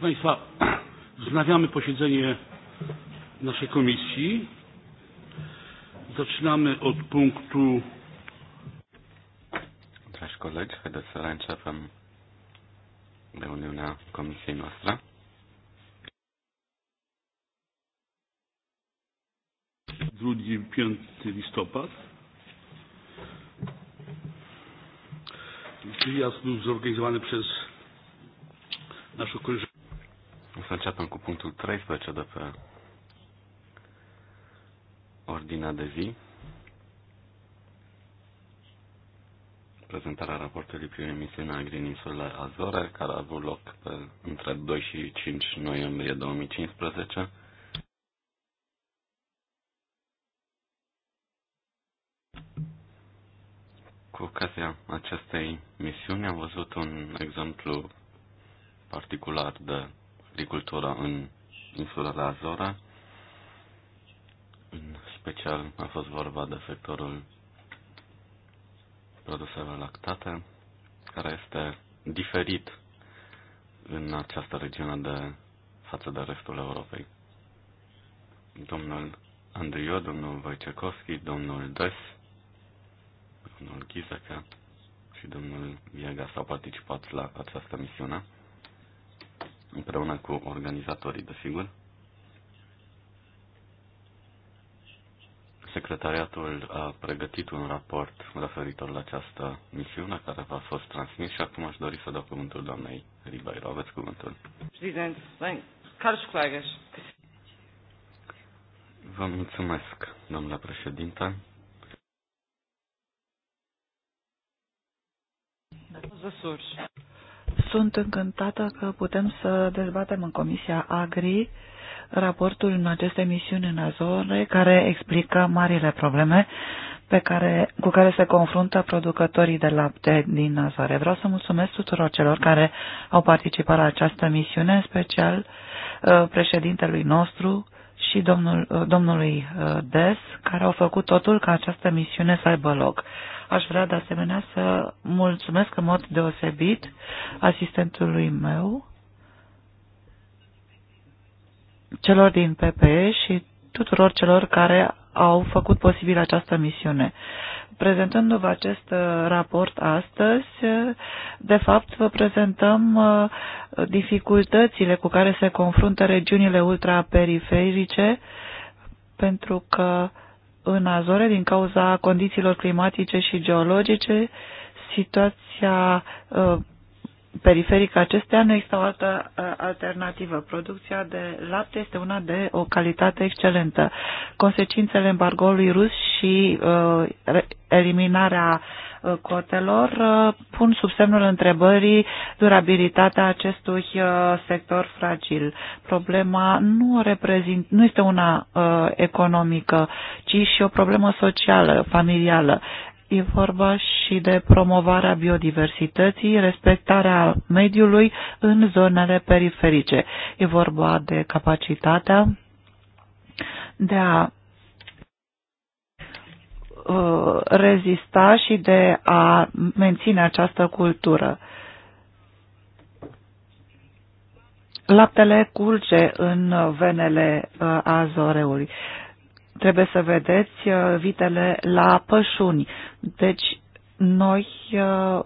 Proszę Państwa, wznawiamy posiedzenie naszej komisji. Zaczynamy od punktu. Dragi colegi, haideți să începem reuniunea comisiei noastre. Drugim 5 listopad. Wyjazd był zorganizowany przez naszą koleżankę să începem cu punctul 13 de pe ordinea de zi. Prezentarea raportului privind emisiunea Green Insula Azore, care a avut loc pe, între 2 și 5 noiembrie 2015. Cu ocazia acestei misiuni am văzut un exemplu particular de agricultură în de Azora. În special a fost vorba de sectorul produselor lactate, care este diferit în această regiune de față de restul Europei. Domnul Andrio, domnul Wojciechowski, domnul Des, domnul Ghizeca și domnul Viega s-au participat la această misiune împreună cu organizatorii, desigur. Secretariatul a pregătit un raport referitor la această misiune care v-a fost transmis și acum aș dori să dau cuvântul doamnei Ribeiro. Aveți cuvântul. Vă mulțumesc, domnule președinte. Os sunt încântată că putem să dezbatem în Comisia Agri raportul în aceste misiuni în Azore care explică marile probleme pe care, cu care se confruntă producătorii de lapte din Azore. Vreau să mulțumesc tuturor celor care au participat la această misiune, în special uh, președintelui nostru, și domnul, uh, domnului uh, Des, care au făcut totul ca această misiune să aibă loc. Aș vrea de asemenea să mulțumesc în mod deosebit asistentului meu, celor din PPE și tuturor celor care au făcut posibil această misiune. Prezentându-vă acest uh, raport astăzi, uh, de fapt vă prezentăm uh, dificultățile cu care se confruntă regiunile ultraperiferice, pentru că în Azore, din cauza condițiilor climatice și geologice, situația periferic acestea nu există o altă alternativă. Producția de lapte este una de o calitate excelentă. Consecințele embargoului rus și uh, eliminarea cotelor pun sub semnul întrebării durabilitatea acestui sector fragil. Problema nu, reprezint, nu este una uh, economică, ci și o problemă socială, familială e vorba și de promovarea biodiversității, respectarea mediului în zonele periferice. E vorba de capacitatea de a uh, rezista și de a menține această cultură. Laptele curge în venele uh, azoreului. Trebuie să vedeți uh, vitele la pășuni. Deci, noi uh,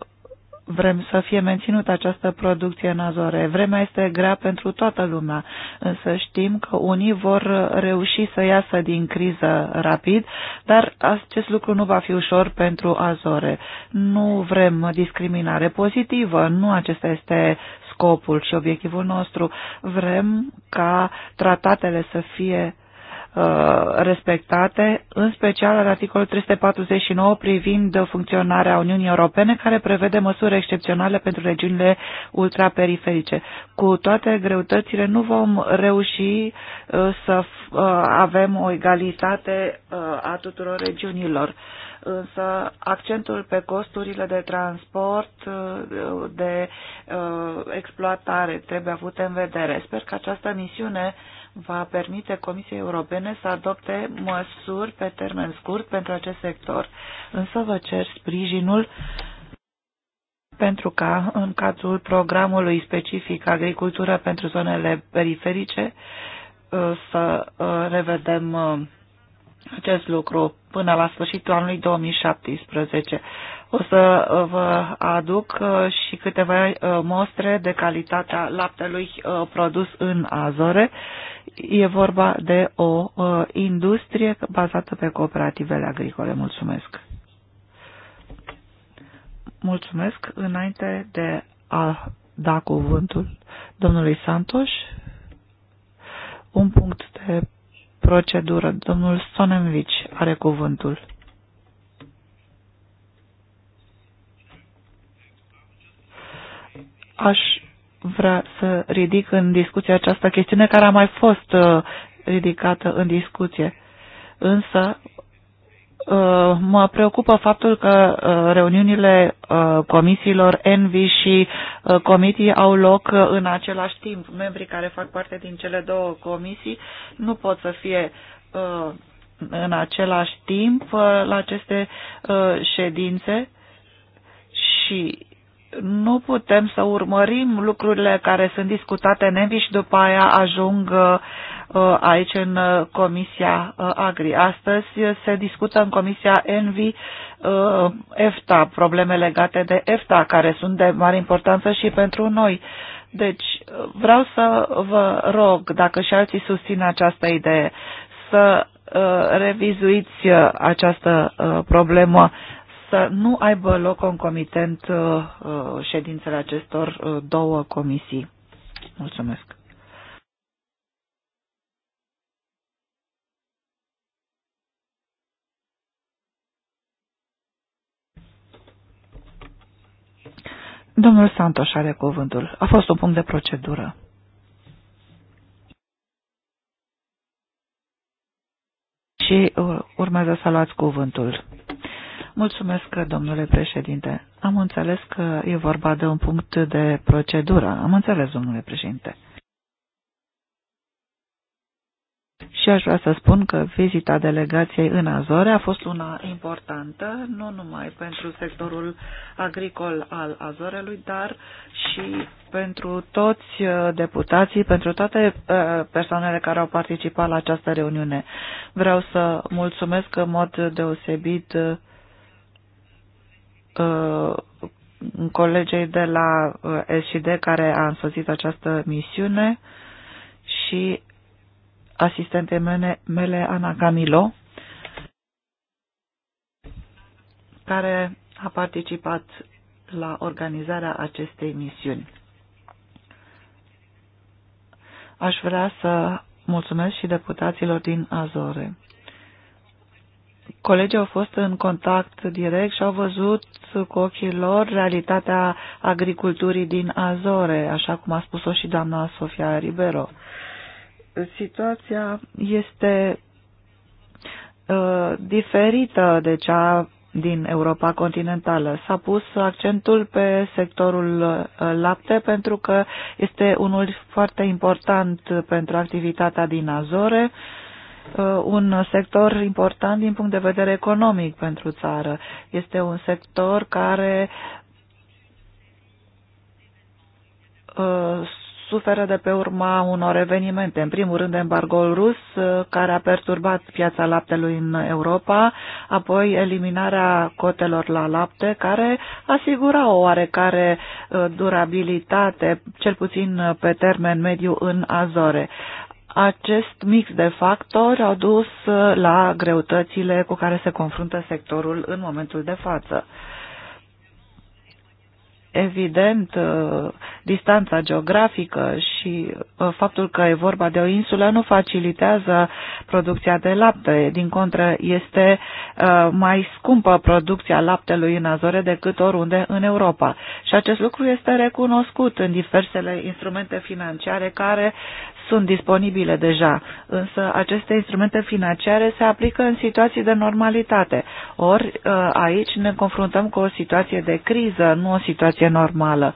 vrem să fie menținută această producție în Azore. Vremea este grea pentru toată lumea, însă știm că unii vor reuși să iasă din criză rapid, dar acest lucru nu va fi ușor pentru Azore. Nu vrem discriminare pozitivă, nu acesta este scopul și obiectivul nostru. Vrem ca tratatele să fie Uh, respectate, în special al articolul 349 privind funcționarea Uniunii Europene, care prevede măsuri excepționale pentru regiunile ultraperiferice. Cu toate greutățile nu vom reuși uh, să uh, avem o egalitate a tuturor regiunilor însă accentul pe costurile de transport, de exploatare trebuie avut în vedere. Sper că această misiune va permite Comisiei Europene să adopte măsuri pe termen scurt pentru acest sector. Însă vă cer sprijinul pentru ca, în cazul programului specific agricultură pentru zonele periferice, uh, să uh, revedem uh, acest lucru până la sfârșitul anului 2017. O să vă aduc și câteva mostre de calitatea laptelui produs în Azore E vorba de o uh, industrie bazată pe cooperativele agricole. Mulțumesc! Mulțumesc! Înainte de a da cuvântul domnului Santos, un punct de procedură. Domnul Sonemvici are cuvântul. Aș vrea să ridic în discuție această chestiune care a mai fost uh, ridicată în discuție. Însă uh, mă preocupă faptul că uh, reuniunile comisiilor Envi și comitii au loc în același timp. Membrii care fac parte din cele două comisii nu pot să fie în același timp la aceste ședințe și nu putem să urmărim lucrurile care sunt discutate în și după aia ajung uh, aici în uh, Comisia uh, Agri. Astăzi se discută în Comisia Envi EFTA, probleme legate de EFTA, care sunt de mare importanță și pentru noi. Deci vreau să vă rog, dacă și alții susțin această idee, să revizuiți această problemă să nu aibă loc concomitent uh, uh, ședințele acestor uh, două comisii. Mulțumesc. Domnul Santos are cuvântul. A fost un punct de procedură. Și urmează să luați cuvântul. Mulțumesc, domnule președinte. Am înțeles că e vorba de un punct de procedură. Am înțeles, domnule președinte. Și aș vrea să spun că vizita delegației în Azore a fost una importantă, nu numai pentru sectorul agricol al Azorelui, dar și pentru toți uh, deputații, pentru toate uh, persoanele care au participat la această reuniune. Vreau să mulțumesc în mod deosebit uh, Uh, colegei de la uh, SID care a însoțit această misiune și asistentei mele, mele Ana Camilo, care a participat la organizarea acestei misiuni. Aș vrea să mulțumesc și deputaților din Azore. Colegii au fost în contact direct și au văzut cu ochii lor realitatea agriculturii din Azore, așa cum a spus-o și doamna Sofia Ribero. Situația este uh, diferită de cea din Europa continentală. S-a pus accentul pe sectorul uh, lapte pentru că este unul foarte important pentru activitatea din Azore. Uh, Uh, un sector important din punct de vedere economic pentru țară. Este un sector care uh, suferă de pe urma unor evenimente. În primul rând, embargoul rus, uh, care a perturbat piața laptelui în Europa, apoi eliminarea cotelor la lapte, care asigura o oarecare durabilitate, cel puțin pe termen mediu, în Azore. Acest mix de factori a dus uh, la greutățile cu care se confruntă sectorul în momentul de față evident, uh, distanța geografică și uh, faptul că e vorba de o insulă nu facilitează producția de lapte. Din contră, este uh, mai scumpă producția laptelui în Azore decât oriunde în Europa. Și acest lucru este recunoscut în diversele instrumente financiare care sunt disponibile deja, însă aceste instrumente financiare se aplică în situații de normalitate. Ori aici ne confruntăm cu o situație de criză, nu o situație situație normală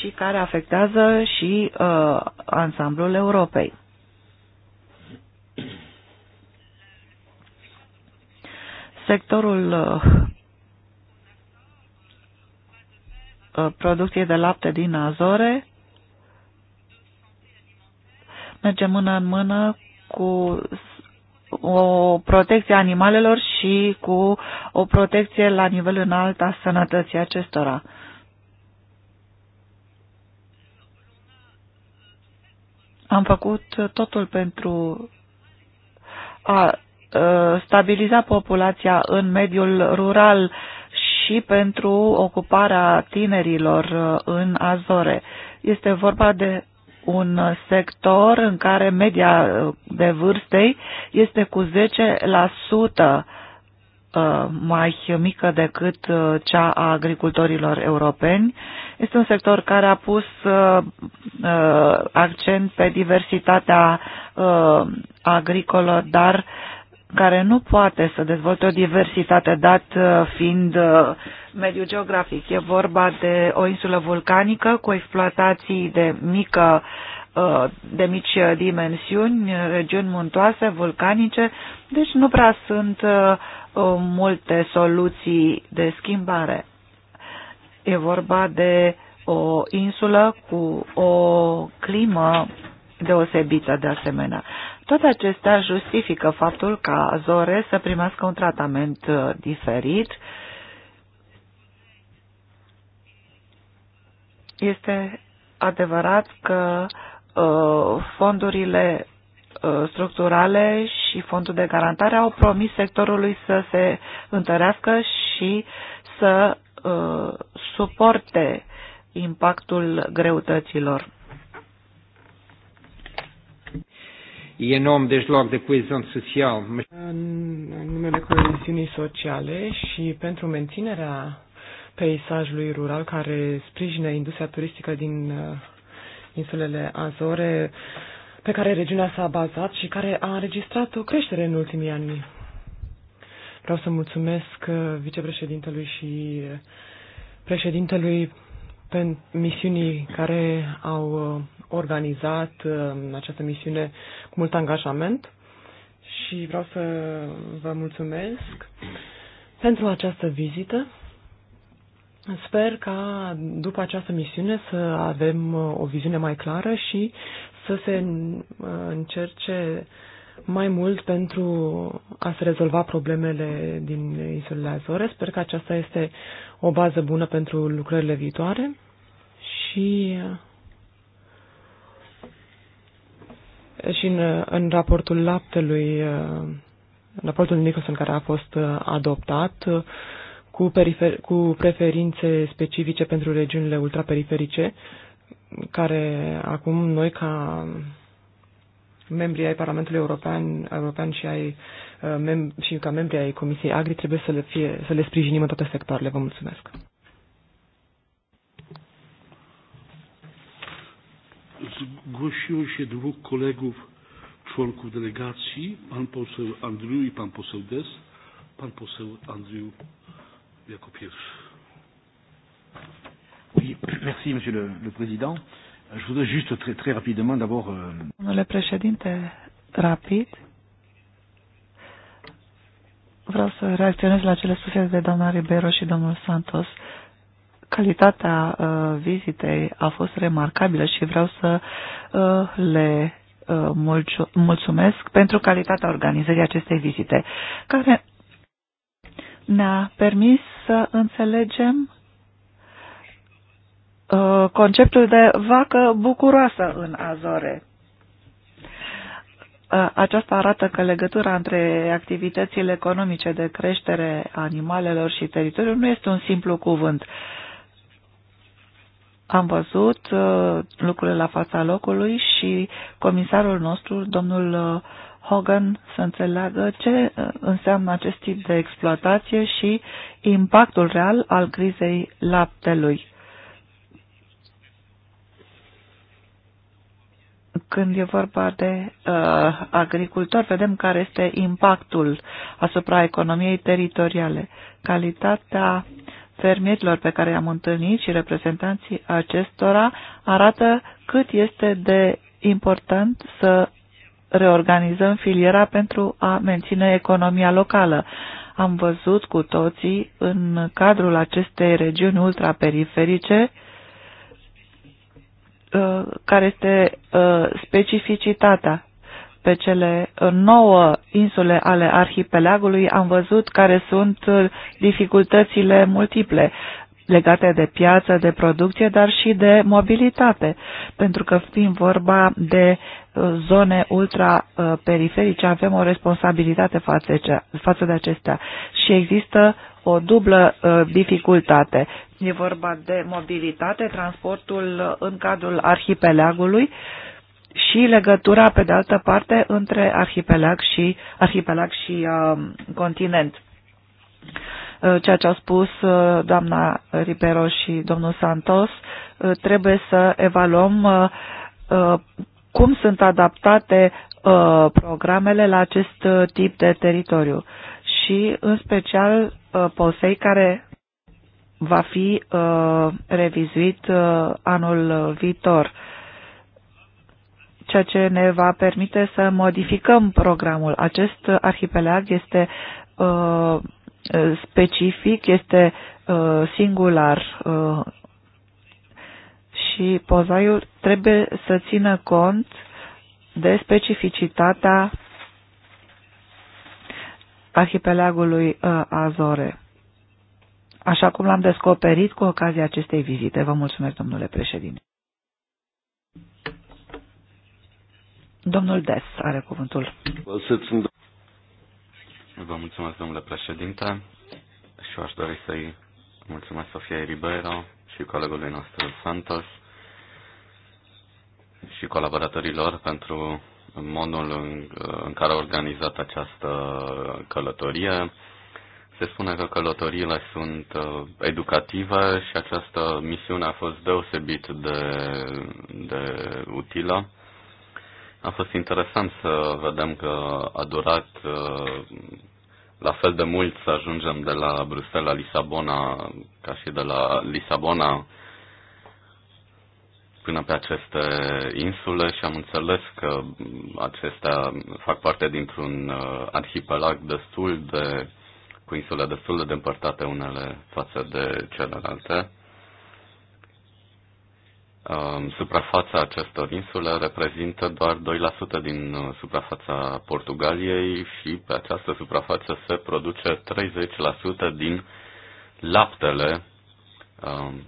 și care afectează și uh, ansamblul Europei. Sectorul uh, uh, producției de lapte din Azore merge mână în mână cu o protecție a animalelor și cu o protecție la nivel înalt a sănătății acestora. Am făcut totul pentru a uh, stabiliza populația în mediul rural și pentru ocuparea tinerilor uh, în Azore. Este vorba de un sector în care media uh, de vârstei este cu 10% mai mică decât cea a agricultorilor europeni este un sector care a pus uh, uh, accent pe diversitatea uh, agricolă, dar care nu poate să dezvolte o diversitate dat uh, fiind uh, mediul geografic. E vorba de o insulă vulcanică cu exploatații de mică de mici dimensiuni, regiuni muntoase, vulcanice, deci nu prea sunt multe soluții de schimbare. E vorba de o insulă cu o climă deosebită de asemenea. Toate acestea justifică faptul ca Zore să primească un tratament uh, diferit. Este adevărat că uh, fondurile uh, structurale și fondul de garantare au promis sectorului să se întărească și să uh, suporte impactul greutăților. E enorm, de deci, loc de coeziune social. În numele coeziunii sociale și pentru menținerea peisajului rural care sprijină industria turistică din uh, insulele Azore, pe care regiunea s-a bazat și care a înregistrat o creștere în ultimii ani. Vreau să mulțumesc uh, vicepreședintelui și președintelui pentru misiunii care au uh, organizat uh, această misiune cu mult angajament și vreau să vă mulțumesc pentru această vizită. Sper ca după această misiune să avem o viziune mai clară și să se încerce mai mult pentru a se rezolva problemele din insulele Azore. Sper că aceasta este o bază bună pentru lucrările viitoare și și în, în raportul laptelui, în raportul Nicholson care a fost adoptat, cu, perifer, cu preferințe specifice pentru regiunile ultraperiferice, care acum noi ca membrii ai Parlamentului European, European și, ai, uh, mem- și ca membrii ai Comisiei Agri trebuie să le, fie, să le sprijinim în toate sectoarele. Vă mulțumesc. Zgłosiło się dwóch kolegów, członków delegacji, pan poseł Andriu i pan poseł Des. Pan poseł Andriu jako pierwszy. Oui, merci Monsieur le, le Président. Euh, Je voudrais juste très, très rapidement d'abord. Euh, Domnule președinte, rapid. Vreau să reacționez la cele spuse de doamna Ribeiro și domnul Santos. Calitatea uh, vizitei a fost remarcabilă și vreau să uh, le uh, mulțumesc pentru calitatea organizării acestei vizite, care ne-a permis să înțelegem Uh, conceptul de vacă bucuroasă în Azore. Uh, aceasta arată că legătura între activitățile economice de creștere a animalelor și teritoriul nu este un simplu cuvânt. Am văzut uh, lucrurile la fața locului și comisarul nostru, domnul Hogan, să înțeleagă ce înseamnă acest tip de exploatație și impactul real al crizei laptelui. când e vorba de uh, agricultori, vedem care este impactul asupra economiei teritoriale. Calitatea fermierilor pe care i-am întâlnit și reprezentanții acestora arată cât este de important să reorganizăm filiera pentru a menține economia locală. Am văzut cu toții în cadrul acestei regiuni ultraperiferice uh, Uh, care este uh, specificitatea. Pe cele uh, nouă insule ale arhipelagului am văzut care sunt dificultățile multiple legate de piață, de producție, dar și de mobilitate, pentru că fiind vorba de zone ultraperiferice, avem o responsabilitate față de acestea și există o dublă uh, dificultate. E vorba de mobilitate, transportul în cadrul arhipelagului și legătura, pe de altă parte, între arhipelag și, arhipelag și uh, continent. Uh, ceea ce a spus uh, doamna Ripero și domnul Santos, trebuie să evaluăm cum sunt adaptate programele la acest tip de teritoriu și în special uh, POSEI care va fi uh, revizuit uh, anul viitor, ceea ce ne va permite să modificăm programul. Acest arhipelag este specific, este singular și pozaiul trebuie să țină cont de specificitatea arhipelagului uh, Azore. Așa cum l-am descoperit cu ocazia acestei vizite. Vă mulțumesc, domnule președinte. Domnul Des are cuvântul. Vă mulțumesc, domnule președinte, și aș dori să-i mulțumesc Sofia Ribeiro și colegului nostru Santos și colaboratorilor pentru modul în, în care a organizat această călătorie. Se spune că călătoriile sunt uh, educative și această misiune a fost deosebit de, de utilă. A fost interesant să vedem că a durat uh, la fel de mult să ajungem de la Bruxelles la Lisabona ca și de la Lisabona până pe aceste insule și am înțeles că acestea fac parte dintr-un uh, arhipelag destul de cu insule destul de depărtate unele față de celelalte. Um, suprafața acestor insule reprezintă doar 2% din uh, suprafața Portugaliei și pe această suprafață se produce 30% din laptele um,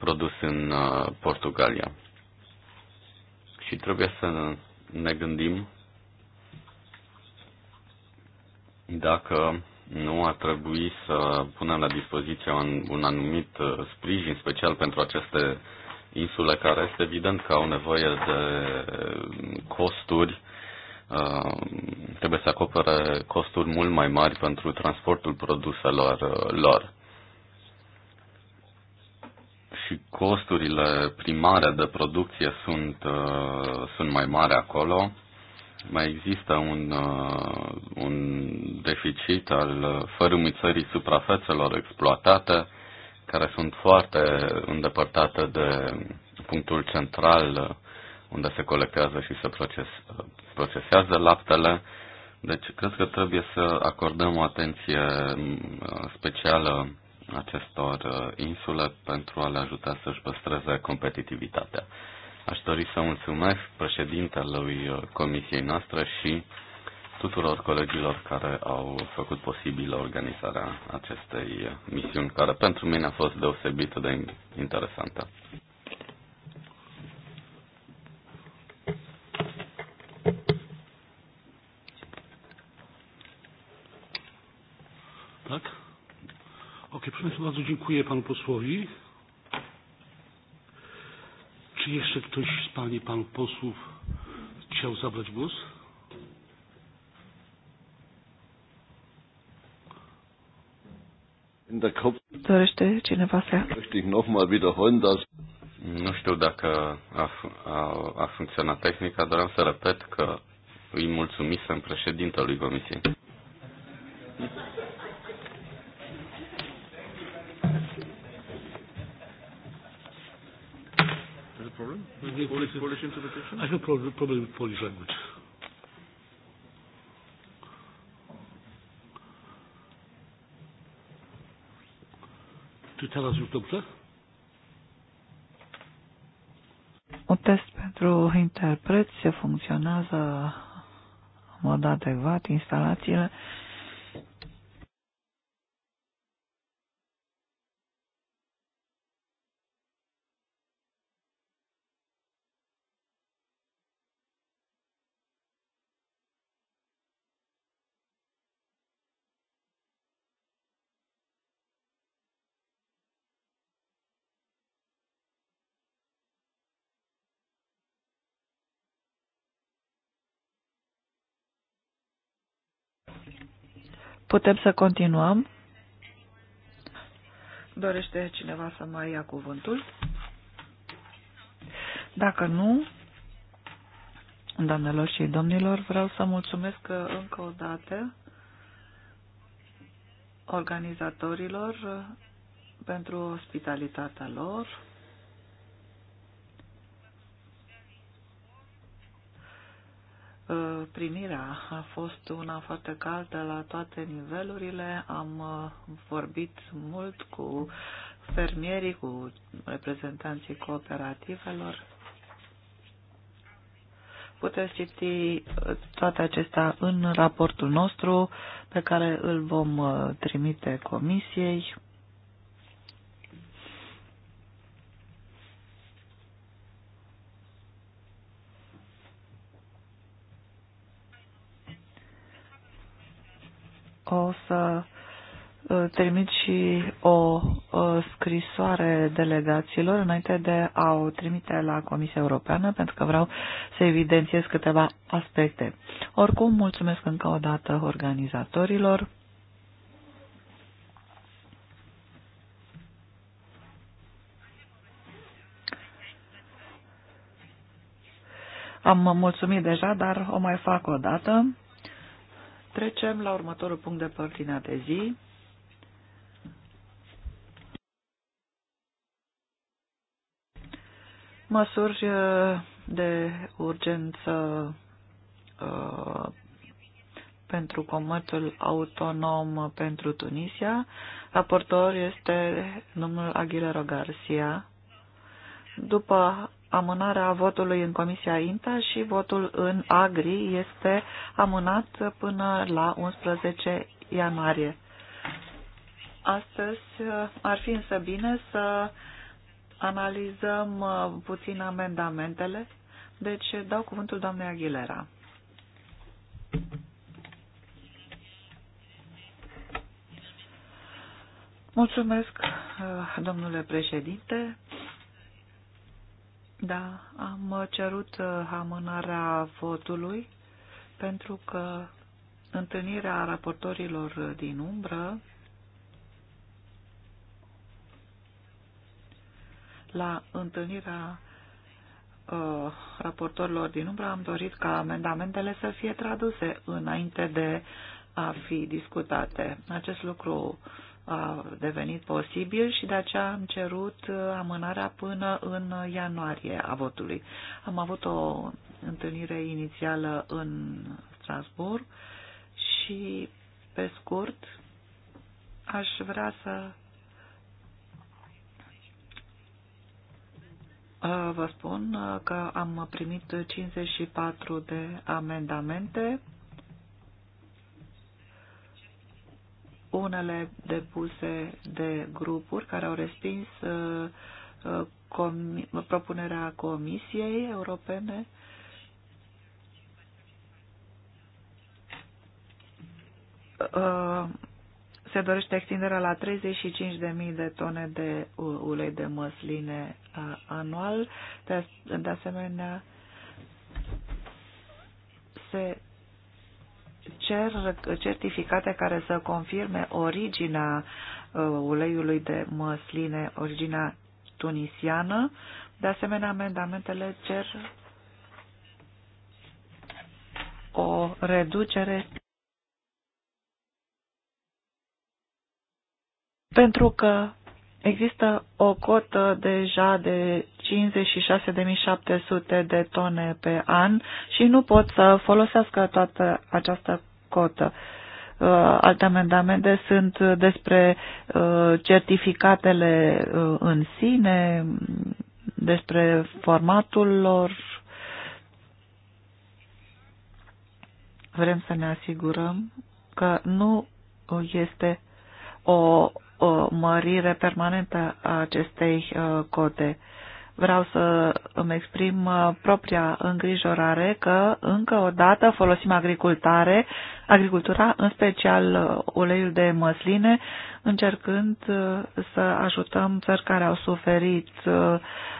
produs în uh, Portugalia. Și trebuie să ne gândim dacă nu ar trebui să punem la dispoziție un, un anumit uh, sprijin special pentru aceste insule care este evident că au nevoie de uh, costuri, trebuie să acopere costuri mult mai mari pentru transportul produselor lor și costurile primare de producție sunt, uh, sunt mai mari acolo. Mai există un, uh, un deficit al fărâmițării suprafețelor exploatate, care sunt foarte îndepărtate de punctul central unde se colectează și se proces, procesează laptele. Deci cred că trebuie să acordăm o atenție uh, specială acestor uh, insule pentru a le ajuta să-și păstreze competitivitatea. Aș dori să mulțumesc președintelui uh, comisiei noastre și tuturor colegilor care au făcut posibilă organizarea acestei uh, misiuni, care pentru mine a fost deosebită de interesantă. okay, proszę Państwa, bardzo dziękuję Panu posłowi. Czy jeszcze ktoś z Pani, Panów posłów chciał zabrać głos? Dorește cineva să... Nu știu dacă a, a, a funcționat tehnica, dar am să repet că îi mulțumisem președintelui Comisiei. problem? Polish, Polish interpretation? I have no problem, problem with Polish language. Czy teraz już doctor. Un test pentru interpreți funcționează în mod adecvat instalațiile. Putem să continuăm. Dorește cineva să mai ia cuvântul? Dacă nu, doamnelor și domnilor, vreau să mulțumesc încă o dată organizatorilor pentru ospitalitatea lor, Ă, primirea a fost una foarte caldă la toate nivelurile. Am ă, vorbit mult cu fermierii, cu reprezentanții cooperativelor. Puteți citi ă, toate acestea în raportul nostru pe care îl vom trimite comisiei. o să uh, trimit și o uh, scrisoare delegațiilor înainte de a o trimite la Comisia Europeană, pentru că vreau să evidențiez câteva aspecte. Oricum, mulțumesc încă o dată organizatorilor. Am mulțumit deja, dar o mai fac o dată. Trecem la următorul punct de părtinea de zi. Măsuri uh, de urgență uh, pentru comerțul autonom pentru Tunisia. Raportor este domnul Aguilero Garcia. După amânarea votului în Comisia INTA și votul în AGRI este amânat până la 11 ianuarie. Astăzi uh, ar fi însă bine să analizăm uh, puțin amendamentele, deci dau cuvântul doamnei Aguilera. Mulțumesc, uh, domnule președinte. Da, am cerut uh, amânarea votului pentru că întâlnirea raportorilor din umbră la întâlnirea uh, raportorilor din umbră am dorit ca amendamentele să fie traduse înainte de a fi discutate. Acest lucru a devenit posibil și de aceea am cerut uh, amânarea până în ianuarie a votului. Am avut o întâlnire inițială în Strasburg și, pe scurt, aș vrea să uh, vă spun uh, că am primit 54 de amendamente unele depuse de grupuri care au respins uh, uh, propunerea Comisiei Europene uh, se dorește extinderea la 35.000 de tone de ulei de măsline anual. De asemenea, se cer certificate care să confirme originea uh, uleiului de măsline, originea tunisiană. De asemenea, amendamentele cer o reducere pentru că Există o cotă deja de 56.700 de tone pe an și nu pot să folosească toată această cotă. Uh, alte amendamente sunt despre uh, certificatele uh, în sine, despre formatul lor. Vrem să ne asigurăm că nu este o o mărire permanentă a acestei uh, cote. Vreau să îmi exprim uh, propria îngrijorare că încă o dată folosim agricultare, agricultura, în special uh, uleiul de măsline, încercând să ajutăm țări care au suferit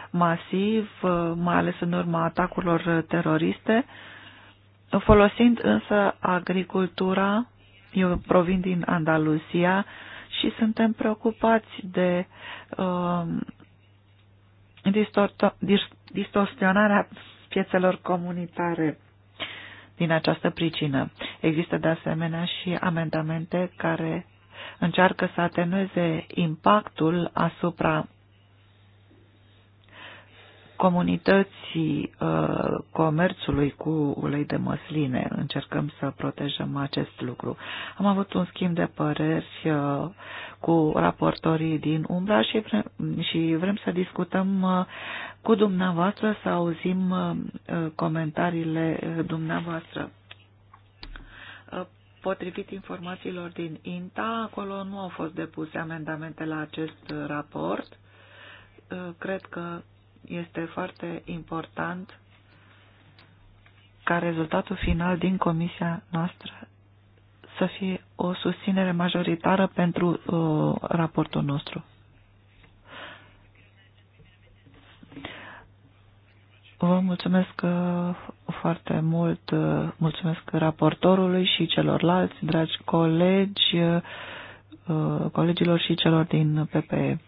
masiv, mai ales în urma atacurilor teroriste, folosind însă agricultura, eu provin din Andalusia, și suntem preocupați de uh, distorsionarea piețelor comunitare din această pricină. Există de asemenea și amendamente care încearcă să atenueze impactul asupra comunității uh, comerțului cu ulei de măsline. Încercăm să protejăm acest lucru. Am avut un schimb de păreri uh, cu raportorii din Umbra și vrem, și vrem să discutăm uh, cu dumneavoastră, să auzim uh, uh comentariile uh, dumneavoastră. Uh, potrivit informațiilor din INTA, acolo nu au fost depuse amendamente la acest raport. cred că este foarte important ca rezultatul final din comisia noastră să fie o susținere majoritară pentru uh, raportul nostru. Vă mulțumesc uh, foarte mult, uh, mulțumesc raportorului și celorlalți, dragi colegi, uh, colegilor și celor din PPE.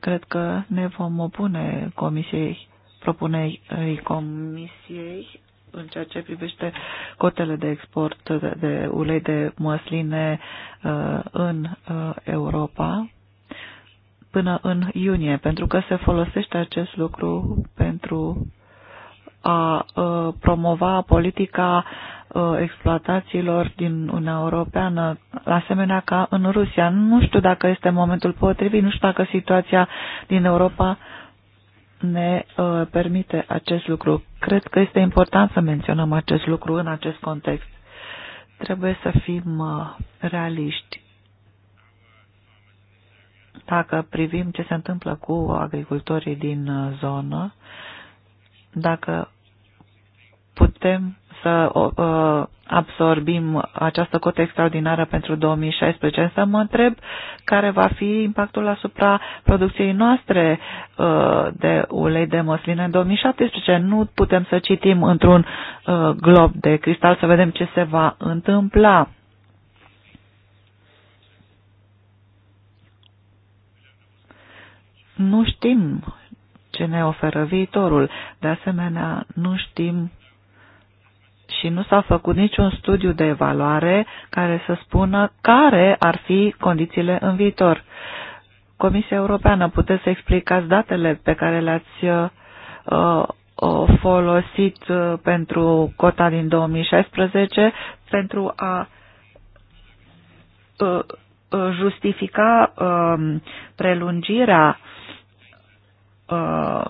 Cred că ne vom opune comisiei, propunei comisiei în ceea ce privește cotele de export de ulei de măsline uh, în uh, Europa până în iunie, pentru că se folosește acest lucru pentru a promova politica exploatațiilor din Uniunea Europeană, la asemenea ca în Rusia. Nu știu dacă este momentul potrivit, nu știu dacă situația din Europa ne uh, permite acest lucru. Cred că este important să menționăm acest lucru în acest context. Trebuie să fim uh, realiști. Dacă privim ce se întâmplă cu agricultorii din uh, zonă, dacă putem să absorbim această cotă extraordinară pentru 2016, însă mă întreb care va fi impactul asupra producției noastre uh, de ulei de măsline în 2017. Nu putem să citim într-un uh, glob de cristal să vedem ce se va întâmpla. Nu știm ce ne oferă viitorul. De asemenea, nu știm și nu s-a făcut niciun studiu de evaluare care să spună care ar fi condițiile în viitor. Comisia Europeană, puteți să explicați datele pe care le-ați uh, uh folosit uh, pentru cota din 2016 pentru a uh, uh justifica uh, prelungirea uh,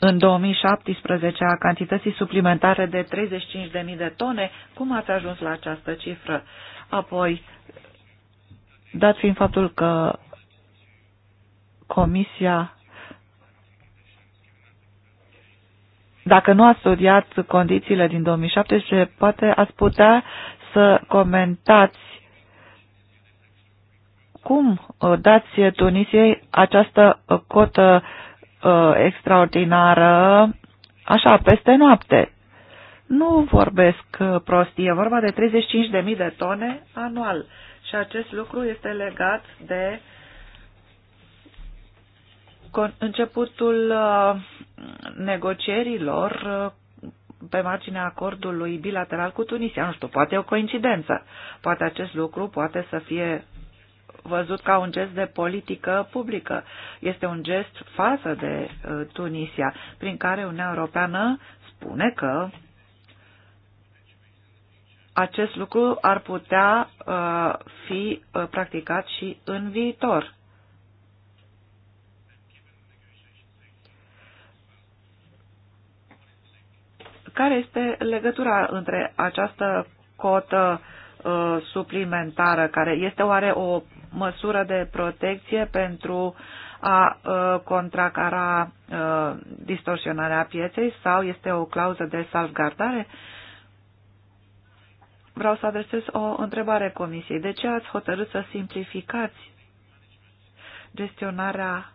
în 2017 a cantității suplimentare de 35.000 de tone, cum ați ajuns la această cifră? Apoi, dat fiind faptul că Comisia, dacă nu a studiat condițiile din 2017, poate ați putea să comentați cum uh, dați Tunisiei această uh, cotă uh, uh, extraordinară așa peste noapte. Nu vorbesc uh, prostii, e vorba de 35.000 de tone anual și acest lucru este legat de începutul uh, negocierilor uh, pe marginea acordului bilateral cu Tunisia. Nu știu, poate e o coincidență. Poate acest lucru poate să fie văzut ca un gest de politică publică. Este un gest față de uh, Tunisia, prin care Uniunea Europeană spune că acest lucru ar putea uh, fi uh, practicat și în viitor. Care este legătura între această cotă uh, suplimentară, care este oare o măsură de protecție pentru a uh, contracara uh, distorsionarea pieței sau este o clauză de salvgardare? Vreau să adresez o întrebare Comisiei. De ce ați hotărât să simplificați gestionarea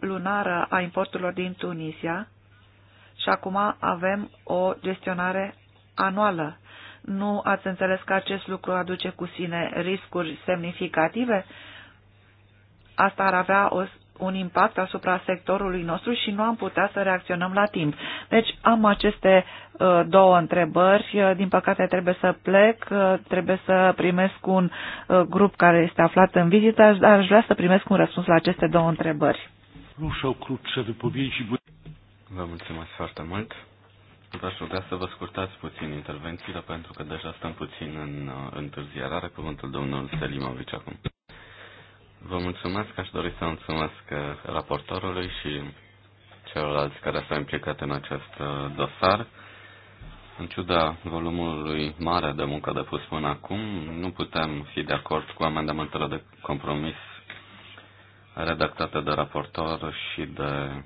lunară a importurilor din Tunisia și acum avem o gestionare anuală? Nu ați înțeles că acest lucru aduce cu sine riscuri semnificative? Asta ar avea o, un impact asupra sectorului nostru și nu am putea să reacționăm la timp. Deci am aceste uh, două întrebări. Uh, din păcate trebuie să plec, uh, trebuie să primesc un uh, grup care este aflat în vizită, dar aș vrea să primesc un răspuns la aceste două întrebări. Vă mulțumesc foarte mult. V-aș ruga să vă scurtați puțin intervențiile, pentru că deja stăm puțin în uh, întârziere. Are cuvântul domnul Selimovic acum. Vă mulțumesc, aș dori să mulțumesc uh, raportorului și celorlalți care s-au implicat în acest uh, dosar. În ciuda volumului mare de muncă depus până acum, nu putem fi de acord cu amendamentele de compromis redactate de raportor și de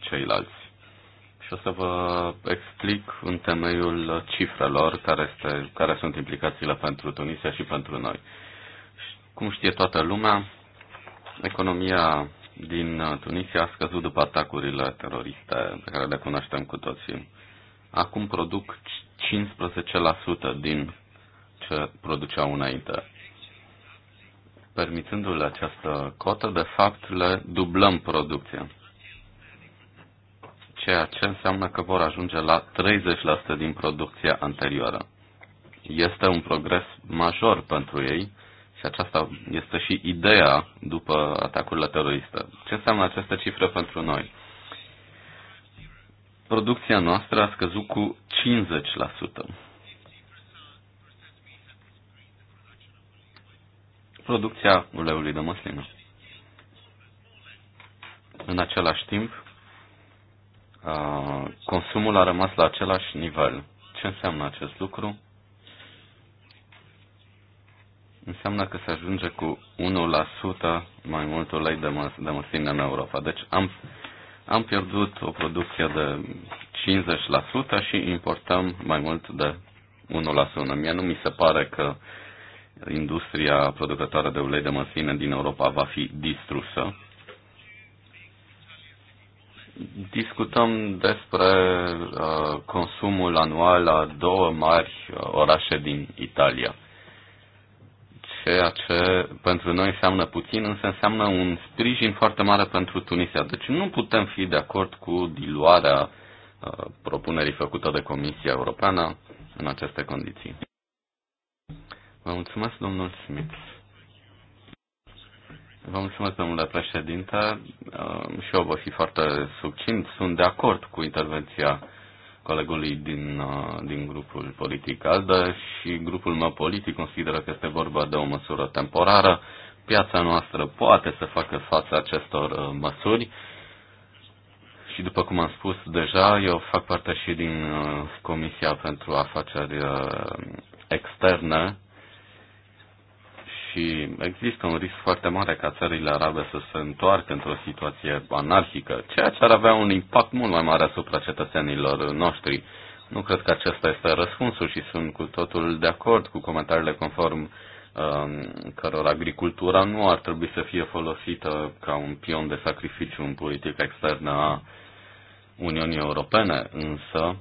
ceilalți o să vă explic în temeiul cifrelor care, este, care sunt implicațiile pentru Tunisia și pentru noi. Cum știe toată lumea, economia din Tunisia a scăzut după atacurile teroriste pe care le cunoaștem cu toții. Acum produc 15% din ce produceau înainte. Permițându-le această cotă, de fapt le dublăm producția ceea ce înseamnă că vor ajunge la 30% din producția anterioară. Este un progres major pentru ei și aceasta este și ideea după atacurile teroriste. Ce înseamnă această cifră pentru noi? Producția noastră a scăzut cu 50%. Producția uleiului de măslină. În același timp, Uh, consumul a rămas la același nivel. Ce înseamnă acest lucru? Înseamnă că se ajunge cu 1% mai mult ulei de, măs- de măsline în Europa. Deci am, am pierdut o producție de 50% și importăm mai mult de 1%. Mie nu mi se pare că industria producătoare de ulei de măsline din Europa va fi distrusă Discutăm despre uh, consumul anual a două mari uh, orașe din Italia. Ceea ce pentru noi înseamnă puțin, însă înseamnă un sprijin foarte mare pentru Tunisia. Deci nu putem fi de acord cu diluarea uh, propunerii făcute de Comisia Europeană în aceste condiții. Vă mulțumesc, domnul Smith. Vă mulțumesc, domnule președinte. Uh, și eu voi fi foarte succint. Sunt de acord cu intervenția colegului din, uh, din grupul politic ALDE și grupul meu politic consideră că este vorba de o măsură temporară. Piața noastră poate să facă față acestor uh, măsuri. Și după cum am spus deja, eu fac parte și din Comisia pentru Afaceri Externe și există un risc foarte mare ca țările arabe să se întoarcă într-o situație anarhică, ceea ce ar avea un impact mult mai mare asupra cetățenilor noștri. Nu cred că acesta este răspunsul și sunt cu totul de acord cu comentariile conform um, căror agricultura nu ar trebui să fie folosită ca un pion de sacrificiu în politica externă a Uniunii Europene, însă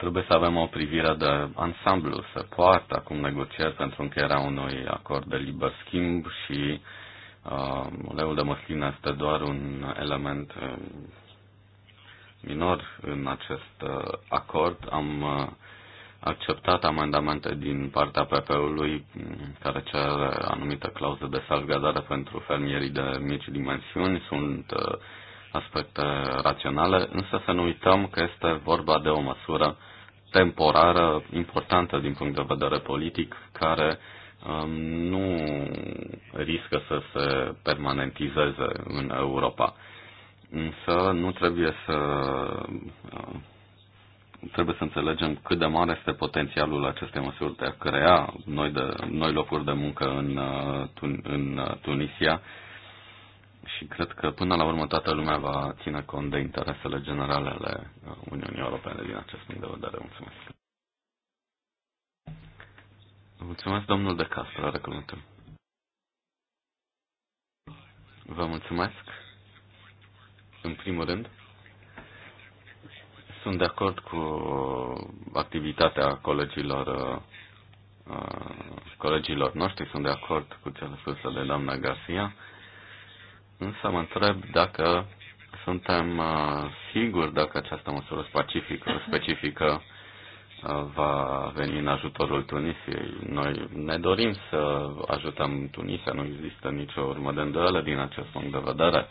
trebuie să avem o privire de ansamblu. să poartă acum negocieri pentru încheierea unui acord de liber schimb și uh, uleiul de măsline este doar un element uh, minor în acest uh, acord. Am uh, acceptat amendamente din partea PP-ului mm, care cer anumite clauze de salvgardare pentru fermierii de mici dimensiuni. Sunt uh, aspecte raționale, însă să nu uităm că este vorba de o măsură temporară, importantă din punct de vedere politic, care um, nu riscă să se permanentizeze în Europa. Însă nu trebuie să um, trebuie să înțelegem cât de mare este potențialul acestei măsuri de a crea noi, de, noi locuri de muncă în, uh, în uh, Tunisia și cred că până la urmă toată lumea va ține cont de interesele generale ale uh, Uniunii Europene din acest punct de vedere. Mulțumesc. Mulțumesc, domnul De Castro, are cuvântul. Vă mulțumesc. În primul rând, sunt de acord cu activitatea colegilor uh, colegilor noștri, sunt de acord cu cele spuse de doamna Garcia însă mă întreb dacă suntem uh, siguri dacă această măsură specifică, specifică uh, va veni în ajutorul Tunisiei. Noi ne dorim să ajutăm Tunisia, nu există nicio urmă de îndoială din acest punct de vedere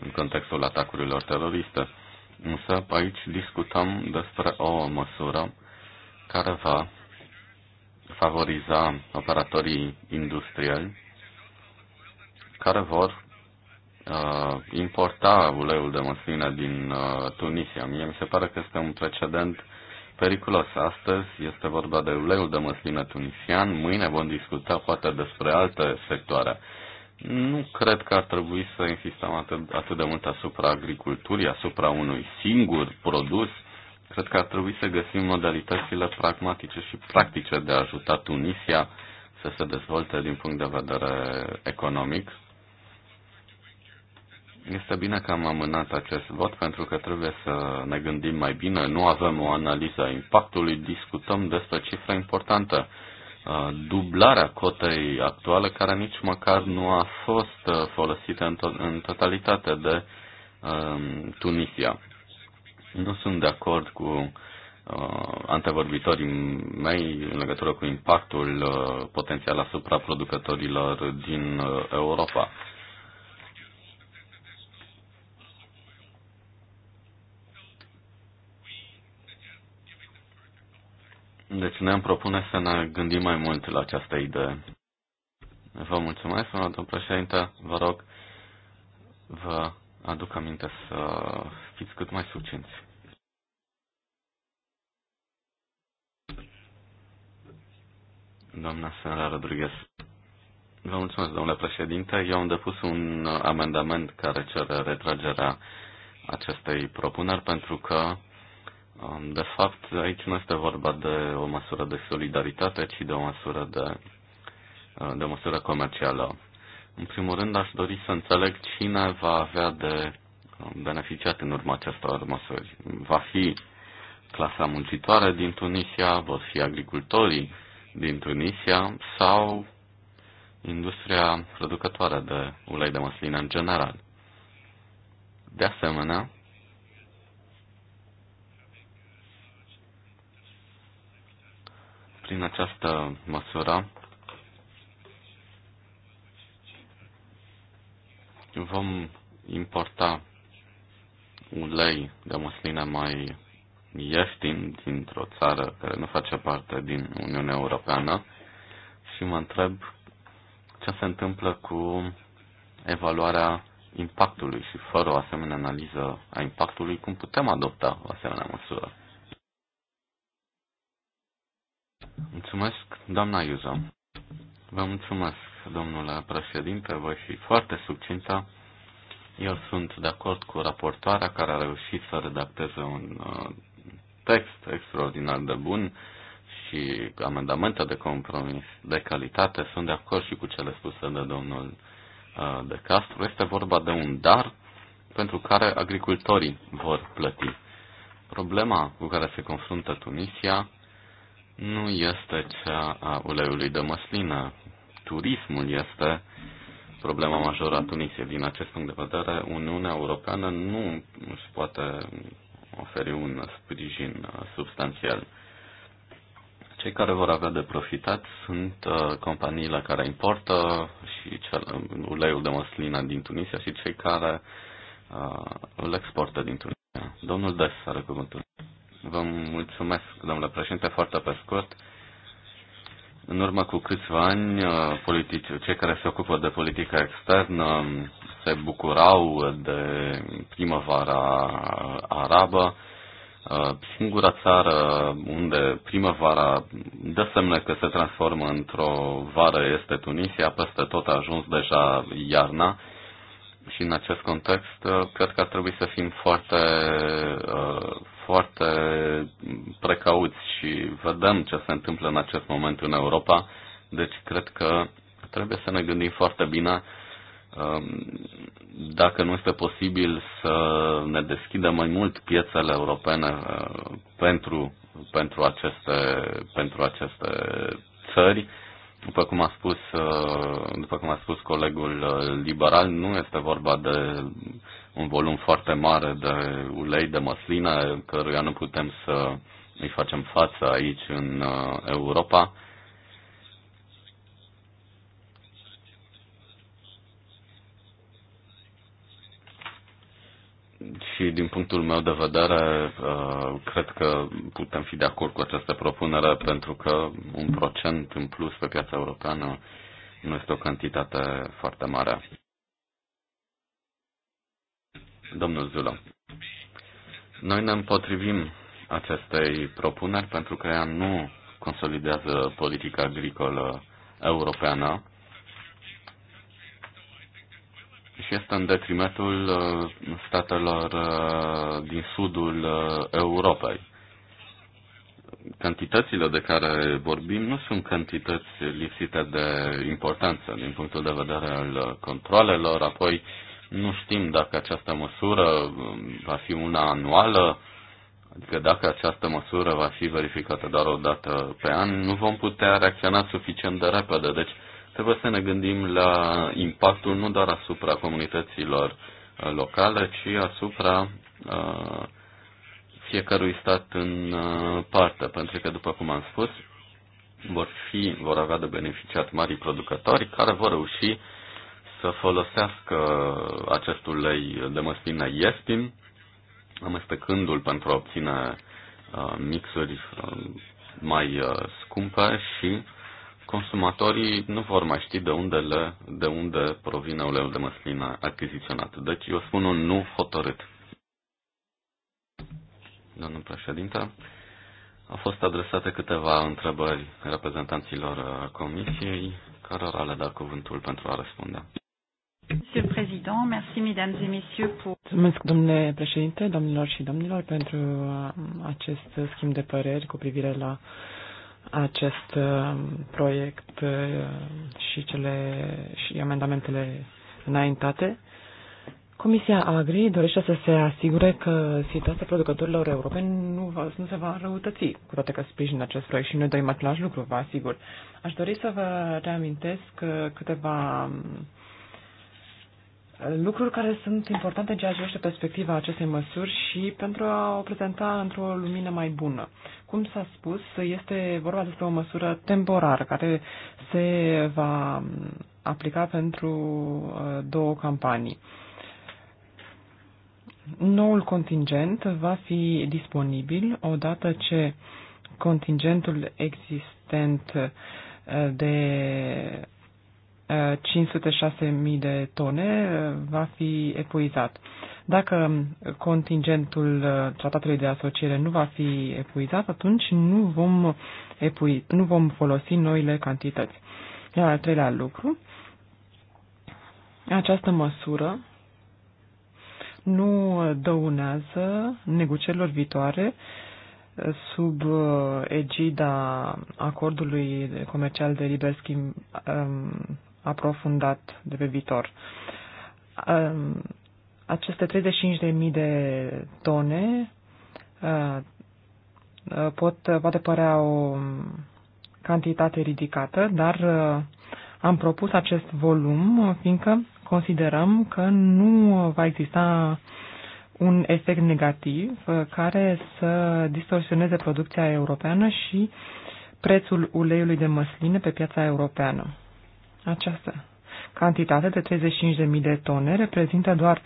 în contextul atacurilor teroriste. Însă aici discutăm despre o măsură care va favoriza operatorii industriali care vor uh, importa uleiul de măsline din uh, Tunisia. Mie mi se pare că este un precedent periculos. Astăzi este vorba de uleiul de măsline tunisian, mâine vom discuta poate despre alte sectoare. Nu cred că ar trebui să insistăm atât, atât de mult asupra agriculturii, asupra unui singur produs. Cred că ar trebui să găsim modalitățile pragmatice și practice de a ajuta Tunisia să se dezvolte din punct de vedere economic este bine că am amânat acest vot pentru că trebuie să ne gândim mai bine. Nu avem o analiză a impactului, discutăm despre cifre importantă: uh, Dublarea cotei actuale, care nici măcar nu a fost uh, folosită în, totalitate de um, Tunisia. Nu sunt de acord cu uh, antevorbitorii mei în legătură cu impactul potențial asupra producătorilor din Europa. Deci ne-am propune să ne gândim mai mult la această idee. Vă mulțumesc, domnul președinte. Vă rog, vă aduc aminte să fiți cât mai succinți. Doamna Sara Rodriguez. Vă mulțumesc, domnule președinte. Eu am depus un amendament care cere retragerea acestei propuneri pentru că de fapt, aici nu este vorba de o măsură de solidaritate, ci de o măsură de, uh, de o măsură comercială. În primul rând, aș dori să înțeleg cine va avea de um, beneficiat în urma acestor măsuri. Va fi clasa muncitoare din Tunisia, vor fi agricultorii din Tunisia sau industria producătoare de ulei de măsline în general. De asemenea, Prin această măsură vom importa ulei de măsline mai ieftin dintr-o țară care nu face parte din Uniunea Europeană și mă întreb ce se întâmplă cu evaluarea impactului și fără o asemenea analiză a impactului, cum putem adopta o asemenea măsură. Mulțumesc, doamna Iuza. Vă mulțumesc, domnule președinte, voi fi foarte succintă. Eu sunt de acord cu raportoarea care a reușit să redacteze un uh, text extraordinar de bun și amendamente de compromis de calitate. Sunt de acord și cu cele spuse de domnul uh, de Castro. Este vorba de un dar pentru care agricultorii vor plăti. Problema cu care se confruntă Tunisia nu este cea a uleiului de măslină. Turismul este problema majoră a Tunisiei. Din acest punct de vedere, Uniunea Europeană nu își poate oferi un sprijin substanțial. Cei care vor avea de profitat sunt uh, companiile care importă și cel, uleiul de măslină din Tunisia și cei care uh, îl exportă din Tunisia. Domnul Des are cuvântul. Vă mulțumesc, domnule președinte, foarte pe scurt. În urmă cu câțiva ani, uh, politici, cei care se ocupă de politică externă se bucurau de primăvara arabă. Uh, singura țară unde primăvara dă semne că se transformă într-o vară este Tunisia, peste tot a ajuns deja iarna și în acest context uh, cred că ar trebui să fim foarte, foarte precauți și vedem ce se întâmplă în acest moment în Europa, deci cred că trebuie să ne gândim foarte bine um, dacă nu este posibil să ne deschidem mai mult piețele europene uh, pentru, pentru, aceste, pentru aceste țări. După cum a spus, uh, după cum a spus colegul uh, liberal, nu este vorba de un volum foarte mare de ulei de măsline, căruia nu putem să îi facem față aici în uh, Europa. și din punctul meu de vedere, uh, cred că putem fi de acord cu această propunere, pentru că un procent în plus pe piața europeană nu este o cantitate foarte mare. Domnul Zulo. Noi ne împotrivim acestei propuneri pentru că ea nu consolidează politica agricolă europeană și este în detrimentul uh, statelor uh, din sudul uh, Europei. Cantitățile de care vorbim nu sunt cantități lipsite de importanță din punctul de vedere al controlelor, apoi uh, nu știm dacă această măsură um, va fi una anuală, adică dacă această măsură va fi verificată doar o dată pe an, nu vom putea reacționa suficient de repede. Deci trebuie să ne gândim la impactul nu doar asupra comunităților uh, locale, ci asupra uh, fiecărui stat în uh, parte, pentru că, după cum am spus, vor fi, vor avea de beneficiat mari producători care vor reuși să folosească acest ulei de măsline ieftin, amestecându-l pentru a obține uh, mixuri uh, mai uh, scumpe și consumatorii nu vor mai ști de unde, le, de unde provine uleiul de măsline achiziționat. Deci eu spun un nu hotărât. Domnul președinte, au fost adresate câteva întrebări reprezentanților comisiei, cărora le da cuvântul pentru a răspunde. Mulțumesc, domnule președinte, domnilor și domnilor, pentru uh, acest schimb de păreri cu privire la acest uh, proiect uh, și, cele, și amendamentele înaintate. Comisia Agri dorește să se asigure că situația producătorilor europeni nu, va, nu se va răutăți, cu toate că sprijin acest proiect și noi dorim același lucru, vă asigur. Aș dori să vă reamintesc câteva lucruri care sunt importante în ceea ce perspectiva acestei măsuri și pentru a o prezenta într-o lumină mai bună. Cum s-a spus, este vorba despre o măsură temporară care se va aplica pentru uh, două campanii. Noul contingent va fi disponibil odată ce contingentul existent uh, de 506.000 de tone uh, va fi epuizat. Dacă contingentul uh, tratatului de asociere nu va fi epuizat, atunci nu vom, epui, nu vom folosi noile cantități. Iar al treilea lucru, această măsură nu dăunează negocierilor viitoare uh, sub egida acordului comercial de liber schimb um, aprofundat de pe viitor. Aceste 35.000 de tone pot, poate părea o cantitate ridicată, dar am propus acest volum fiindcă considerăm că nu va exista un efect negativ care să distorsioneze producția europeană și prețul uleiului de măsline pe piața europeană. Această cantitate de 35.000 de tone reprezintă doar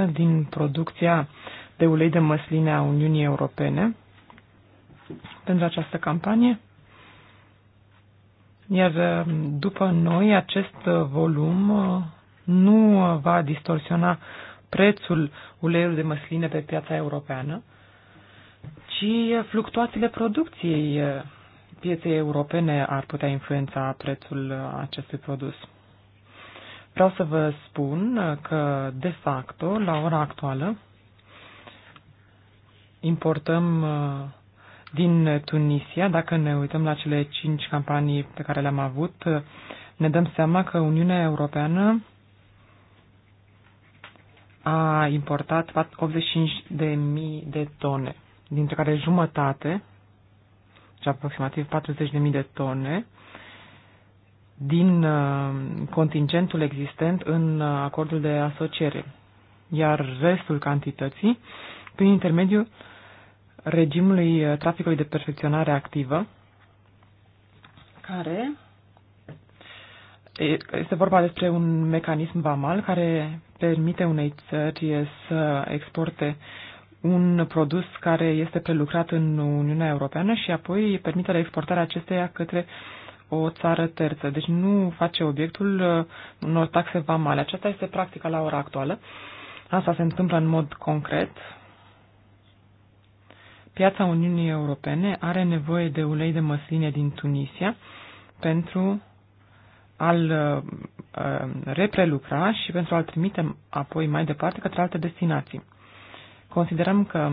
1,7% din producția de ulei de măsline a Uniunii Europene pentru această campanie. Iar uh, după noi, acest uh, volum uh, nu va distorsiona prețul uleiului de măsline pe piața europeană, ci fluctuațiile producției pieței europene ar putea influența prețul acestui produs. Vreau să vă spun că, de facto, la ora actuală, importăm uh, din Tunisia, dacă ne uităm la cele cinci campanii pe care le-am avut, uh, ne dăm seama că Uniunea Europeană a importat 85.000 de, de tone, dintre care jumătate deci aproximativ 40.000 de tone, din uh, contingentul existent în uh, acordul de asociere, iar restul cantității prin intermediul regimului uh, traficului de perfecționare activă, care este vorba despre un mecanism vamal care permite unei țări să exporte uh, un produs care este prelucrat în Uniunea Europeană și apoi permite exportarea acesteia către o țară terță. Deci nu face obiectul uh, unor taxe vamale. Aceasta este practica la ora actuală. Asta se întâmplă în mod concret. Piața Uniunii Europene are nevoie de ulei de măsline din Tunisia pentru a-l uh, uh, reprelucra și pentru a-l trimite apoi mai departe către alte destinații. Considerăm că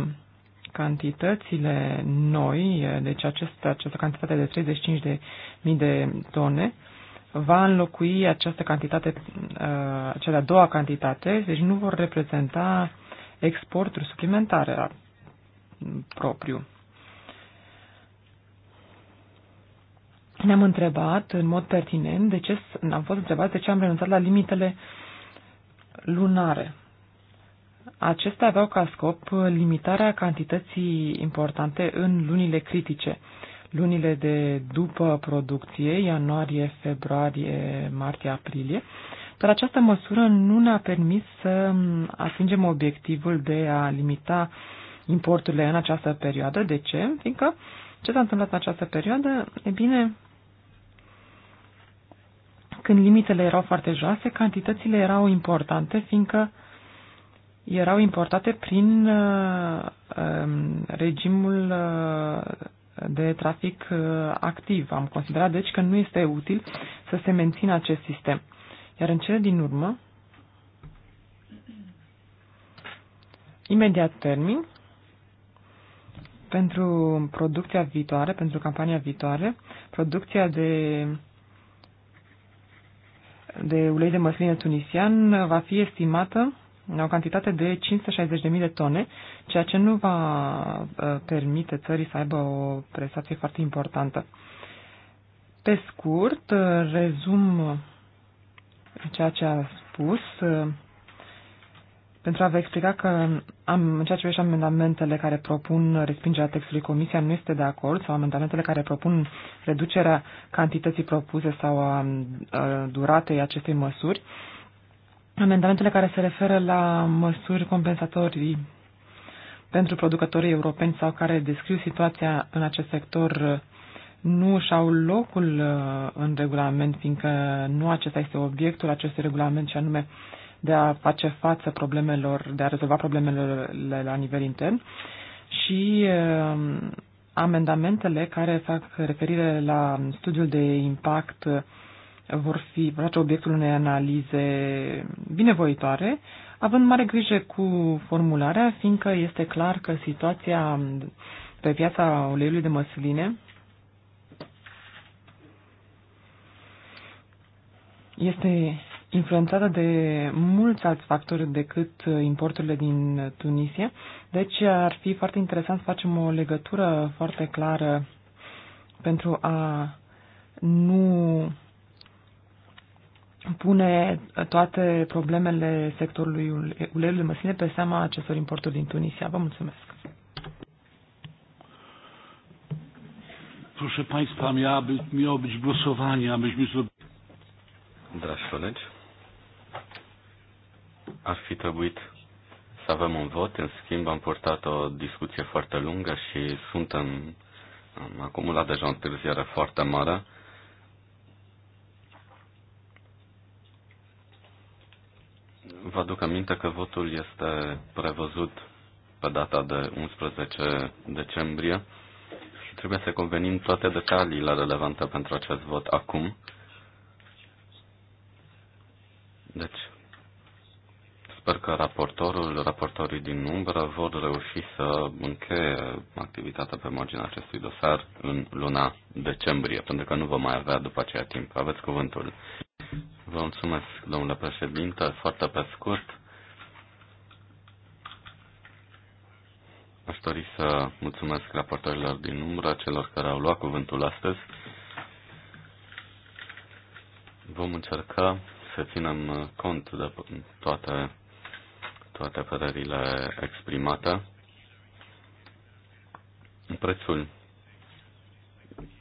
cantitățile noi, deci această această cantitate de 35.000 de tone, va înlocui această cantitate, uh, cea de-a doua cantitate, deci nu vor reprezenta exporturi suplimentare propriu. Ne-am întrebat în mod pertinent de ce am fost întrebat de ce am renunțat la limitele lunare Acestea aveau ca scop limitarea cantității importante în lunile critice, lunile de după producție, ianuarie, februarie, martie, aprilie, dar această măsură nu ne-a permis să atingem obiectivul de a limita importurile în această perioadă. De ce? Fiindcă ce s-a întâmplat în această perioadă? E bine, când limitele erau foarte joase, cantitățile erau importante, fiindcă erau importate prin uh, um, regimul uh, de trafic uh, activ. Am considerat, deci, că nu este util să se mențină acest sistem. Iar în cele din urmă, imediat termin, pentru producția viitoare, pentru campania viitoare, producția de de ulei de măsline tunisian va fi estimată o cantitate de 560.000 de tone, ceea ce nu va uh, permite țării să aibă o prestație foarte importantă. Pe scurt, uh, rezum ceea ce a spus uh, pentru a vă explica că am, în ceea ce privește amendamentele care propun respingerea textului, Comisia nu este de acord sau amendamentele care propun reducerea cantității propuse sau a, a duratei acestei măsuri. Uh, Amendamentele care se referă la măsuri compensatorii pentru producătorii europeni sau care descriu situația în acest sector nu își au locul uh, în regulament, fiindcă nu acesta este obiectul acestui regulament, și anume de a face față problemelor, de a rezolva problemele la nivel intern. Și uh, amendamentele care fac referire la studiul de impact vor fi vor face obiectul unei analize binevoitoare, având mare grijă cu formularea, fiindcă este clar că situația pe piața uleiului de măsline este influențată de mulți alți factori decât importurile din Tunisia. Deci ar fi foarte interesant să facem o legătură foarte clară pentru a nu pune toate problemele sectorului uleiului măsline pe seama acestor importuri din Tunisia. Vă mulțumesc. Proszę Państwa, miałoby, miało być głosowanie, abyśmy zrobili... Dragi colegi, ar fi trebuit să avem un vot, în schimb am portat o discuție foarte lungă și suntem, am acumulat deja o întârziere foarte mare. Vă aduc aminte că votul este prevăzut pe data de 11 decembrie și trebuie să convenim toate detaliile relevante pentru acest vot acum. Deci, Sper că raportorul, raportorii din umbră vor reuși să încheie activitatea pe marginea acestui dosar în luna decembrie, pentru că nu vom mai avea după aceea timp. Aveți cuvântul. Vă mulțumesc, domnule președinte, foarte pe scurt. Aș dori să mulțumesc raportorilor din umbră, celor care au luat cuvântul astăzi. Vom încerca să ținem cont de toate toate părerile exprimate. Prețul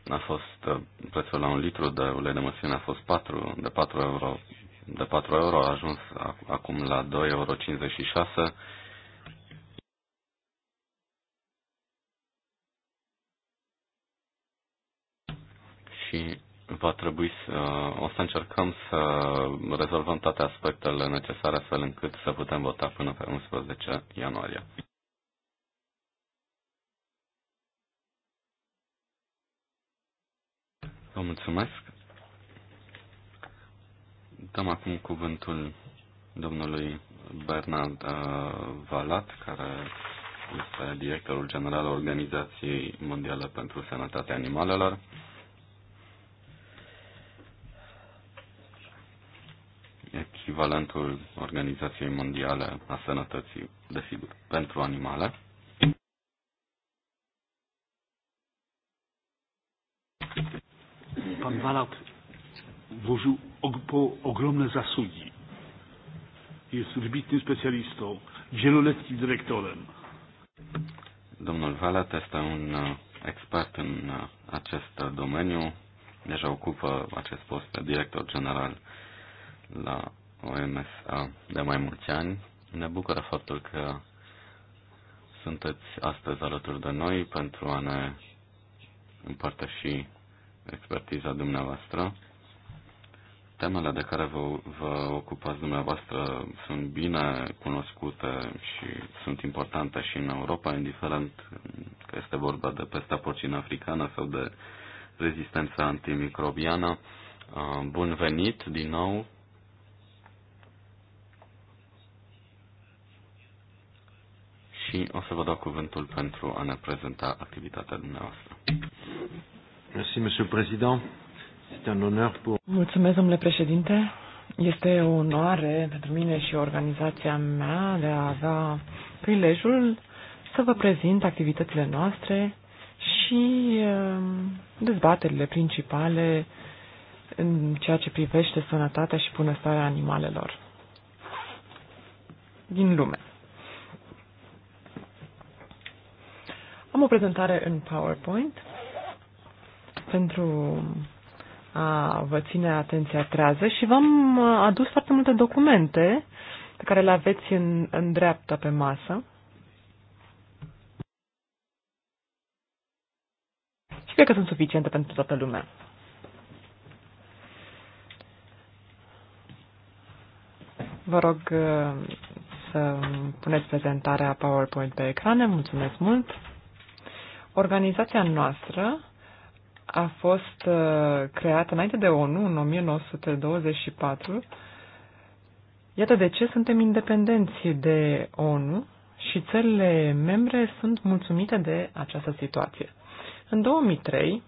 a fost, prețul la un litru de ulei de măsline a fost 4, de 4 euro de 4 euro a ajuns acum la 2,56 euro. Și va trebui să, o să încercăm să rezolvăm toate aspectele necesare astfel încât să putem vota până pe 11 ianuarie. Vă mulțumesc. Dăm acum cuvântul domnului Bernard uh, Valat, care este directorul general al Organizației Mondiale pentru Sănătatea Animalelor. echivalentul Organizației Mondiale a Sănătății, desigur, pentru animale. Pan Walat włożył po ogromne zasługi. Jest wybitnym specjalistą, wieloletnim dyrektorem. Domnul Walat este un uh, expert în uh, acest domeniu, deja ocupa acest post de director general la OMSA de mai mulți ani. Ne bucură faptul că sunteți astăzi alături de noi pentru a ne împărtăși expertiza dumneavoastră. Temele de care vă, vă ocupați dumneavoastră sunt bine cunoscute și sunt importante și în Europa, indiferent că este vorba de pesta porcină africană sau de rezistența antimicrobiană. Bun venit din nou și o să vă dau cuvântul pentru a ne prezenta activitatea dumneavoastră. Merci, Monsieur Président. un honor pour... Mulțumesc, domnule președinte. Este o onoare pentru mine și organizația mea de a avea prilejul să vă prezint activitățile noastre și uh, dezbaterile principale în ceea ce privește sănătatea și bunăstarea animalelor din lume. Am o prezentare în PowerPoint pentru a vă ține atenția trează și v-am uh, adus foarte multe documente pe care le aveți în, în dreapta pe masă. Și cred că sunt suficiente pentru toată lumea. Vă rog uh, să puneți prezentarea PowerPoint pe ecrane. Mulțumesc mult! Organizația noastră a fost uh, creată înainte de ONU, în 1924. Iată de ce suntem independenți de ONU și țările membre sunt mulțumite de această situație. În 2003,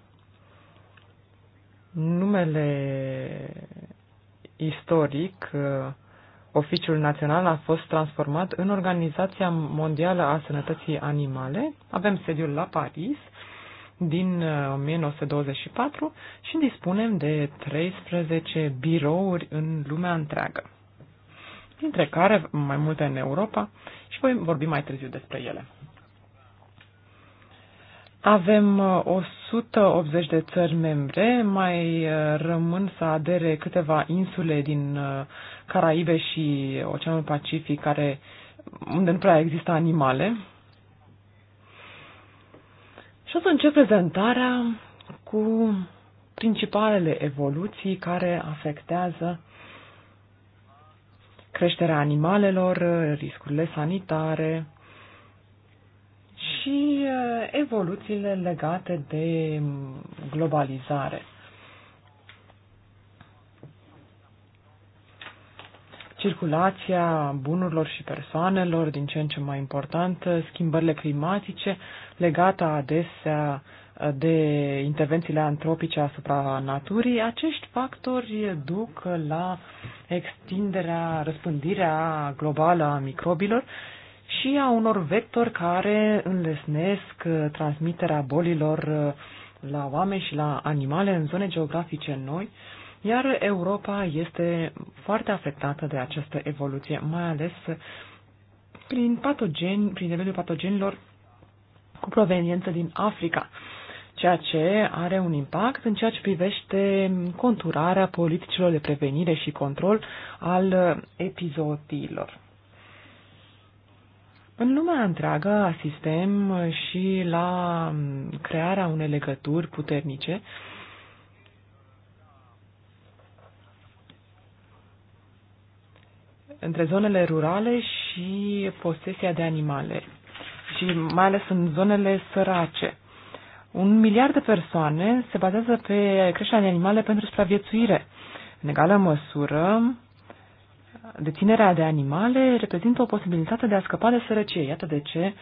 numele istoric uh, Oficiul Național a fost transformat în Organizația Mondială a Sănătății Animale. Avem sediul la Paris din 1924 uh, și dispunem de 13 birouri în lumea întreagă, dintre care mai multe în Europa și voi vorbi mai târziu despre ele. Avem 180 uh, de țări membre, mai uh, rămân să adere câteva insule din uh, Caraibe și Oceanul Pacific, care, unde nu prea există animale. Și o să încep prezentarea cu principalele evoluții care afectează creșterea animalelor, riscurile sanitare, și uh, evoluțiile legate de globalizare. circulația bunurilor și persoanelor, din ce în ce mai importantă, schimbările climatice, legate adesea uh, de intervențiile antropice asupra naturii, acești factori duc la extinderea, răspândirea globală a microbilor și a unor vectori care înlesnesc uh, transmiterea bolilor uh, la oameni și la animale în zone geografice noi, iar Europa este foarte afectată de această evoluție, mai ales uh, prin patogeni, prin nivelul patogenilor cu proveniență din Africa, ceea ce are un impact în ceea ce privește conturarea politicilor de prevenire și control al epizootiilor. În lumea întreagă asistem și la mm, crearea unei legături puternice între zonele rurale și posesia de animale, și mai ales în zonele sărace. Un miliard de persoane se bazează pe creșterea de animale pentru supraviețuire. În egală măsură, deținerea de animale reprezintă o posibilitate de a scăpa de sărăcie. Iată de ce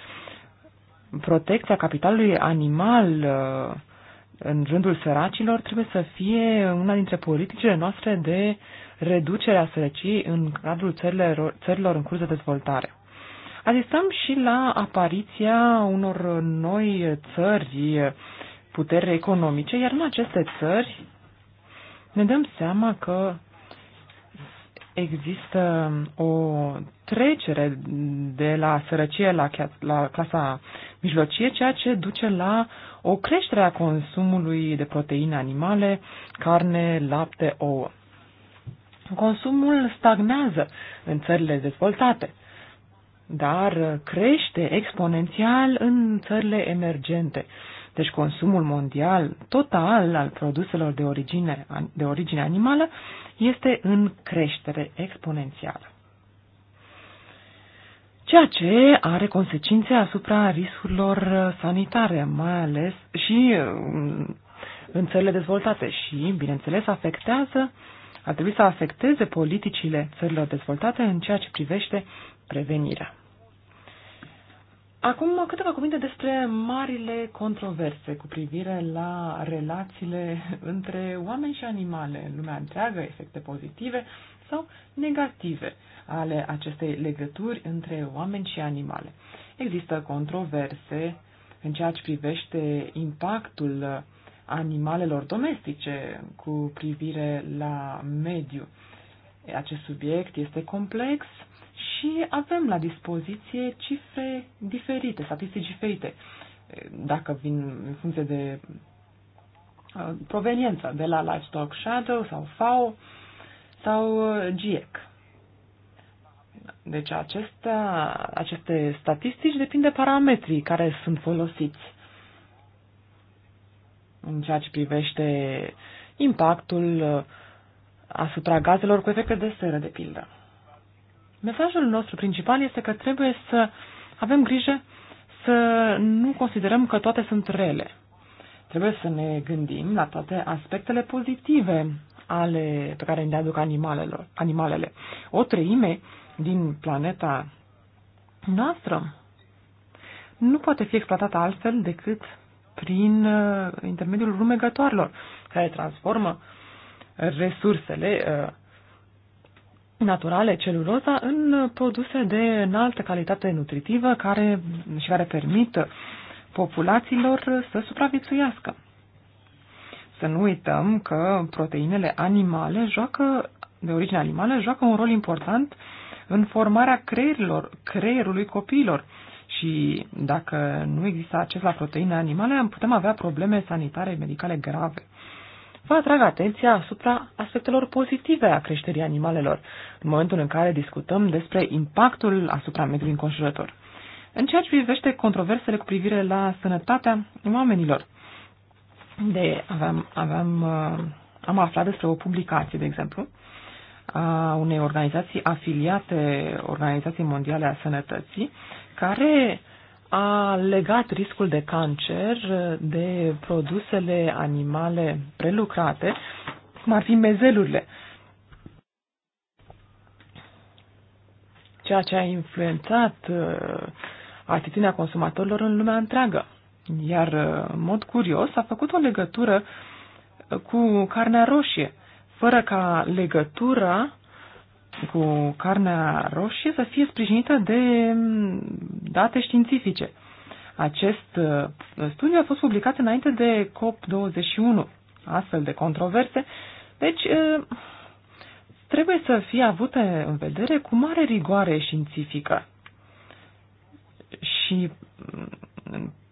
protecția capitalului animal uh, în rândul săracilor trebuie să fie una dintre politicile noastre de reducere a sărăciei în cadrul țărilor, țărilor în curs de dezvoltare. Asistăm și la apariția unor noi țări puteri economice, iar în aceste țări ne dăm seama că există um, o trecere de la sărăcie la, la clasa mijlocie, ceea ce duce la o creștere a consumului de proteine animale, carne, lapte, ouă. Consumul stagnează în țările dezvoltate, dar crește exponențial în țările emergente. Deci consumul mondial total al produselor de origine, de origine animală este în creștere exponențială. Ceea ce are consecințe asupra riscurilor sanitare, mai ales și um, în țările dezvoltate și, bineînțeles, afectează, ar trebui să afecteze politicile țărilor dezvoltate în ceea ce privește prevenirea. Acum câteva cuvinte despre marile controverse cu privire la relațiile între oameni și animale în lumea întreagă, efecte pozitive sau negative ale acestei legături între oameni și animale. Există controverse în ceea ce privește impactul animalelor domestice cu privire la mediu. Acest subiect este complex și avem la dispoziție cifre diferite, statistici diferite, dacă vin în funcție de uh, proveniență, de la Livestock Shadow sau FAO sau uh, GIEC. Deci acestea, aceste statistici depind de parametrii care sunt folosiți în ceea ce privește impactul uh, asupra gazelor cu efecte de seră, de pildă. Mesajul nostru principal este că trebuie să avem grijă să nu considerăm că toate sunt rele. Trebuie să ne gândim la toate aspectele pozitive ale pe care ne aduc animalelor, animalele. O treime din planeta noastră nu poate fi exploatată altfel decât prin uh, intermediul rumegătoarelor, care transformă resursele uh, naturale, celuloza, în produse de înaltă calitate nutritivă care, și care permit populațiilor să supraviețuiască. Să nu uităm că proteinele animale joacă, de origine animală joacă un rol important în formarea creierilor, creierului copiilor. Și dacă nu există acces la proteine animale, putem avea probleme sanitare medicale grave vă atrag atenția asupra aspectelor pozitive a creșterii animalelor, în momentul în care discutăm despre impactul asupra mediului înconjurător. În ceea ce privește controversele cu privire la sănătatea oamenilor, de, aveam, aveam, uh, am aflat despre o publicație, de exemplu, a unei organizații afiliate Organizației Mondiale a Sănătății, care uh, a legat riscul de cancer de produsele animale prelucrate, cum ar fi mezelurile, ceea ce a influențat uh, atitudinea consumatorilor în lumea întreagă. Iar, uh, în mod curios, a făcut o legătură uh, cu carnea roșie, fără ca legătura cu carnea roșie să fie sprijinită de mm, date științifice. Acest uh, studiu a fost publicat înainte de COP21, astfel de controverse, deci uh, trebuie să fie avute în vedere cu mare rigoare științifică. Și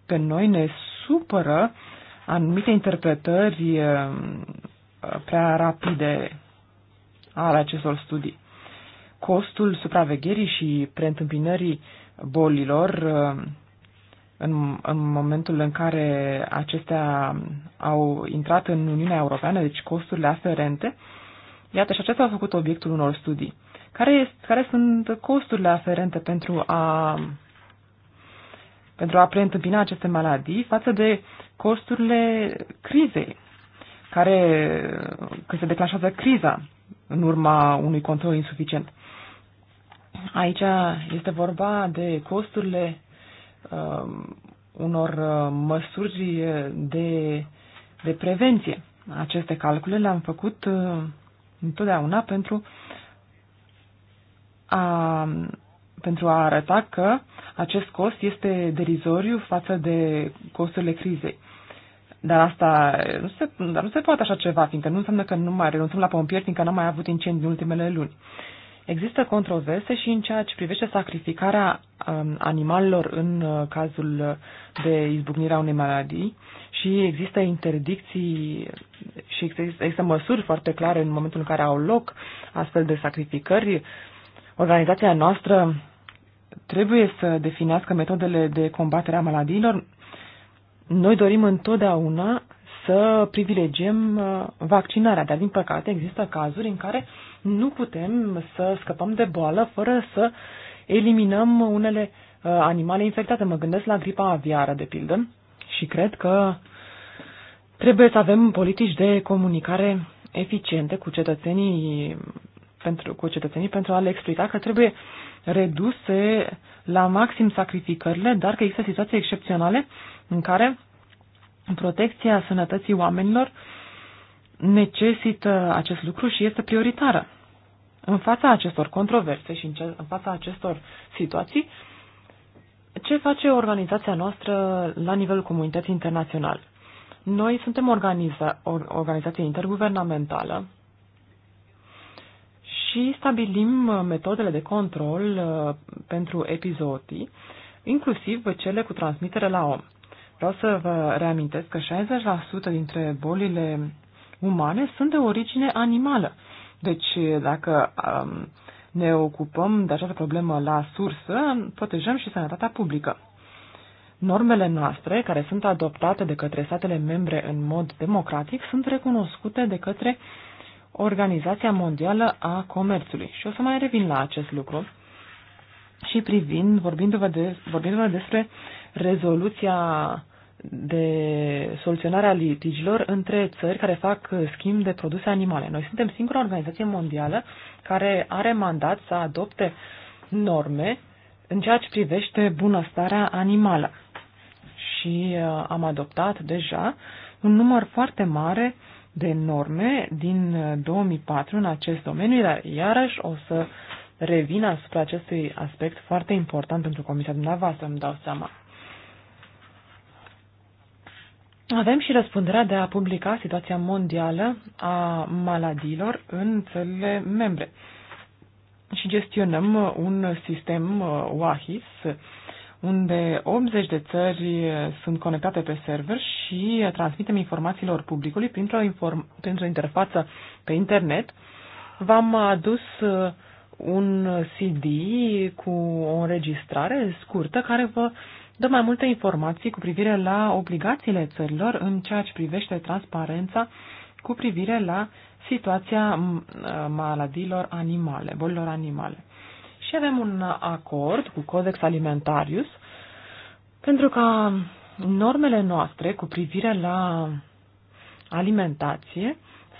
pe mm, noi ne supără anumite interpretări uh, prea rapide ale acestor studii costul supravegherii și preîntâmpinării bolilor uh, în, în momentul în care acestea au intrat în Uniunea Europeană, deci costurile aferente. Iată, și acestea au făcut obiectul unor studii. Care, este, care sunt costurile aferente pentru a, pentru a preîntâmpina aceste maladii față de costurile crizei, care, când se declanșează criza în urma unui control insuficient? Aici este vorba de costurile uh, unor uh, măsuri de, de prevenție. Aceste calcule le-am făcut uh, întotdeauna pentru a, pentru a arăta că acest cost este derizoriu față de costurile crizei. Dar asta nu se, dar nu se poate așa ceva, fiindcă nu înseamnă că nu mai renunțăm la pompieri, fiindcă n-am mai avut incendii în ultimele luni. Uh, Există controverse și în ceea ce privește sacrificarea um, animalelor în uh, cazul de izbucnirea unei maladii și există interdicții și există, există măsuri foarte clare în momentul în care au loc astfel de sacrificări. Organizația noastră trebuie să definească metodele de combatere a maladiilor. Noi dorim întotdeauna să privilegiem uh, vaccinarea, dar din păcate există cazuri în care nu putem să scăpăm de boală fără să eliminăm unele uh, animale infectate. Mă gândesc la gripa aviară, de pildă, și cred că trebuie să avem politici de comunicare eficiente cu cetățenii pentru, cu cetățenii pentru a le explica că trebuie reduse la maxim sacrificările, dar că există situații excepționale în care protecția sănătății oamenilor necesită acest lucru și este prioritară. În fața acestor controverse și în, fața acestor situații, ce face organizația noastră la nivelul comunității internaționale? Noi suntem organiza, o organizație interguvernamentală și stabilim metodele de control uh, pentru epizodii, inclusiv cele cu transmitere la om. Vreau să vă reamintesc că 60% dintre bolile umane sunt de origine animală deci, dacă um, ne ocupăm de această problemă la sursă, protejăm și sănătatea publică. Normele noastre, care sunt adoptate de către statele membre în mod democratic, sunt recunoscute de către Organizația Mondială a Comerțului. Și o să mai revin la acest lucru și privind, vorbindu-vă, de, vorbindu-vă despre rezoluția de soluționarea litigilor între țări care fac uh, schimb de produse animale. Noi suntem singura organizație mondială care are mandat să adopte norme în ceea ce privește bunăstarea animală. Și uh, am adoptat deja un număr foarte mare de norme din 2004 uh, în acest domeniu, dar iarăși o să revin asupra acestui aspect foarte important pentru comisia dumneavoastră, îmi dau seama. Avem și răspunderea de a publica situația mondială a maladilor în țările membre. Și gestionăm uh, un sistem WAHIS uh, unde 80 de țări uh, sunt conectate pe server și transmitem informațiilor publicului printr-o, inform- printr interfață pe internet. V-am adus un CD cu o înregistrare scurtă care vă uh, dă mai multe informații cu privire la obligațiile țărilor în ceea ce privește transparența cu privire la situația maladilor animale, bolilor animale. Și avem un acord cu Codex Alimentarius pentru ca normele noastre cu privire la alimentație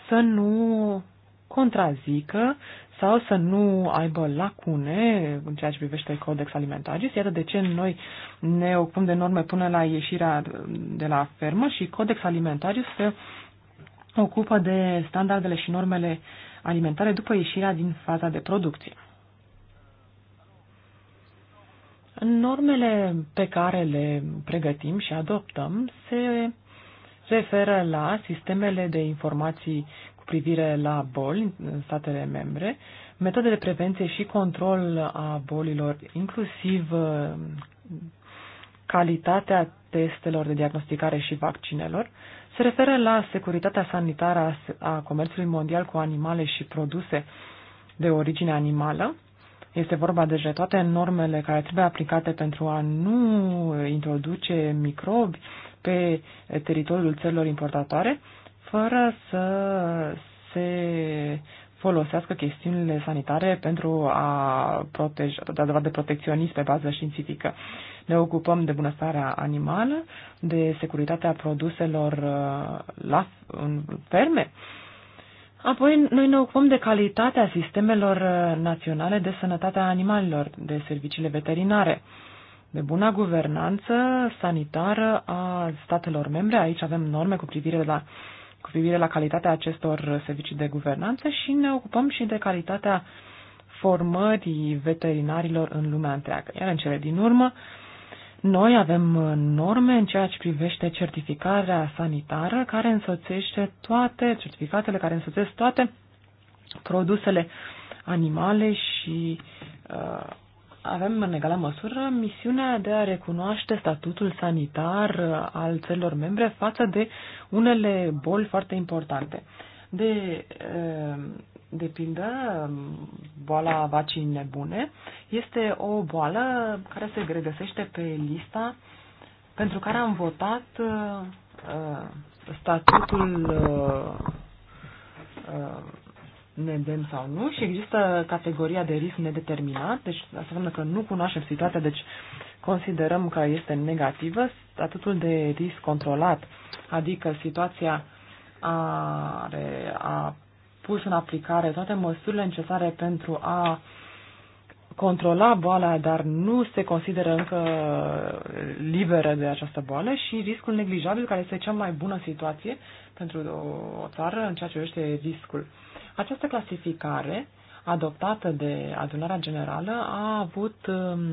să nu contrazică sau să nu aibă lacune în ceea ce privește codex alimentaris. Iată de ce noi ne ocupăm de norme până la ieșirea de la fermă și codex alimentaris se ocupă de standardele și normele alimentare după ieșirea din faza de producție. Normele pe care le pregătim și adoptăm se referă la sistemele de informații privire la boli în statele membre, metode de prevenție și control a bolilor, inclusiv uh, calitatea testelor de diagnosticare și vaccinelor, se referă la securitatea sanitară a comerțului mondial cu animale și produse de origine animală. Este vorba de toate normele care trebuie aplicate pentru a nu introduce microbi pe teritoriul țărilor importatoare fără să se folosească chestiunile sanitare pentru a proteja, de, de protecționist pe bază științifică. Ne ocupăm de bunăstarea animală, de securitatea produselor uh, la, în ferme. Apoi, noi ne ocupăm de calitatea sistemelor uh, naționale de sănătate a animalelor, de serviciile veterinare, de buna guvernanță sanitară a statelor membre. Aici avem norme cu privire la uh, cu privire la calitatea acestor servicii de guvernanță și ne ocupăm și de calitatea formării veterinarilor în lumea întreagă. Iar în cele din urmă, noi avem norme în ceea ce privește certificarea sanitară care însoțește toate certificatele care însoțesc toate produsele animale și uh, avem în egală măsură misiunea de a recunoaște statutul sanitar al țărilor membre față de unele boli foarte importante. De, eh, de pildă, boala vacii nebune este o boală care se regăsește pe lista pentru care am votat eh, statutul eh, ne dăm sau nu și există categoria de risc nedeterminat, deci asta înseamnă că nu cunoaștem situația, deci considerăm că este negativă, statutul de risc controlat, adică situația are, a pus în aplicare toate măsurile necesare pentru a controla boala, dar nu se consideră încă liberă de această boală și riscul neglijabil, care este cea mai bună situație pentru o țară în ceea ce privește riscul această clasificare, adoptată de adunarea generală, a avut um,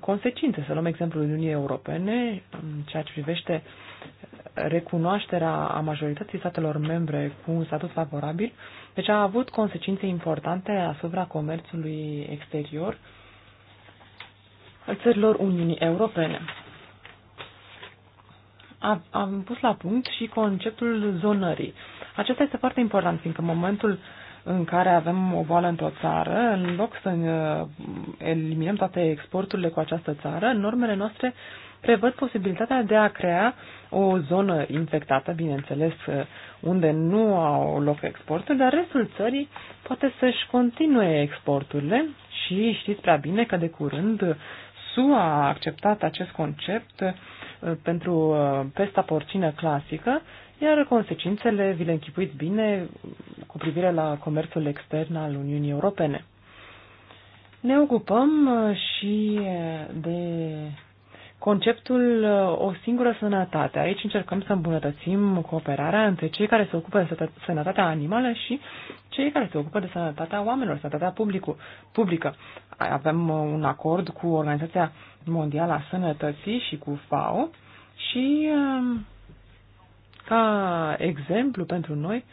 consecințe. Să luăm exemplul Uniunii Europene, ceea ce privește recunoașterea a majorității statelor membre cu un statut favorabil, deci a avut consecințe importante asupra comerțului exterior al țărilor Uniunii Europene. Am pus la punct și conceptul zonării. Acesta este foarte important, fiindcă în momentul în care avem o boală într-o țară, în loc să uh, eliminăm toate exporturile cu această țară, normele noastre prevăd posibilitatea de a crea o zonă infectată, bineînțeles, uh, unde nu au loc exporturi, dar restul țării poate să-și continue exporturile și știți prea bine că de curând SUA a acceptat acest concept uh, pentru pesta porcină clasică iar consecințele, vi le închipuiți bine, cu privire la comerțul extern al Uniunii Europene. Ne ocupăm uh, și uh, de conceptul uh, o singură sănătate. Aici încercăm să îmbunătățim cooperarea între cei care se ocupă de sănătatea animală și cei care se ocupă de sănătatea oamenilor, sănătatea publicu, publică. Avem un acord cu Organizația Mondială a Sănătății și cu FAO și ca exemplu pentru noi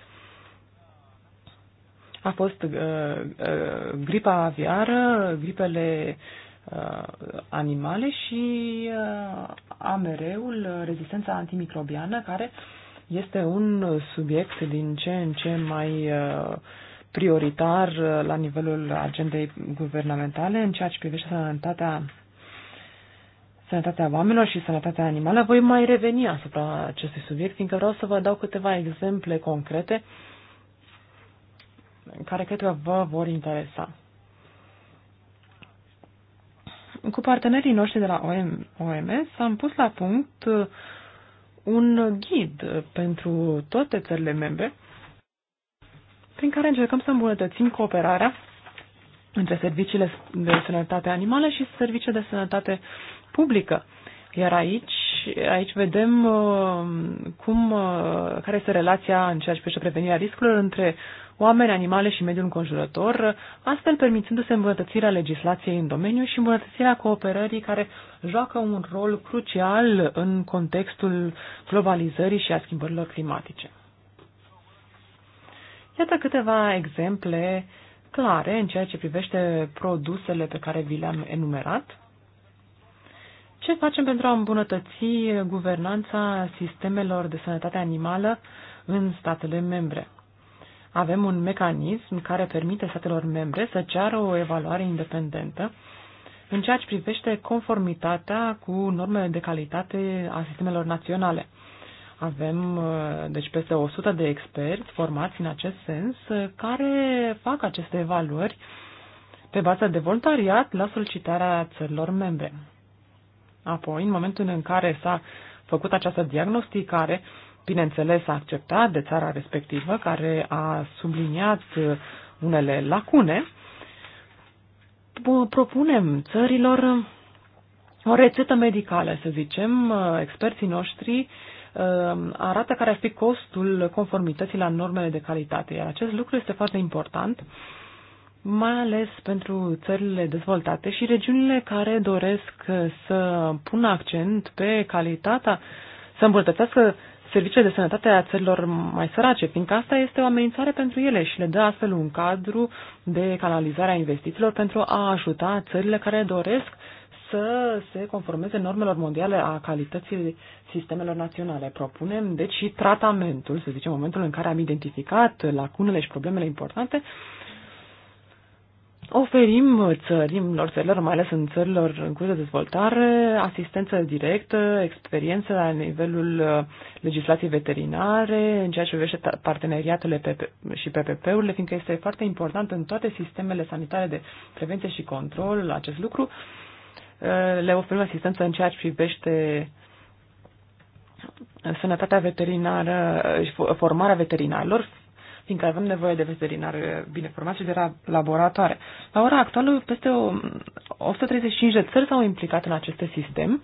a fost uh, uh, gripa aviară, gripele uh, animale și uh, AMR-ul, rezistența antimicrobiană, care este un subiect din ce în ce mai uh, prioritar la nivelul agendei guvernamentale în ceea ce privește sănătatea sănătatea oamenilor și sănătatea animală, voi mai reveni asupra acestui subiect, fiindcă vreau să vă dau câteva exemple concrete care cred că vă vor interesa. Cu partenerii noștri de la OMS am pus la punct uh, un ghid pentru toate țările membre prin care încercăm să îmbunătățim cooperarea între serviciile de sănătate animale și serviciile de sănătate publică. Iar aici, aici vedem uh, cum, uh, care este relația în ceea ce privește prevenirea riscurilor între oameni, animale și mediul înconjurător, astfel permițându-se îmbunătățirea legislației în domeniu și îmbunătățirea cooperării care joacă un rol crucial în contextul globalizării și a schimbărilor climatice. Iată câteva exemple uh, clare în ceea ce privește produsele pe care vi le-am enumerat? Ce facem pentru a îmbunătăți guvernanța sistemelor de sănătate animală în statele membre? Avem un mecanism care permite statelor membre să ceară o evaluare independentă în ceea ce privește conformitatea cu normele de calitate a sistemelor naționale. Avem uh, deci peste 100 de experți formați în acest sens uh, care fac aceste evaluări pe baza de voluntariat la solicitarea țărilor membre. Apoi, în momentul în care s-a făcut această diagnosticare, bineînțeles a acceptat de țara respectivă care a subliniat uh, unele lacune, propunem țărilor o rețetă medicală, să zicem, experții noștri Um, arată care ar fi costul conformității la normele de calitate, iar acest lucru este foarte important mai ales pentru țările dezvoltate și regiunile care doresc să pună accent pe calitatea, să îmbunătățească serviciile de sănătate a țărilor mai sărace, fiindcă asta este o amenințare pentru ele și le dă astfel un cadru de canalizare a investițiilor pentru a ajuta țările care doresc să se conformeze normelor mondiale a calității sistemelor naționale. Propunem, deci, și tratamentul, să zicem, momentul în care am identificat lacunele și problemele importante, oferim țărilor, țărilor, mai ales în țărilor în curs de dezvoltare, asistență directă, experiență la nivelul legislației veterinare, în ceea ce privește parteneriatele și PPP-urile, fiindcă este foarte important în toate sistemele sanitare de prevenție și control acest lucru. Uh, le oferim asistență în ceea ce privește uh, sănătatea veterinară uh, și formarea veterinarilor, fiindcă avem nevoie de veterinari bine formați și de laboratoare. La ora actuală, peste 135 de țări s-au implicat în acest sistem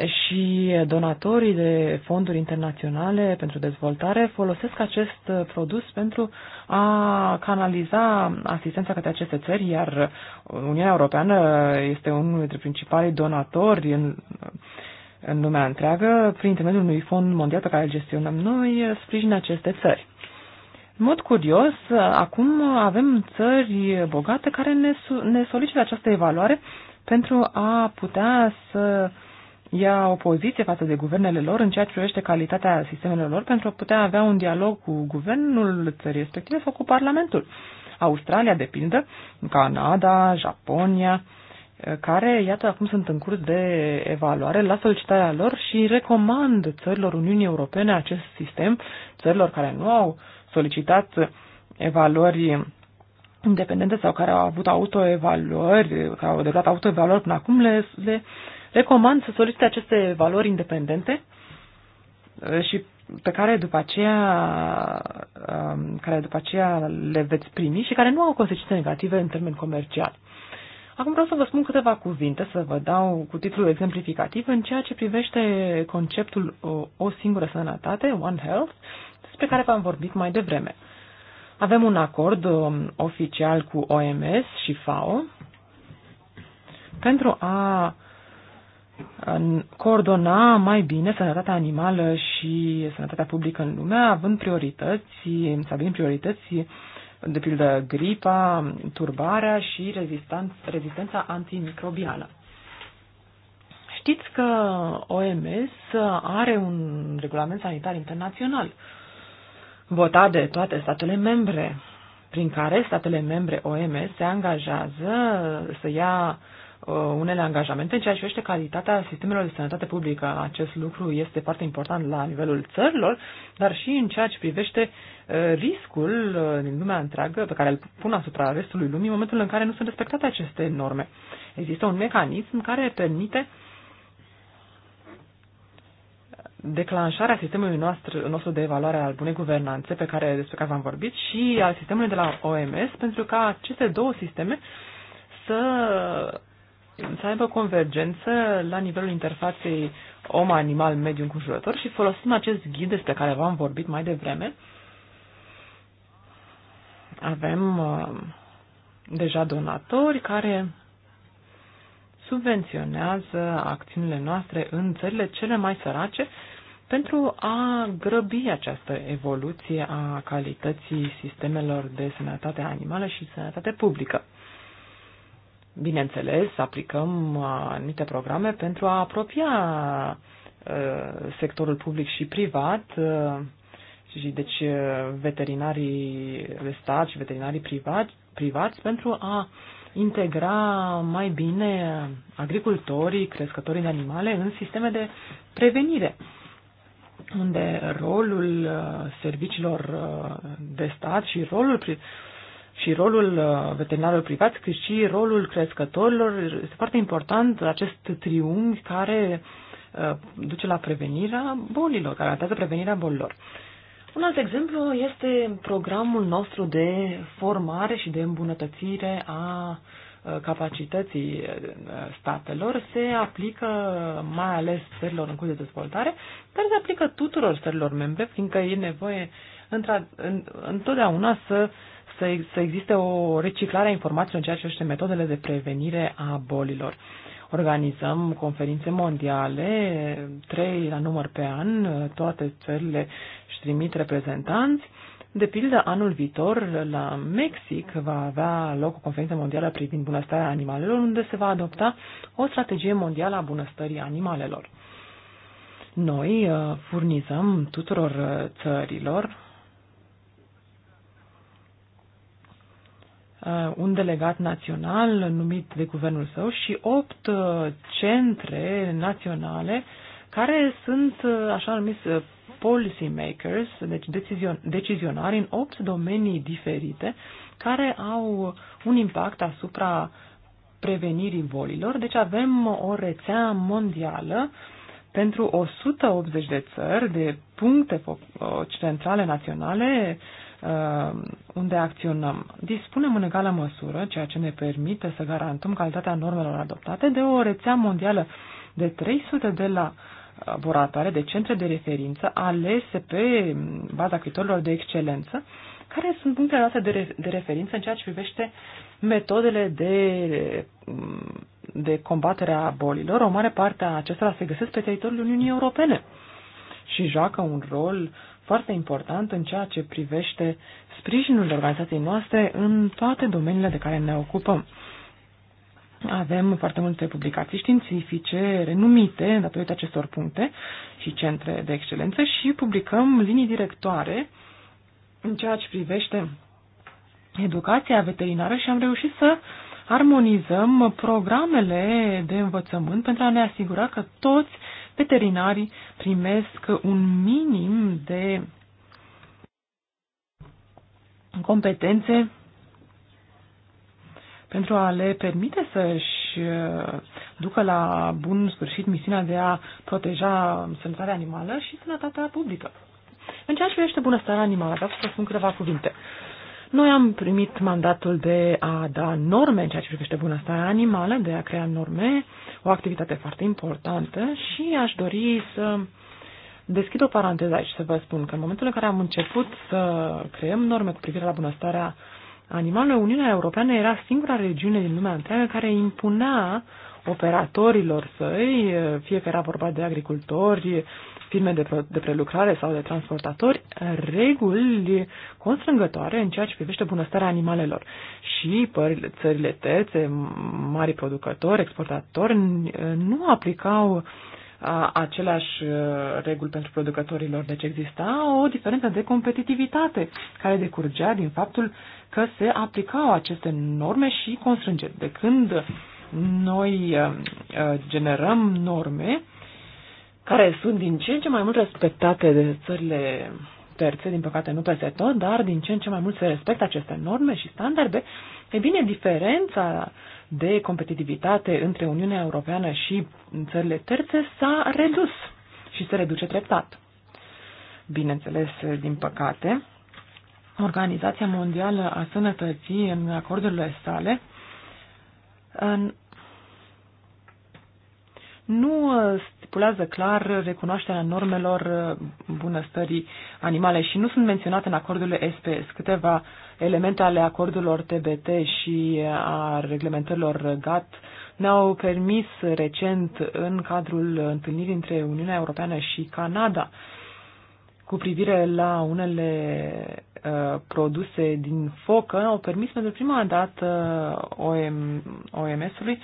și donatorii de fonduri internaționale pentru dezvoltare folosesc acest produs pentru a canaliza asistența către aceste țări, iar Uniunea Europeană este unul dintre principalii donatori în, în lumea întreagă prin intermediul unui fond mondial pe care îl gestionăm noi, sprijină aceste țări. În mod curios, acum avem țări bogate care ne, ne solicită această evaluare pentru a putea să uh, ia o poziție față de guvernele lor în ceea ce privește calitatea sistemelor lor pentru a putea avea un dialog cu guvernul țării respective sau cu Parlamentul. Australia, de pildă, Canada, Japonia, care, iată, acum sunt în curs de evaluare la solicitarea lor și recomand țărilor Uniunii Europene acest sistem, țărilor care nu au solicitat evaluări independente sau care au avut autoevaluări, care au derulat autoevaluări până acum, le, le recomand să solicite aceste valori independente uh, și pe care după aceea um, care după aceea le veți primi și care nu au consecințe negative în termeni comercial. Acum vreau să vă spun câteva cuvinte, să vă dau cu titlul exemplificativ în ceea ce privește conceptul o, o singură sănătate, One Health, despre care v-am vorbit mai devreme. Avem un acord um, oficial cu OMS și FAO pentru a coordona mai bine sănătatea animală și sănătatea publică în lume, având priorități, stabilind priorități, de pildă gripa, turbarea și rezistența antimicrobială. Știți că OMS are un regulament sanitar internațional votat de toate statele membre, prin care statele membre OMS se angajează să ia uh, Uh, unele angajamente în ceea ce privește calitatea sistemelor de sănătate publică. Acest lucru este foarte important la nivelul țărilor, dar și în ceea ce privește uh, riscul uh, din lumea întreagă pe care îl pun asupra restului lumii în momentul în care nu sunt respectate aceste norme. Există un mecanism care permite declanșarea sistemului nostru, nostru de evaluare al bunei guvernanțe pe care, despre care v-am vorbit și al sistemului de la OMS pentru ca aceste două sisteme să să aibă convergență la nivelul interfaței om-animal mediu înconjurător și folosim acest ghid despre care v-am vorbit mai devreme. Avem uh, deja donatori care subvenționează acțiunile noastre în țările cele mai sărace pentru a grăbi această evoluție a calității sistemelor de sănătate animală și sănătate publică bineînțeles, aplicăm uh, anumite programe pentru a apropia uh, sectorul public și privat uh, și deci veterinarii de stat și veterinarii privați, privați pentru a integra mai bine agricultorii, crescătorii de animale în sisteme de prevenire, unde rolul serviciilor de stat și rolul și rolul uh, veterinarului privat, cât și rolul crescătorilor. Este foarte important acest triunghi care uh, duce la prevenirea bolilor, care atează prevenirea bolilor. Un alt exemplu este programul nostru de formare și de îmbunătățire a uh, capacității statelor se aplică mai ales țărilor în curs de dezvoltare, dar se aplică tuturor țărilor membre, fiindcă e nevoie întotdeauna să uh, să, să existe o reciclare a informațiilor în ceea ce este metodele de prevenire a bolilor. Organizăm conferințe mondiale, trei la număr pe an, toate țările își trimit reprezentanți. De pildă, anul viitor, la Mexic, va avea loc o conferință mondială privind bunăstarea animalelor, unde se va adopta o strategie mondială a bunăstării animalelor. Noi uh, furnizăm tuturor uh, țărilor Uh, un delegat național numit de guvernul său și opt uh, centre naționale care sunt uh, așa numiți policy makers, deci decizionari în opt domenii diferite care au un impact asupra prevenirii bolilor. Deci avem o rețea mondială pentru 180 de țări, de puncte centrale naționale Uh, unde acționăm. Dispunem în egală măsură, ceea ce ne permite să garantăm calitatea normelor adoptate, de o rețea mondială de 300 de la laboratoare, de centre de referință alese pe baza criteriilor de excelență, care sunt punctele noastre de, de referință în ceea ce privește metodele de, de combatere a bolilor. O mare parte a acestora se găsesc pe teritoriul Uniunii Europene și joacă un rol uh, foarte important în ceea ce privește sprijinul organizației noastre în toate domeniile de care ne ocupăm. Avem foarte multe publicații științifice renumite datorită acestor puncte și centre de excelență și publicăm linii directoare în ceea ce privește educația veterinară și am reușit să armonizăm programele de învățământ pentru a ne asigura că toți veterinarii primesc un minim de competențe pentru a le permite să-și uh, ducă la bun sfârșit misiunea de a proteja sănătatea animală și sănătatea publică. În ceea ce privește bunăstarea animală, vreau să spun câteva cuvinte. Noi am primit mandatul de a da norme în ceea ce privește bunăstarea animală, de a crea norme o activitate foarte importantă și aș dori să deschid o paranteză aici să vă spun că în momentul în care am început să creăm norme cu privire la bunăstarea animalelor, Uniunea Europeană era singura regiune din lumea întreagă care impunea operatorilor săi, fie că era vorba de agricultori, firme de, de prelucrare sau de transportatori reguli constrângătoare în ceea ce privește bunăstarea animalelor. Și pările, țările terțe, mari producători, exportatori, nu aplicau aceleași reguli pentru producătorilor. Deci exista o diferență de competitivitate care decurgea din faptul că se aplicau aceste norme și constrângeri. De când noi generăm norme, care sunt din ce în ce mai mult respectate de țările terțe, din păcate nu peste tot, dar din ce în ce mai mult se respectă aceste norme și standarde, e bine, diferența de competitivitate între Uniunea Europeană și țările terțe s-a redus și se reduce treptat. Bineînțeles, din păcate, Organizația Mondială a Sănătății în acordurile sale nu uh, stipulează clar recunoașterea normelor uh, bunăstării animale și nu sunt menționate în acordurile SPS. Câteva elemente ale acordurilor TBT și uh, a reglementărilor GATT ne-au permis recent în cadrul întâlnirii între Uniunea Europeană și Canada cu privire la unele uh, produse din focă, au permis pentru prima dată OM, OMS-ului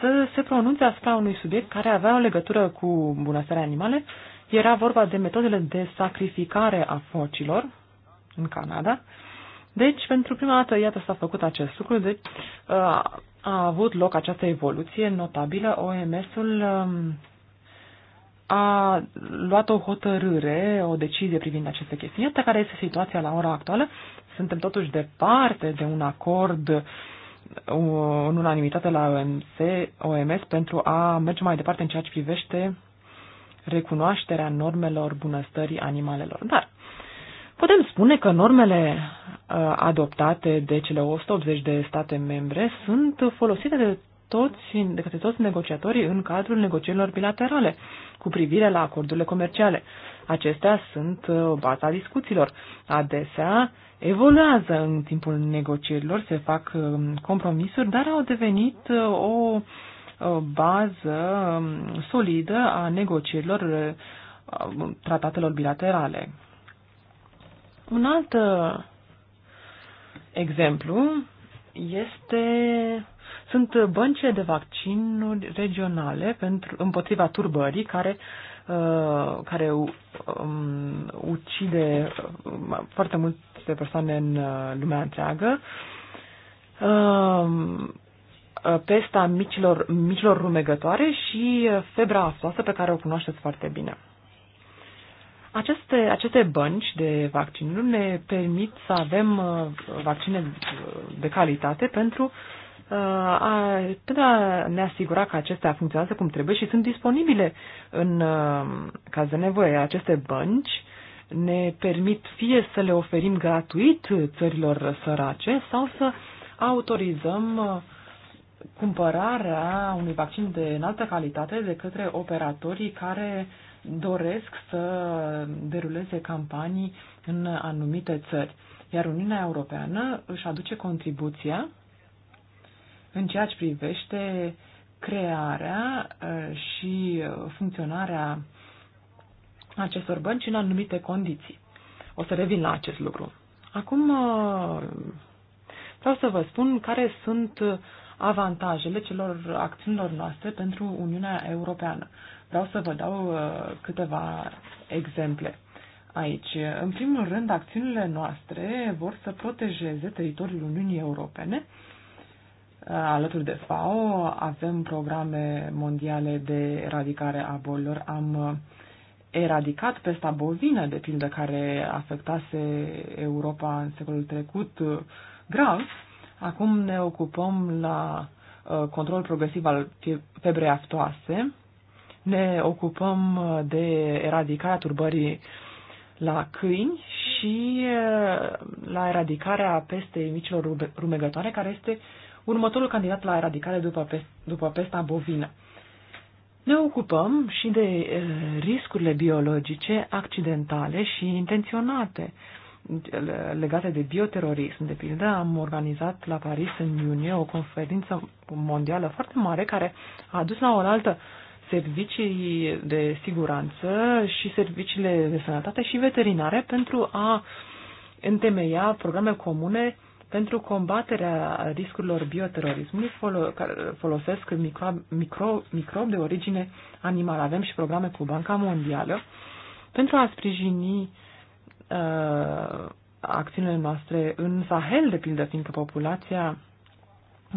să se pronunțe asupra unui subiect care avea o legătură cu bunăstarea animale. Era vorba de metodele de sacrificare a focilor în Canada. Deci, pentru prima dată, iată, s-a făcut acest lucru, deci uh, a, avut loc această evoluție notabilă. OMS-ul um, a luat o hotărâre, o decizie privind aceste chestii. Iată care este situația la ora actuală. Suntem totuși departe de un acord uh, în unanimitate la OMC, OMS pentru a merge mai departe în ceea ce privește recunoașterea normelor bunăstării animalelor. Dar putem spune că normele uh, adoptate de cele 180 de state membre sunt folosite de toți, de către toți negociatorii în cadrul negocierilor bilaterale cu privire la acordurile comerciale. Acestea sunt uh, baza discuțiilor. Adesea, evoluează în timpul negocierilor, se fac um, compromisuri, dar au devenit uh, o uh, bază um, solidă a negocierilor uh, um, tratatelor bilaterale. Un alt exemplu este sunt băncile de vaccinuri regionale pentru, împotriva turbării care Uh, care uh, um, ucide uh, foarte multe persoane în lumea întreagă. Um, pesta micilor, micilor rumegătoare și febra asoasă pe care o cunoașteți foarte bine. Aceste, aceste bănci de vaccinuri ne permit să avem vaccine de calitate pentru Uh, a, pentru a ne asigura că acestea funcționează cum trebuie și sunt disponibile în a, uh, caz de nevoie. Aceste bănci ne permit fie să le oferim gratuit țărilor sărace sau să autorizăm uh, cumpărarea unui vaccin de înaltă calitate de către operatorii care doresc să deruleze campanii în anumite țări. Iar Uniunea Europeană își aduce contribuția în ceea ce privește crearea uh, și uh, funcționarea acestor bănci în anumite condiții. O să revin la acest lucru. Acum uh, vreau să vă spun care sunt avantajele celor acțiunilor noastre pentru Uniunea Europeană. Vreau să vă dau câteva exemple aici. În primul rând, acțiunile noastre vor să protejeze teritoriul Uniunii Europene uh, alături de FAO, avem programe mondiale de eradicare a bolilor. Am eradicat pesta bovină, de pildă, care afectase Europa în secolul trecut grav. Acum ne ocupăm la uh, control progresiv al febrei aftoase. Ne ocupăm uh, de eradicarea turbării la câini și uh, la eradicarea pestei micilor rumegătoare, care este uh, următorul candidat la eradicare după, pest, după pesta bovină. Ne ocupăm și de eh, riscurile biologice accidentale și intenționate eh, legate de bioterorism. De pildă, am organizat la Paris în iunie o conferință mondială foarte mare care a adus la oaltă servicii de siguranță și serviciile de sănătate și veterinare pentru a întemeia programe comune pentru combaterea riscurilor bioterorismului folosesc micro, micro, microbi de origine animală. Avem și programe cu Banca Mondială pentru a sprijini uh, acțiunile noastre în Sahel, de pildă, fiindcă populația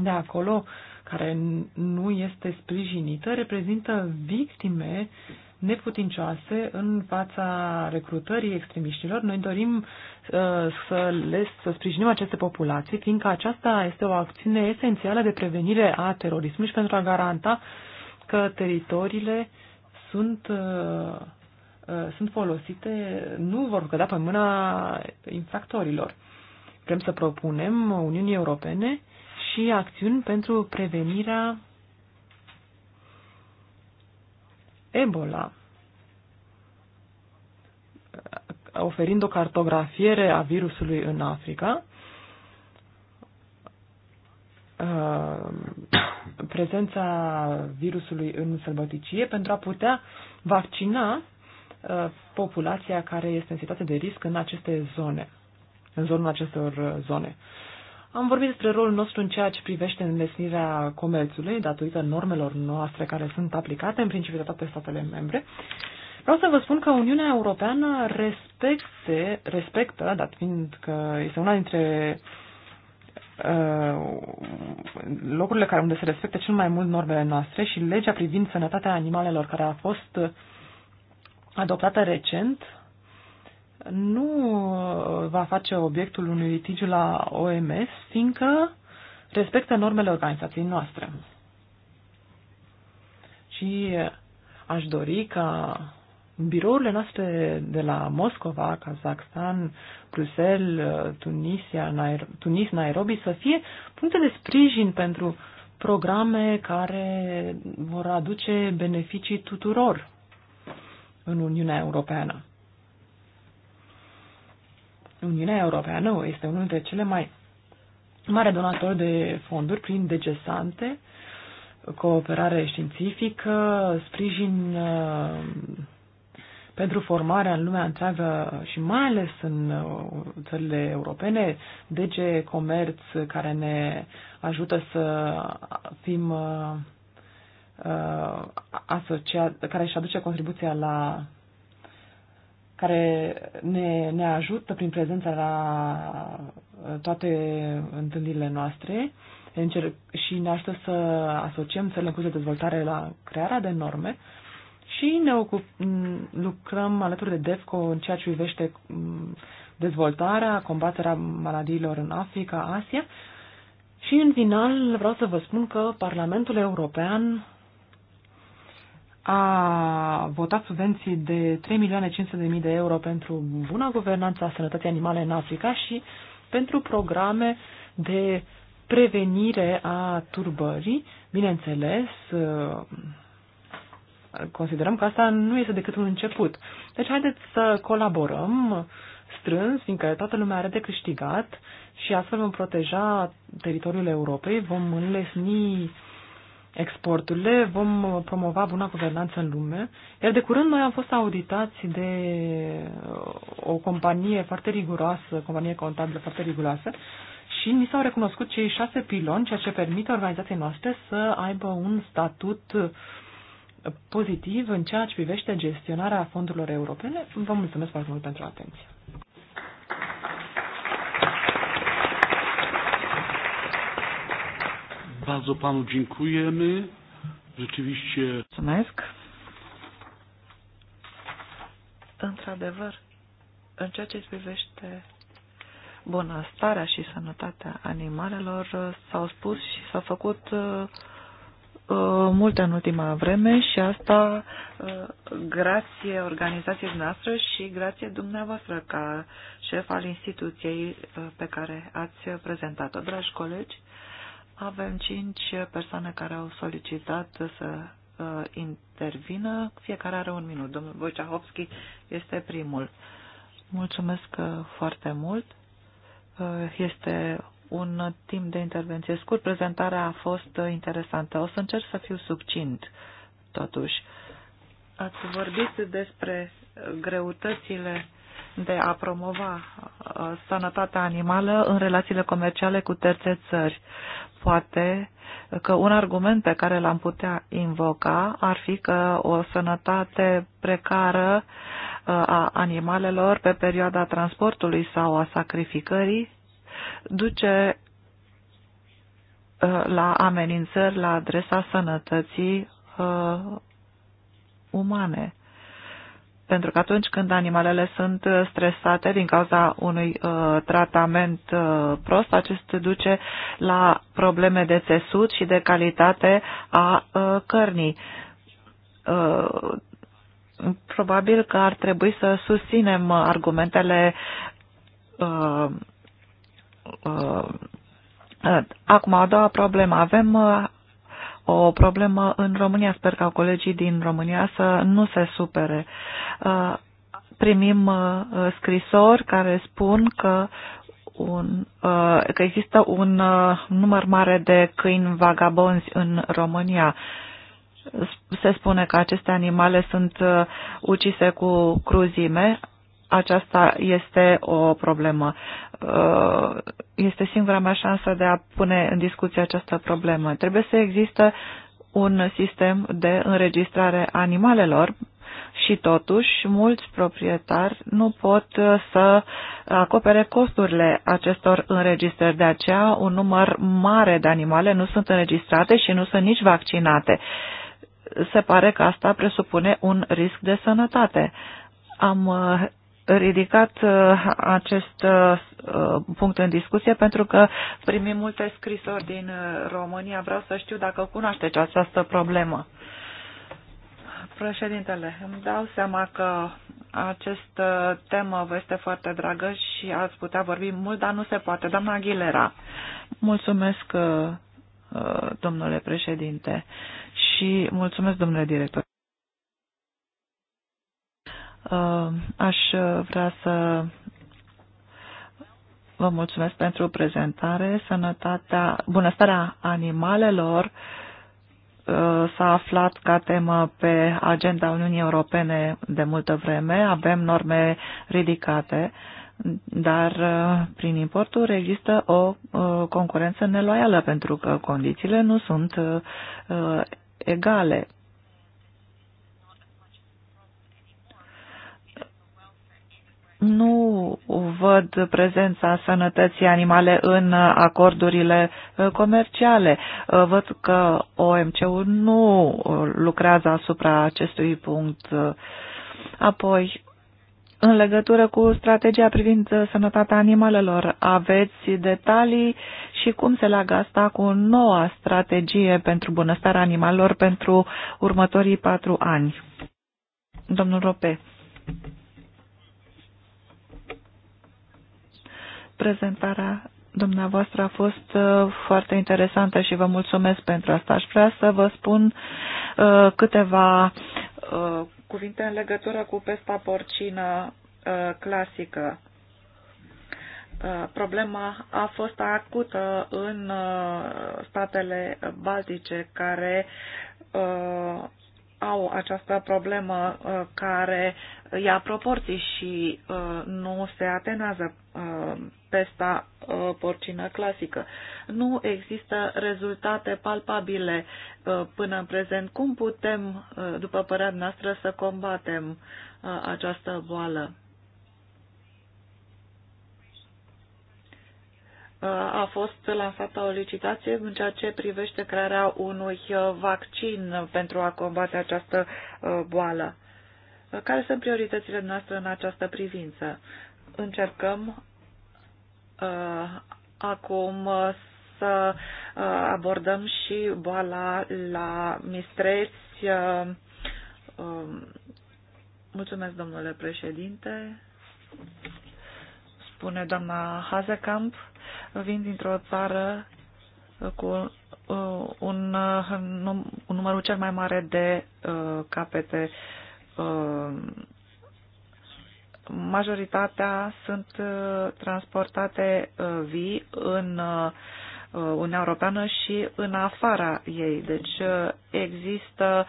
de acolo care nu este sprijinită reprezintă victime neputincioase în fața recrutării extremiștilor. Noi dorim uh, să le să sprijinim aceste populații, fiindcă aceasta este o acțiune esențială de prevenire a terorismului și pentru a garanta că teritoriile sunt, uh, uh, sunt folosite, nu vor cădea pe mâna infractorilor. Vrem să propunem Uniunii Europene și acțiuni pentru prevenirea Ebola, oferind o cartografiere a virusului în Africa, uh, prezența virusului în sălbăticie pentru a putea vaccina uh, populația care este în situație de risc în aceste zone, în zonul acestor uh, zone. Am vorbit despre rolul nostru în ceea ce privește înlesnirea comerțului, datorită normelor noastre care sunt aplicate, în principiu de toate statele membre. Vreau să vă spun că Uniunea Europeană respecte, respectă, dat fiind că este una dintre uh, locurile care unde se respectă cel mai mult normele noastre și legea privind sănătatea animalelor care a fost adoptată recent nu uh, va face obiectul unui litigiu la OMS, fiindcă respectă normele organizației noastre. Și uh, aș dori ca birourile noastre de la Moscova, Kazakhstan, Bruxelles, uh, Tunisia, Nair- Tunis, Nairobi să fie puncte de sprijin pentru programe care vor aduce beneficii tuturor în Uniunea Europeană. Uniunea Europeană este unul dintre cele mai mari donator de fonduri prin degesante, cooperare științifică, sprijin uh, pentru formarea în lumea întreagă și mai ales în uh, țările europene, DG Comerț care ne ajută să fim uh, asociat, care își aduce contribuția la care ne, ne ajută prin prezența la uh, toate întâlnirile noastre și ne ajută să asociem țările în curs de dezvoltare la crearea de norme și ne ocup, lucrăm alături de DEFCO în ceea ce privește mm, dezvoltarea, combaterea maladiilor în Africa, Asia. Și în final vreau să vă spun că Parlamentul European a votat subvenții de 3.500.000 de euro pentru buna guvernanță a sănătății animale în Africa și pentru programe de prevenire a turbării. Bineînțeles, considerăm că asta nu este decât un început. Deci haideți să colaborăm strâns, fiindcă toată lumea are de câștigat și astfel vom proteja teritoriul Europei, vom înlesni exporturile, vom promova buna guvernanță în lume. Iar de curând noi am fost auditați de uh, o companie foarte riguroasă, companie contabilă foarte riguroasă, și ni s-au recunoscut cei șase piloni, ceea ce permite organizației noastre să aibă un statut pozitiv în ceea ce privește gestionarea fondurilor europene. Vă mulțumesc foarte mult pentru atenție. Bardzo panu dziękujemy. Rzeczywiście. Mulțumesc. Într-adevăr, în ceea ce privește bunăstarea și sănătatea animalelor, s-au spus și s-au făcut uh, uh multe în ultima vreme și asta uh, grație organizației noastre și grație dumneavoastră ca șef al instituției uh, pe care ați prezentat-o. Dragi colegi, avem cinci persoane care au solicitat să uh, intervină. Fiecare are un minut. Domnul Wojciechowski este primul. Mulțumesc uh, foarte mult. Uh, este un timp de intervenție scurt. Prezentarea a fost uh, interesantă. O să încerc să fiu subcint, totuși. Ați vorbit despre greutățile de a promova uh, sănătatea animală în relațiile comerciale cu terțe țări. Poate că un argument pe care l-am putea invoca ar fi că o sănătate precară uh, a animalelor pe perioada transportului sau a sacrificării duce uh, la amenințări la adresa sănătății umane pentru că atunci când animalele sunt uh, stresate din cauza unui uh, tratament uh, prost, acest duce la probleme de țesut și de calitate a uh, cărnii. Uh, probabil că ar trebui să susținem argumentele uh, uh, uh Acum, a doua problemă. Avem uh, o problemă în România. Sper ca colegii din România să nu se supere. Uh, primim uh, scrisori care spun că un, uh, că există un număr mare de câini vagabonzi în România. Se spune că aceste animale sunt ucise cu cruzime aceasta este o problemă. Uh, este singura mea șansă de a pune în discuție această problemă. Trebuie să există un sistem de înregistrare animalelor și totuși mulți proprietari nu pot să acopere costurile acestor înregistrări. De aceea un număr mare de animale nu sunt înregistrate și nu sunt nici vaccinate. Se pare că asta presupune un risc de sănătate. Am uh, ridicat uh, acest uh, uh, punct în discuție pentru că primim multe scrisori din România. Vreau să știu dacă cunoașteți această problemă. Președintele, îmi dau seama că această temă vă este foarte dragă și ați putea vorbi mult, dar nu se poate. Doamna Aguilera, mulțumesc, domnule președinte, și mulțumesc, domnule director. Uh, aș uh, vrea să vă mulțumesc pentru prezentare. Sănătatea, bunăstarea animalelor uh, s-a aflat ca temă pe agenda Uniunii Europene de multă vreme. Avem norme ridicate, dar prin importuri există o concurență neloială pentru că condițiile nu sunt egale. nu văd prezența sănătății animale în acordurile uh, comerciale. Uh, văd că OMC-ul nu uh, lucrează asupra acestui punct. Apoi, în legătură cu strategia privind sănătatea animalelor, aveți detalii și cum se leagă asta cu noua strategie pentru bunăstarea animalelor pentru următorii patru ani? Domnul Rope. Prezentarea dumneavoastră a fost uh, foarte interesantă și vă mulțumesc pentru asta. Aș vrea să vă spun uh, câteva uh, cuvinte în legătură cu pesta porcină clasică. Problema a fost acută în statele baltice care au această problemă uh, care ia proporții și uh, nu se atenează uh, pesta porcină clasică. Nu există rezultate palpabile până în prezent. Cum putem, după părerea noastră, să combatem această boală? a fost lansată o licitație în ceea ce privește crearea unui uh, vaccin pentru a combate această uh, boală. Care sunt prioritățile noastre în această privință? Încercăm uh, acum să abordăm și boala la mistreți. Um, mulțumesc, domnule președinte. Spune doamna Hazekamp vin dintr-o țară uh, cu uh, un, uh, un numărul cel mai mare de capete. Majoritatea sunt transportate vii în Uniunea Europeană și în afara ei. Deci există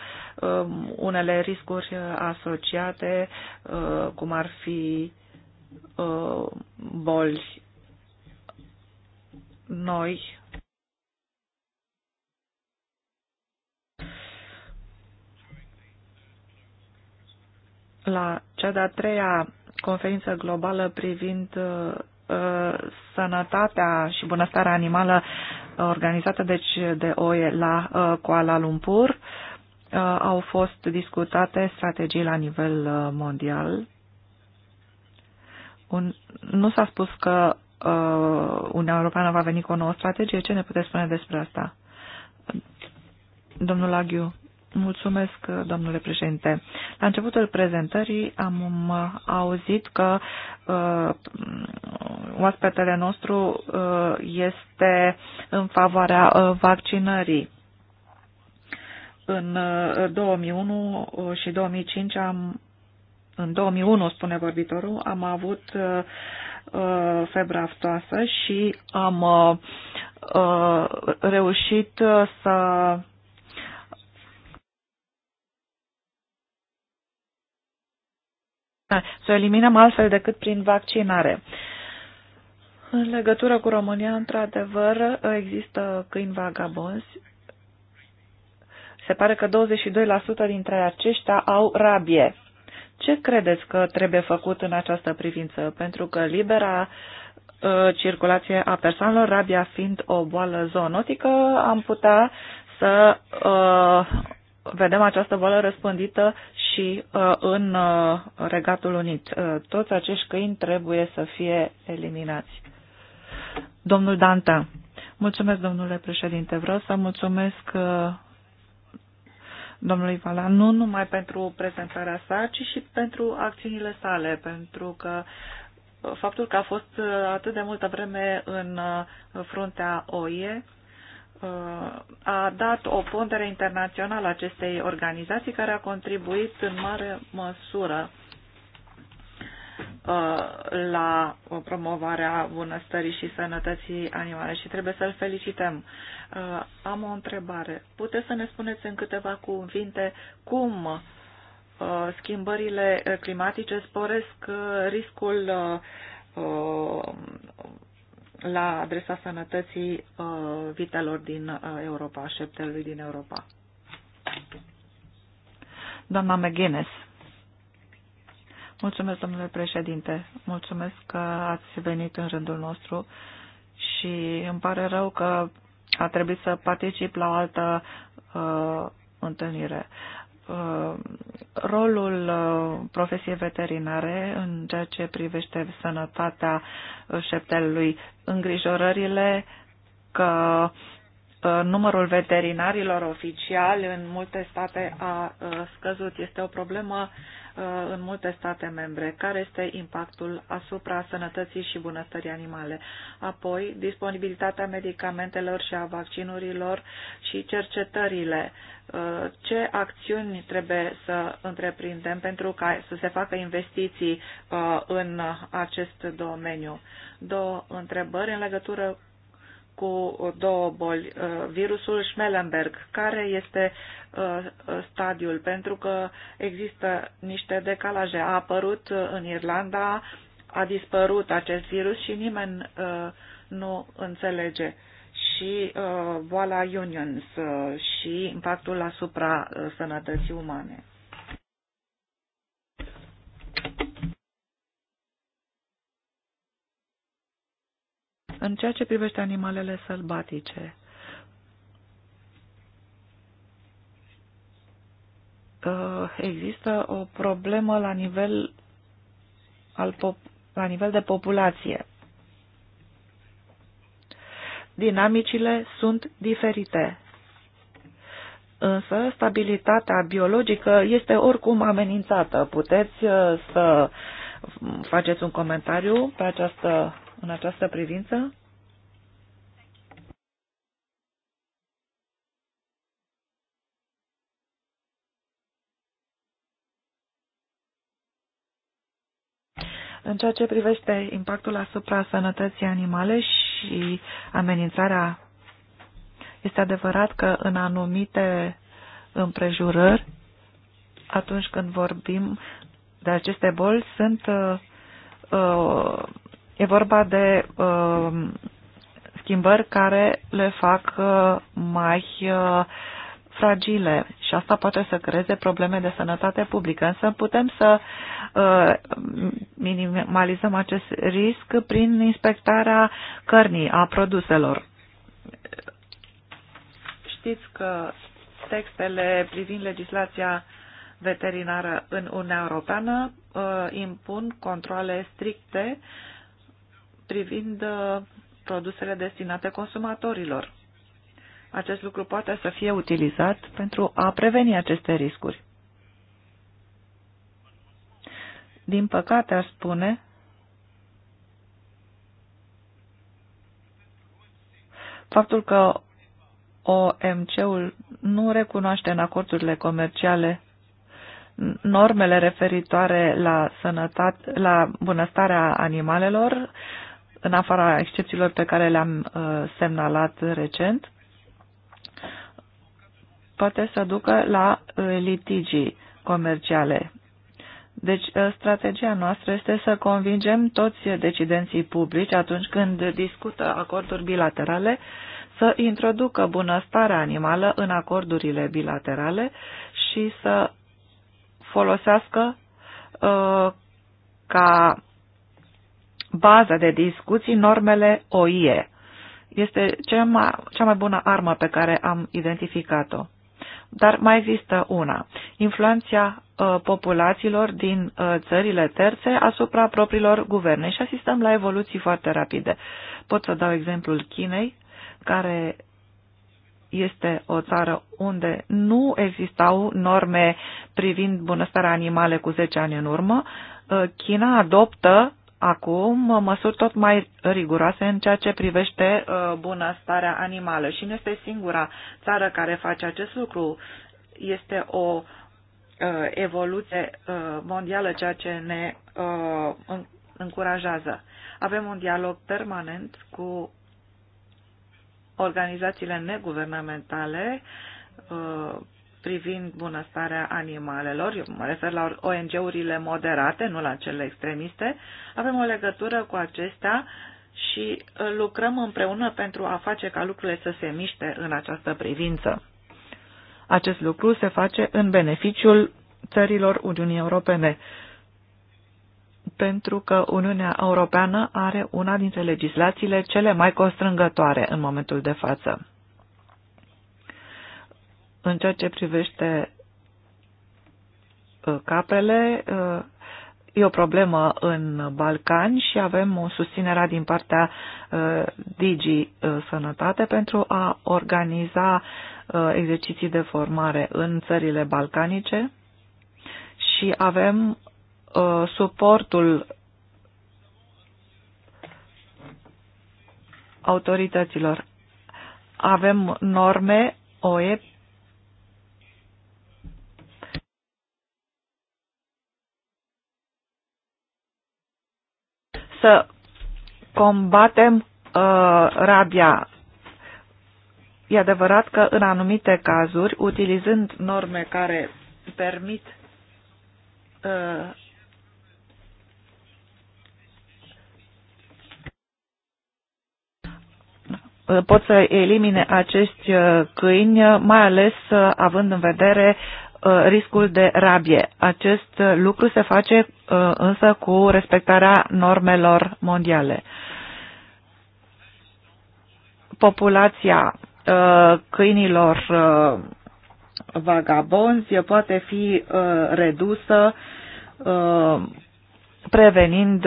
unele riscuri asociate, cum ar fi boli noi la cea de-a treia conferință globală privind uh, sănătatea și bunăstarea animală uh, organizată deci de OE la uh, Kuala Lumpur uh, au fost discutate strategii la nivel uh, mondial. Un, nu s-a spus că Uh, Uniunea Europeană va veni cu o nouă strategie. Ce ne puteți spune despre asta? Domnul Aghiu, mulțumesc, domnule președinte. La începutul prezentării am um, auzit că uh, oaspetele nostru uh, este în favoarea uh, vaccinării. În uh, 2001 și 2005 am în 2001, spune vorbitorul, am avut uh, Uh, febră aftoasă și am uh, reușit uh, să să o eliminăm altfel decât prin vaccinare. În legătură cu România, într-adevăr, există câini vagabonzi. Se pare că 22% dintre aceștia au rabie. Ce credeți că trebuie făcut în această privință? Pentru că libera uh, circulație a persoanelor, rabia fiind o boală zoonotică, am putea să uh, vedem această boală răspândită și uh, în Regatul Unit. Toți acești câini trebuie să fie eliminați. Domnul Danta. Mulțumesc, domnule președinte. Vreau să mulțumesc domnului Valan, nu numai pentru prezentarea sa, ci și pentru acțiunile sale, pentru că uh, faptul că a fost uh, atât de multă vreme în uh, fruntea OIE a dat o pondere internațională acestei organizații care a contribuit în mare măsură Uh, la promovarea bunăstării și sănătății animale și trebuie să-l felicităm. Uh, am o întrebare. Puteți să ne spuneți în câteva cuvinte cum uh, schimbările climatice sporesc riscul la adresa sănătății vitelor din Europa, șeptelui din Europa? Doamna McGuinness. Mulțumesc, domnule președinte. Mulțumesc că ați venit în rândul nostru și îmi pare rău că a trebuit să particip la o altă uh, întâlnire. Uh, rolul uh, profesiei veterinare în ceea ce privește sănătatea uh, șeptelului, îngrijorările că uh, numărul veterinarilor oficiali în multe state a uh, scăzut. Este o problemă uh, Uh, în multe state membre, care este impactul asupra sănătății și bunăstării animale. Apoi, disponibilitatea medicamentelor și a vaccinurilor și cercetările. Uh, ce acțiuni trebuie să întreprindem pentru ca să se facă investiții uh, în acest domeniu? Două întrebări în legătură cu două boli, uh, virusul Schmellenberg, care este uh, stadiul, pentru că există niște decalaje. A apărut uh, în Irlanda, a dispărut acest virus și nimeni nu înțelege și boala Unions și impactul asupra sănătății umane. În ceea ce privește animalele sălbatice, uh, există o problemă la nivel, al la nivel de populație. Dinamicile sunt diferite, însă stabilitatea biologică este oricum amenințată. Puteți uh, să faceți un comentariu pe această în această privință? În ceea ce privește impactul asupra sănătății animale și amenințarea, este adevărat că în anumite împrejurări, atunci când vorbim de aceste boli, sunt uh, uh, E vorba de uh, schimbări care le fac uh, mai uh, fragile și asta poate să creeze probleme de sănătate publică, însă putem să uh, minimalizăm acest risc prin inspectarea cărnii a produselor. Știți că textele privind legislația veterinară în Uniunea Europeană uh, impun controle stricte privind uh, produsele destinate consumatorilor. Acest lucru poate să fie utilizat pentru a preveni aceste riscuri. Din păcate, aș spune, faptul că OMC-ul nu recunoaște în acordurile comerciale normele referitoare la, sănătate, la bunăstarea animalelor, în afara excepțiilor pe care le-am uh, semnalat recent, poate să ducă la uh, litigii comerciale. Deci, uh, strategia noastră este să convingem toți decidenții publici atunci când discută acorduri bilaterale să introducă bunăstarea animală în acordurile bilaterale și să folosească uh, ca baza de discuții normele OIE. Este cea mai, cea mai bună armă pe care am identificat-o. Dar mai există una, influența uh, populațiilor din uh, țările terțe asupra propriilor guverne și asistăm la evoluții foarte rapide. Pot să dau exemplul Chinei, care este o țară unde nu existau norme privind bunăstarea animale cu 10 ani în urmă, uh, China adoptă acum măsuri tot mai riguroase în ceea ce privește uh, bunăstarea animală și nu este singura țară care face acest lucru. Este o uh, evoluție uh, mondială, ceea ce ne încurajează. Avem un dialog permanent cu organizațiile neguvernamentale privind bunăstarea animalelor, eu mă refer la ONG-urile moderate, nu la cele extremiste, avem o legătură cu acestea și uh, lucrăm împreună pentru a face ca lucrurile să se miște în această privință. Acest lucru se face în beneficiul țărilor Uniunii Europene, pentru că Uniunea Europeană are una dintre legislațiile cele mai constrângătoare în momentul de față. În ceea ce privește ă, caprele, ă, e o problemă în Balcani și avem o susținere din partea ă, Digi Sănătate pentru a organiza exerciții de formare în țările balcanice și avem suportul autorităților. Avem norme OEP. să combatem uh, rabia. E adevărat că în anumite cazuri, utilizând norme care permit uh, pot să elimine acești uh, câini, mai ales uh, având în vedere Uh, riscul de rabie. Acest uh, lucru se face uh, însă cu respectarea normelor mondiale. Populația câinilor vagabonzi poate fi redusă prevenind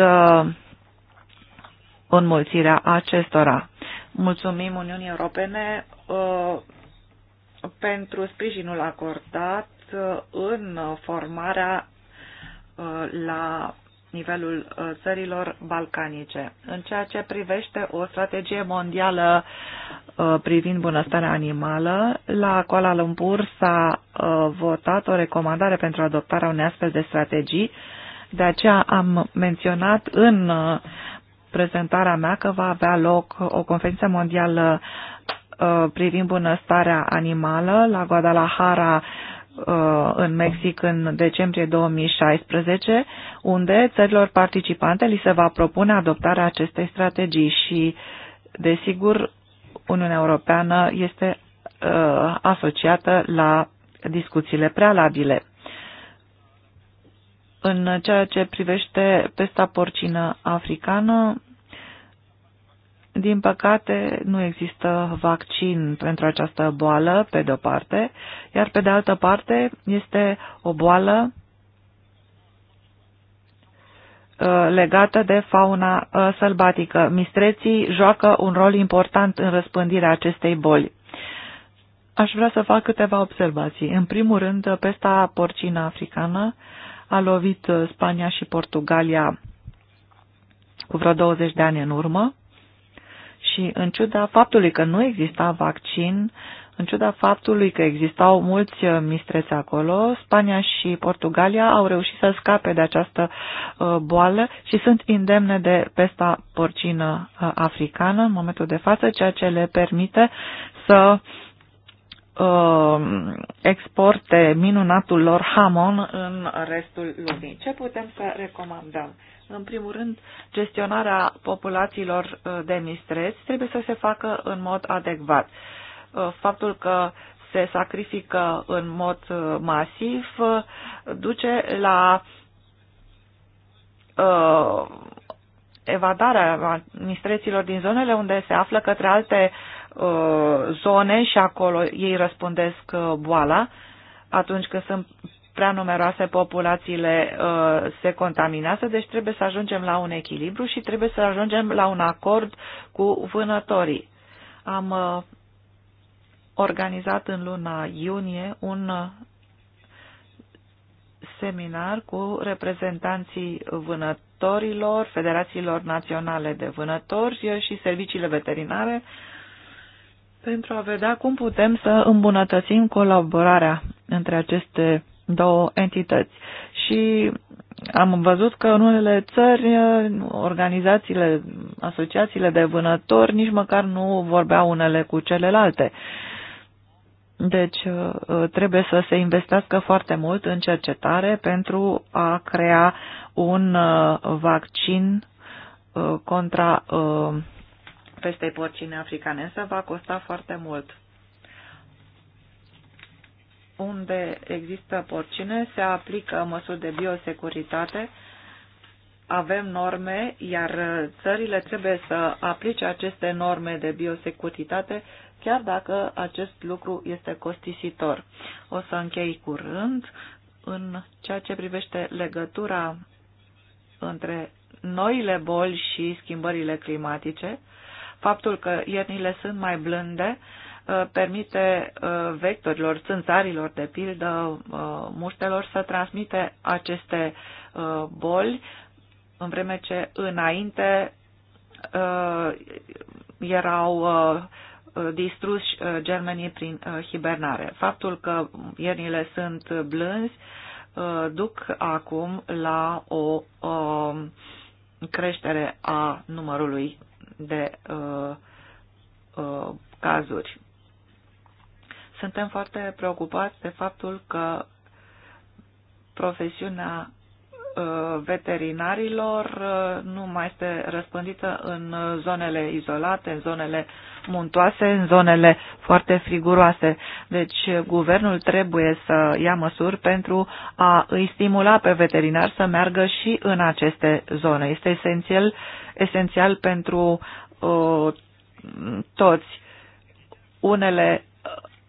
înmulțirea acestora. Mulțumim Uniunii Europene pentru sprijinul acordat Uh, în formarea uh, la nivelul uh, țărilor balcanice. În ceea ce privește o strategie mondială privind bunăstarea animală, la Kuala Lumpur s-a votat o recomandare pentru adoptarea unei astfel de strategii, de aceea am menționat în prezentarea mea că va avea loc o conferință mondială privind bunăstarea animală la Guadalajara Uh, în Mexic în decembrie 2016, unde țărilor participante li se va propune adoptarea acestei strategii și, desigur, Uniunea Europeană este uh, asociată la discuțiile prealabile. În ceea ce privește pesta porcină africană, din păcate, nu există vaccin pentru această boală, pe de-o parte, iar pe de altă parte este o boală uh, legată de fauna uh, sălbatică. Mistreții joacă un rol important în răspândirea acestei boli. Aș vrea să fac câteva observații. În primul rând, pesta porcină africană a lovit Spania și Portugalia cu vreo 20 de ani în urmă și în ciuda faptului că nu exista vaccin, în ciuda faptului că existau mulți uh, mistreți acolo, Spania și Portugalia au reușit să scape de această uh, boală și sunt indemne de pesta porcină uh, africană în momentul de față, ceea ce le permite să exporte minunatul lor hamon în restul lumii. Ce putem să recomandăm? În primul rând, gestionarea populațiilor uh, de mistreți trebuie să se facă în mod adecvat. Uh, faptul că se sacrifică în mod uh, masiv duce la evadarea mistreților din zonele unde se află către alte zone și acolo ei răspundesc boala atunci când sunt prea numeroase populațiile uh, se contaminează, deci trebuie să ajungem la un echilibru și trebuie să ajungem la un acord cu vânătorii. Am uh, organizat în luna iunie un uh, seminar cu reprezentanții vânătorilor, federațiilor naționale de vânători și serviciile veterinare pentru a vedea cum putem să îmbunătățim colaborarea între aceste două entități. Și am văzut că în unele țări eh, organizațiile, asociațiile de vânători nici măcar nu vorbeau unele cu celelalte. Deci eh, trebuie să se investească foarte mult în cercetare pentru a crea un eh, vaccin contra peste porcine africane, însă va costa foarte mult unde există porcine se aplică măsuri de biosecuritate, avem norme, iar țările trebuie să aplice aceste norme de biosecuritate, chiar dacă acest lucru este costisitor. O să închei curând în ceea ce privește legătura între noile boli și schimbările climatice, faptul că iernile sunt mai blânde Uh, permite uh, vectorilor, țânțarilor, de pildă, uh, muștelor să transmite aceste boli, în vreme ce înainte erau distruși germenii prin hibernare. Faptul că iernile sunt blânzi duc acum la o creștere a numărului de cazuri. Suntem foarte preocupați de faptul că profesiunea ă, veterinarilor ă, nu mai este răspândită în zonele izolate, în zonele muntoase, în zonele foarte friguroase. Deci guvernul trebuie să ia măsuri pentru a îi stimula pe veterinar să meargă și în aceste zone. Este esențial, esențial pentru uh, toți. Unele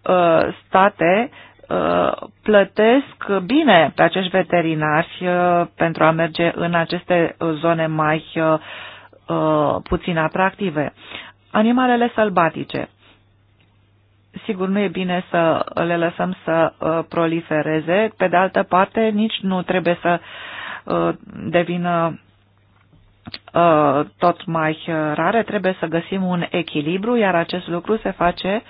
Uh, state uh, plătesc bine pe acești veterinari uh, pentru a merge în aceste zone mai puțin atractive. Animalele sălbatice. Sigur, nu e bine să le lăsăm să prolifereze. Pe de altă parte, nici nu trebuie să devină tot mai rare. Trebuie să găsim un echilibru, iar acest lucru se face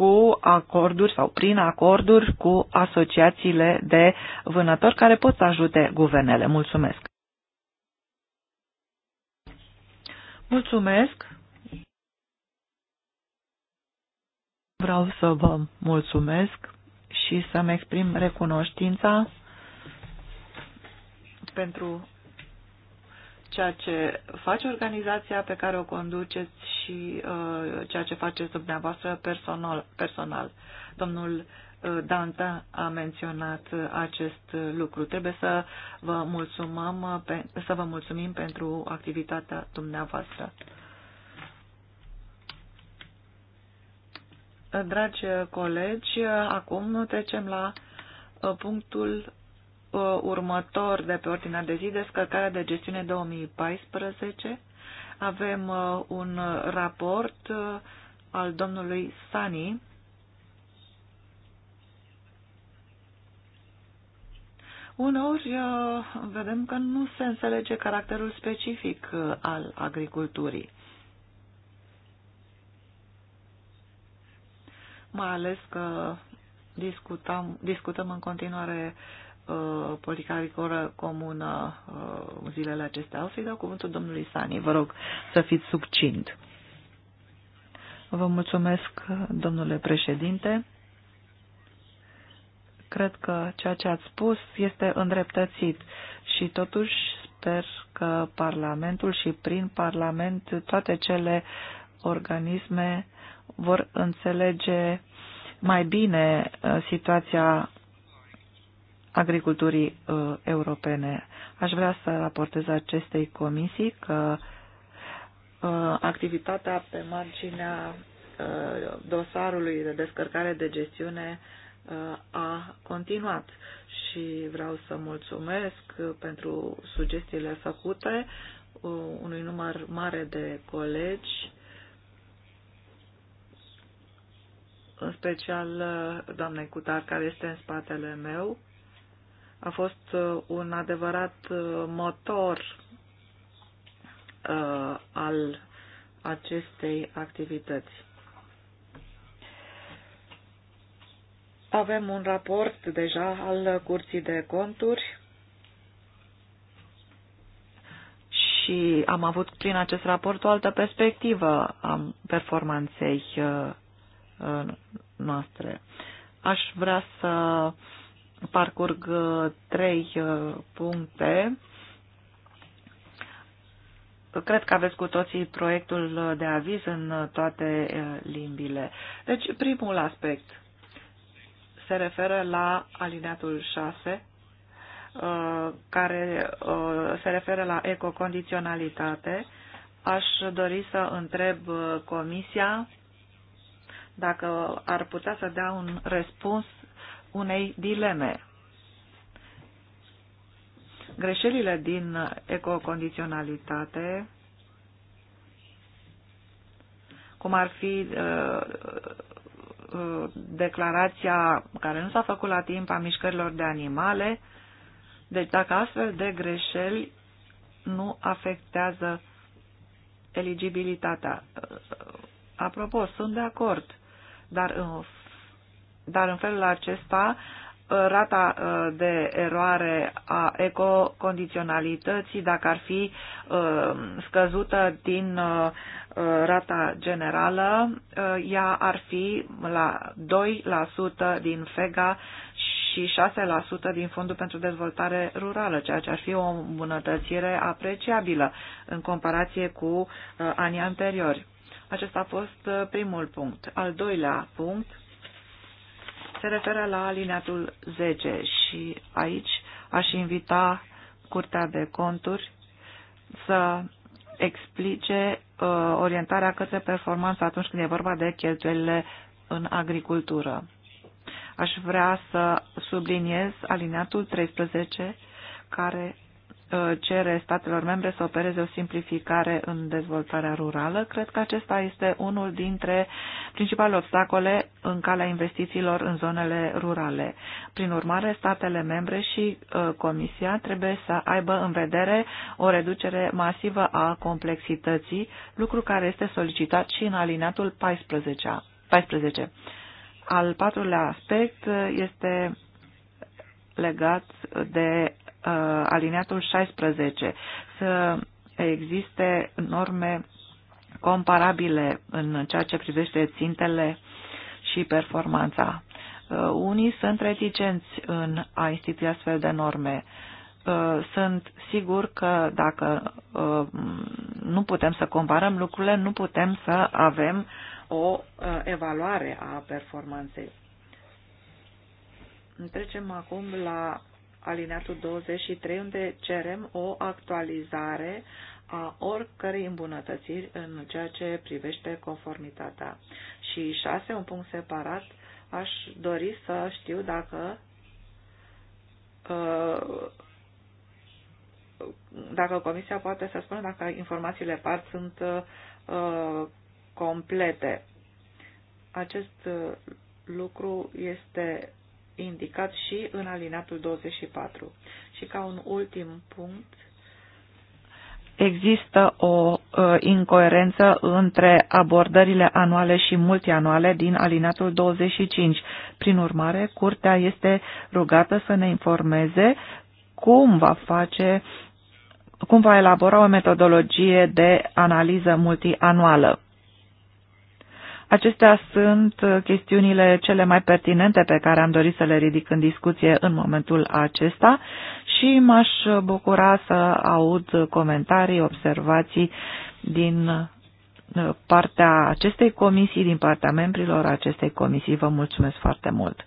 cu acorduri sau prin acorduri cu asociațiile de vânători care pot să ajute guvernele. Mulțumesc! Mulțumesc! Vreau să vă mulțumesc și să-mi exprim recunoștința pentru ceea ce face organizația pe care o conduceți și uh, ceea ce faceți dumneavoastră personal. personal. Domnul uh, Danta a menționat uh, acest lucru. Trebuie să vă, mulțumăm, uh, pe, să vă mulțumim pentru activitatea dumneavoastră. Dragi colegi, acum trecem la uh, punctul Uh, următor de pe ordinea de zi, descărcarea de gestiune 2014. Avem uh, un raport uh, al domnului Sani. Uneori vedem că nu se înțelege caracterul specific al agriculturii. Mai ales că discutăm, discutăm în continuare uh, uh, politica agricolă comună uh, zilele acestea. O să-i dau cuvântul domnului Sani. Vă rog să fiți succint. Vă mulțumesc, domnule președinte. Cred că ceea ce ați spus este îndreptățit și totuși sper că Parlamentul și prin Parlament toate cele organisme vor înțelege mai bine uh, situația agriculturii uh, europene. Aș vrea să raportez acestei comisii că uh, activitatea pe marginea uh, dosarului de descărcare de gestiune uh, a continuat și vreau să mulțumesc uh, pentru sugestiile făcute uh, unui număr mare de colegi în special uh, doamnei Cutar, care este în spatele meu, a fost uh, un adevărat uh, motor uh, al acestei activități. Avem un raport deja al Curții de Conturi și am avut prin acest raport o altă perspectivă a performanței noastre. Aș vrea să parcurg uh, trei uh, puncte. Cred că aveți cu toții proiectul uh, de aviz în toate limbile. Deci, primul aspect se referă la alineatul 6, care se referă la ecocondiționalitate. Aș dori să întreb Comisia dacă ar putea să dea un răspuns unei dileme. Greșelile din ecocondiționalitate, cum ar fi uh, uh, declarația care nu s-a făcut la timp a mișcărilor de animale, deci dacă astfel de greșeli nu afectează eligibilitatea. Uh, uh, apropo, sunt de acord, dar în dar în felul acesta uh, rata uh, de eroare a ecocondiționalității, dacă ar fi uh, scăzută din rata generală, ea ar fi la 2% din FEGA și 6% din Fondul pentru Dezvoltare Rurală, ceea ce ar fi o îmbunătățire apreciabilă în comparație cu anii anteriori. Acesta a fost primul punct. Al doilea punct se referă la alineatul 10 și aici aș invita Curtea de Conturi să explice uh, orientarea către performanță atunci când e vorba de cheltuielile în agricultură. Aș vrea să subliniez alineatul 13 care Uh, cere statelor membre să opereze o simplificare în dezvoltarea rurală. Cred că acesta este unul dintre principalele obstacole în calea investițiilor în zonele rurale. Prin urmare, statele membre și uh, Comisia trebuie să aibă în vedere o reducere masivă a complexității, lucru care este solicitat și în alineatul 14. 14. Al patrulea aspect este legat de Uh, alineatul 16, să existe norme comparabile în ceea ce privește țintele și performanța. Uh, unii sunt reticenți în a institui astfel de norme. Uh, sunt sigur că dacă nu putem să comparăm lucrurile, nu putem să avem o evaluare a performanței. Trecem acum la alineatul 23, unde cerem o actualizare a oricărei îmbunătățiri în ceea ce privește conformitatea. Și 6, un punct separat, aș dori să știu dacă uh, dacă comisia poate să spună dacă informațiile par sunt uh, complete. Acest uh, lucru este indicat și în alinatul 24. Și ca un ultim punct, există o uh, incoerență între abordările anuale și multianuale din alinatul 25. Prin urmare, Curtea este rugată să ne informeze cum va face, cum va elabora o metodologie de analiză multianuală. Acestea sunt uh, chestiunile cele mai pertinente pe care am dorit să le ridic în discuție în momentul acesta și m-aș bucura să aud comentarii, observații din uh, partea acestei comisii, din partea membrilor acestei comisii. Vă mulțumesc foarte mult!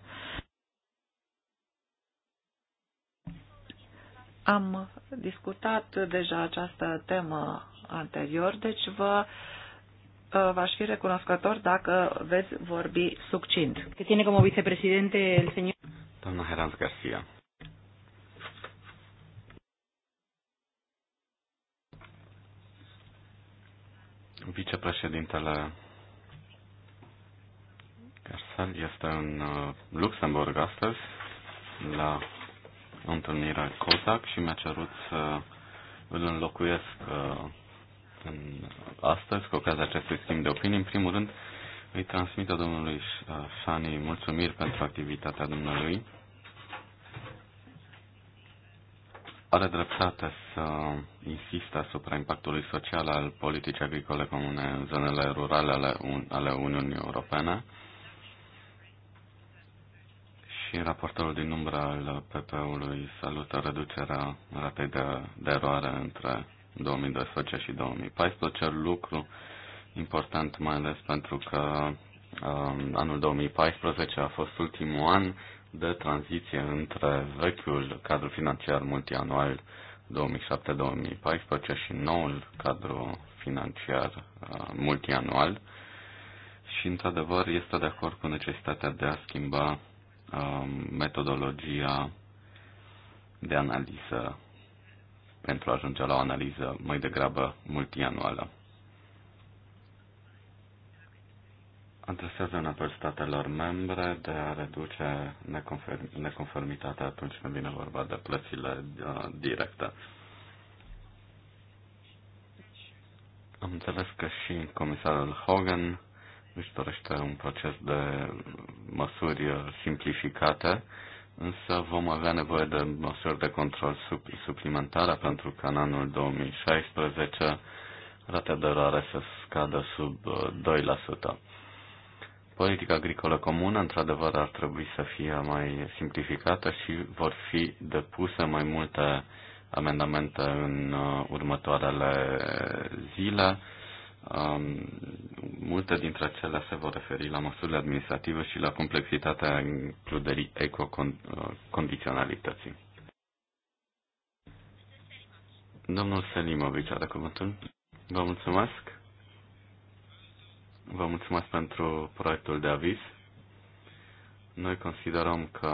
Am discutat deja această temă anterior, deci vă uh, Uh, v-aș fi recunoscător dacă veți vorbi succint. Că tiene como vicepresidente el señor... Doamna Heranz Garcia. Vicepreședintele Carsel este în uh, Luxemburg astăzi la întâlnirea COSAC și mi-a cerut să îl înlocuiesc uh, în astăzi, cu ocazia acestui schimb de opinii. În primul rând, îi transmită domnului Șani uh, mulțumiri pentru activitatea dumnealui. Are dreptate să insistă asupra impactului social al politicii agricole comune în zonele rurale ale, Un- ale Uniunii Europene și raportorul din umbra al PP-ului salută reducerea ratei de, de eroare între 2012 și 2014, lucru important mai ales pentru că um, anul 2014 a fost ultimul an de tranziție între vechiul cadru financiar multianual 2007-2014 și noul cadru financiar uh, multianual și, într-adevăr, este de acord cu necesitatea de a schimba um, metodologia de analiză pentru a ajunge la o analiză mai degrabă multianuală. adresează înapoi statelor membre de a reduce neconform, neconformitatea atunci când vine vorba de plățile uh, directe. Am înțeles că și comisarul Hogan își dorește un proces de măsuri simplificate însă vom avea nevoie de măsuri de control suplimentare pentru că în anul 2016 rata de eroare să scadă sub 2%. Uh, Politica agricolă comună, într-adevăr, ar trebui să fie mai simplificată și vor fi depuse mai multe amendamente în uh, următoarele zile. Um, multe dintre acelea se vor referi la măsurile administrative și la complexitatea includerii ecocondiționalității. Domnul Selimovic are cuvântul. Vă mulțumesc. Vă mulțumesc pentru proiectul de aviz. Noi considerăm că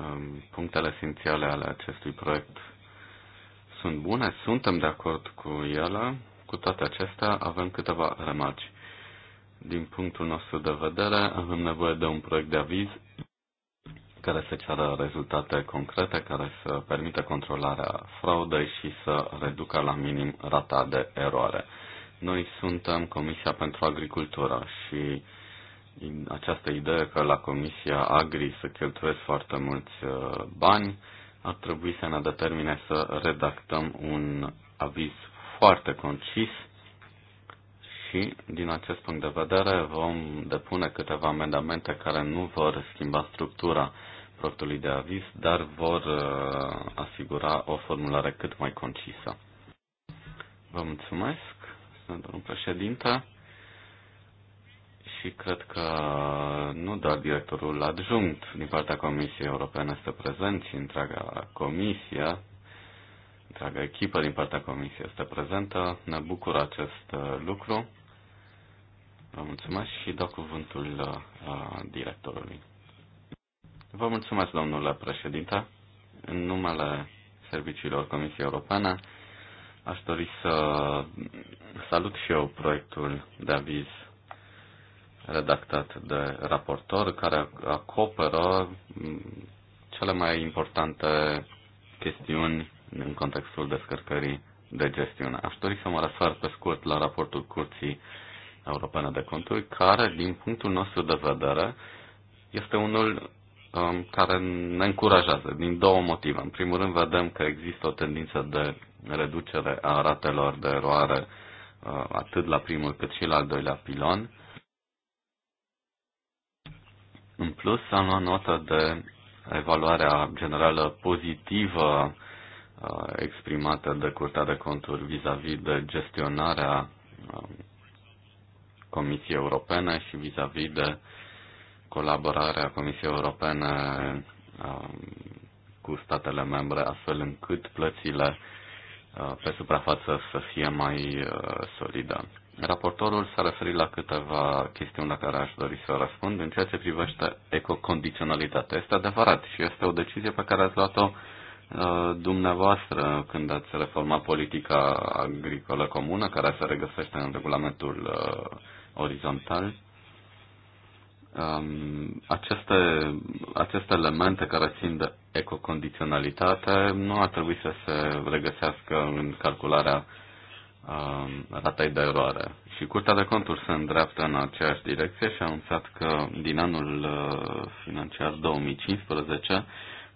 um, punctele esențiale ale acestui proiect sunt bune, suntem de acord cu ele, cu toate acestea, avem câteva remarci. Din punctul nostru de vedere, avem nevoie de un proiect de aviz care să ceară rezultate concrete, care să permită controlarea fraudei și să reducă la minim rata de eroare. Noi suntem Comisia pentru Agricultură și această idee că la Comisia Agri să cheltuiesc foarte mulți uh, bani ar trebui să ne determine să redactăm un aviz foarte concis și, din acest punct de vedere, vom depune câteva amendamente care nu vor schimba structura proiectului de aviz, dar vor uh, asigura o formulare cât mai concisă. Vă mulțumesc, domnul președinte, și cred că nu doar directorul adjunct din partea Comisiei Europene este prezent, ci întreaga comisie întreaga echipă din partea comisiei este prezentă. Ne bucură acest uh, lucru. Vă mulțumesc și dau cuvântul uh, uh, directorului. Vă mulțumesc, domnule președinte. În numele serviciilor Comisiei Europene, aș dori să salut și eu proiectul de aviz redactat de raportor, care acoperă cele mai importante chestiuni în contextul descărcării de gestiune. Aș dori să mă refer pe scurt la raportul Curții Europene de Conturi, care, din punctul nostru de vedere, este unul um, care ne încurajează din două motive. În primul rând, vedem că există o tendință de reducere a ratelor de eroare uh, atât la primul cât și la al doilea pilon. În plus, am luat notă de evaluarea generală pozitivă Uh, exprimată de Curtea de Conturi vis-a-vis -vis de gestionarea um, Comisiei Europene și vis-a-vis -vis de colaborarea Comisiei Europene um, cu statele membre, astfel încât plățile uh, pe suprafață să fie mai uh, solidă. Raportorul s-a referit la câteva chestiuni la care aș dori să răspund. În ceea ce privește ecocondiționalitatea, este adevărat și este o decizie pe care ați luat-o uh, Uh, dumneavoastră când ați reformat politica agricolă comună, care se regăsește în regulamentul uh, orizontal. Um, aceste, aceste elemente care țin de ecocondiționalitate nu ar trebui să se regăsească în calcularea um, ratei de eroare. Și Curtea de Conturi se îndreaptă în aceeași direcție și a anunțat că din anul uh, financiar 2015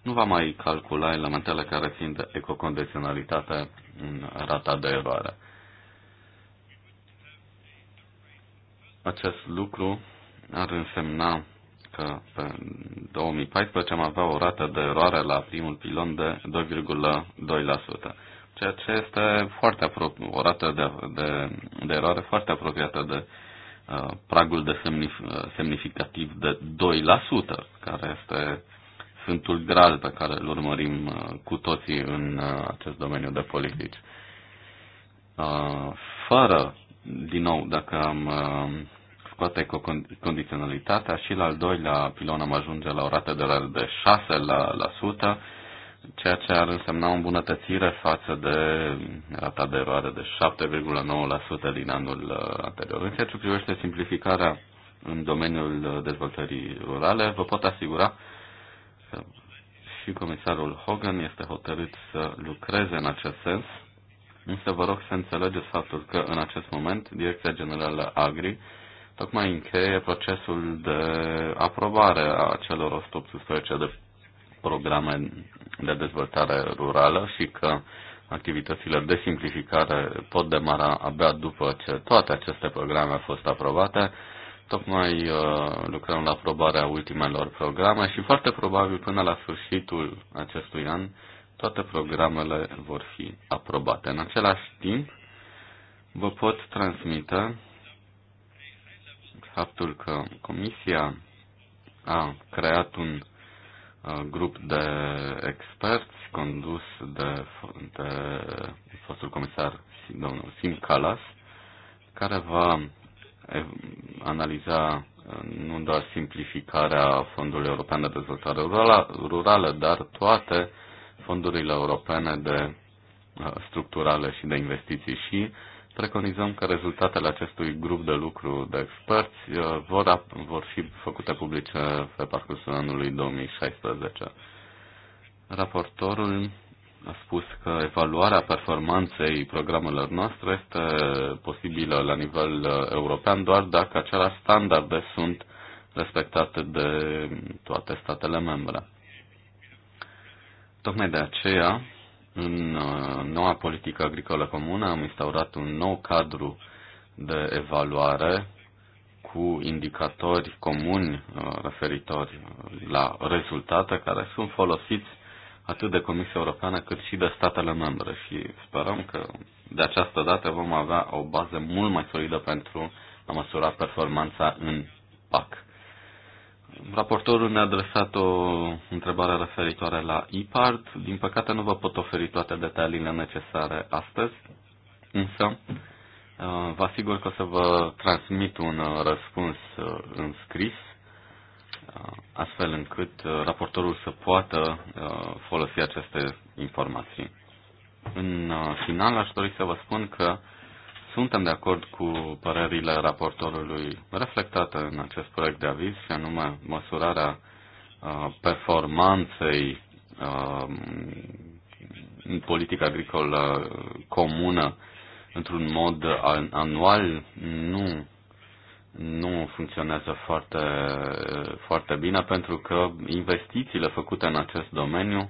nu va mai calcula elementele care țin de ecocondiționalitate în rata de eroare. Acest lucru ar însemna că pe 2014 am avea o rată de eroare la primul pilon de 2,2%, ceea ce este foarte apro- o rată de, de, de eroare foarte apropiată de uh, pragul de semnif- semnificativ de 2%, care este Sfântul Graal pe care îl urmărim uh, cu toții în uh, acest domeniu de politici. Uh, fără, din nou, dacă am scoate condiționalitatea și la al doilea pilon am ajunge la o rată de, la de 6%, la, la sută, ceea ce ar însemna o îmbunătățire față de rata de eroare de 7,9% din anul anterior. În ceea ce privește simplificarea în domeniul dezvoltării rurale, vă pot asigura și comisarul Hogan este hotărât să lucreze în acest sens, însă vă rog să înțelegeți faptul că în acest moment Direcția Generală Agri tocmai încheie procesul de aprobare a celor 118 de programe de dezvoltare rurală și că activitățile de simplificare pot demara abia după ce toate aceste programe au fost aprobate Tocmai uh, lucrăm la aprobarea ultimelor programe și foarte probabil până la sfârșitul acestui an toate programele vor fi aprobate. În același timp, vă pot transmite faptul că Comisia a creat un uh, grup de experți condus de, de fostul comisar domnul Sim Calas, care va analiza eh, nu doar simplificarea Fondului European de Dezvoltare Rurală, dar toate fondurile europene de eh, structurale și de investiții și preconizăm că rezultatele acestui grup de lucru de experți eh, vor, vor fi făcute publice pe parcursul anului 2016. Raportorul a spus că evaluarea performanței programelor noastre este posibilă la nivel uh, european doar dacă aceleași standarde sunt respectate de toate statele membre. Tocmai de aceea, în uh, noua politică agricolă comună am instaurat un nou cadru de evaluare cu indicatori comuni uh, referitori la rezultate care sunt folosiți atât de Comisia Europeană cât și de statele membre și sperăm că de această dată vom avea o bază mult mai solidă pentru a măsura performanța în PAC. Raportorul ne-a adresat o întrebare referitoare la IPART. Din păcate nu vă pot oferi toate detaliile necesare astăzi, însă uh, vă asigur că o să vă transmit un uh, răspuns uh, în scris Uh, astfel încât uh, raportorul să poată uh, folosi aceste informații. În final, aș dori să vă spun că suntem de acord cu părerile raportorului reflectate în acest proiect de aviz, și anume măsurarea performanței în politica agricolă comună într-un mod anual nu nu funcționează foarte, foarte bine pentru că investițiile făcute în acest domeniu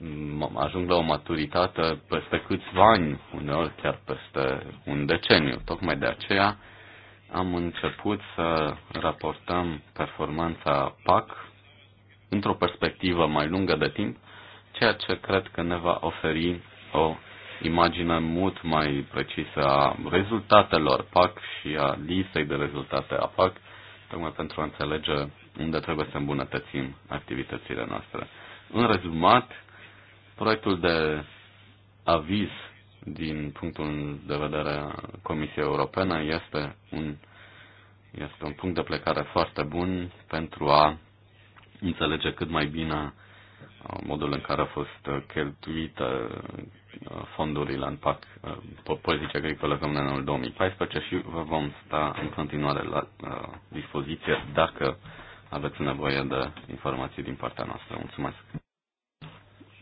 um, ajung la o maturitate peste câțiva ani, uneori chiar peste un deceniu. Tocmai de aceea am început să raportăm performanța PAC într-o perspectivă mai lungă de timp, ceea ce cred că ne va oferi o imagine mult mai precisă a rezultatelor PAC și a listei de rezultate a PAC, tocmai pentru a înțelege unde trebuie să îmbunătățim activitățile noastre. În rezumat, proiectul de aviz din punctul de vedere a Comisiei Europene este un, este un punct de plecare foarte bun pentru a înțelege cât mai bine uh, modul în care a fost uh, cheltuită, fondurile în PAC, uh, politica agricolă comune în anul 2014 și vă vom sta în continuare la uh, dispoziție dacă aveți nevoie de informații din partea noastră. Mulțumesc!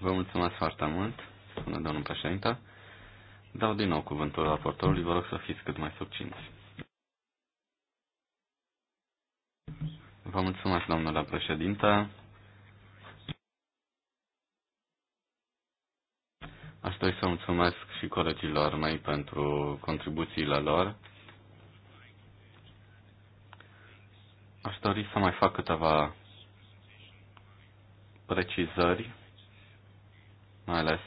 Vă mulțumesc foarte mult, spune domnul președinte. Dau din nou cuvântul raportorului, vă rog să fiți cât mai succinți. Vă mulțumesc, domnule președinte. Aș dori să mulțumesc și colegilor mei pentru contribuțiile lor. Aș dori să mai fac câteva precizări, mai ales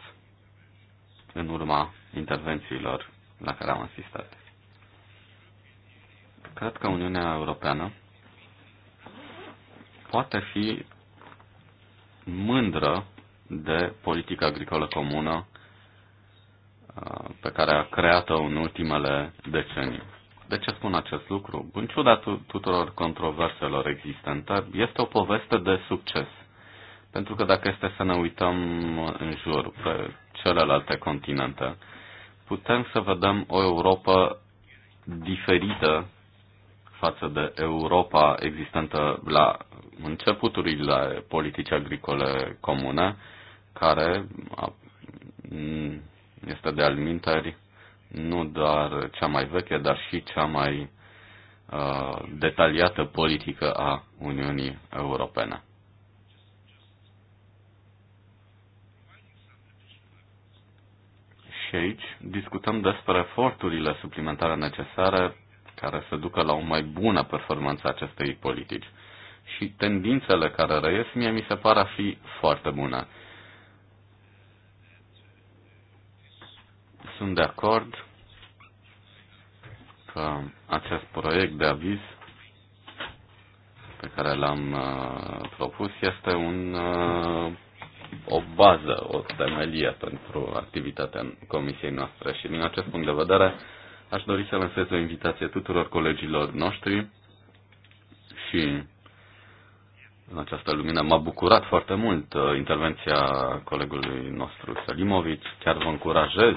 în urma intervențiilor la care am asistat. Cred că Uniunea Europeană poate fi mândră de politica agricolă comună pe care a creat-o în ultimele decenii. De ce spun acest lucru? În ciuda tuturor controverselor existente, este o poveste de succes. Pentru că dacă este să ne uităm în jur, pe celelalte continente, putem să vedem o Europa diferită față de Europa existentă la începuturile politicii agricole comune, care a este de alminteri nu doar cea mai veche, dar și cea mai uh, detaliată politică a Uniunii Europene. Și aici discutăm despre eforturile suplimentare necesare care să ducă la o mai bună performanță acestei politici. Și tendințele care reies mie mi se par a fi foarte bune. Sunt de acord că acest proiect de aviz pe care l-am uh, propus este un, uh, o bază, o temelie pentru activitatea comisiei noastre și din acest punct de vedere aș dori să lansez o invitație tuturor colegilor noștri și în această lumină m-a bucurat foarte mult uh, intervenția colegului nostru Salimovic. chiar vă încurajez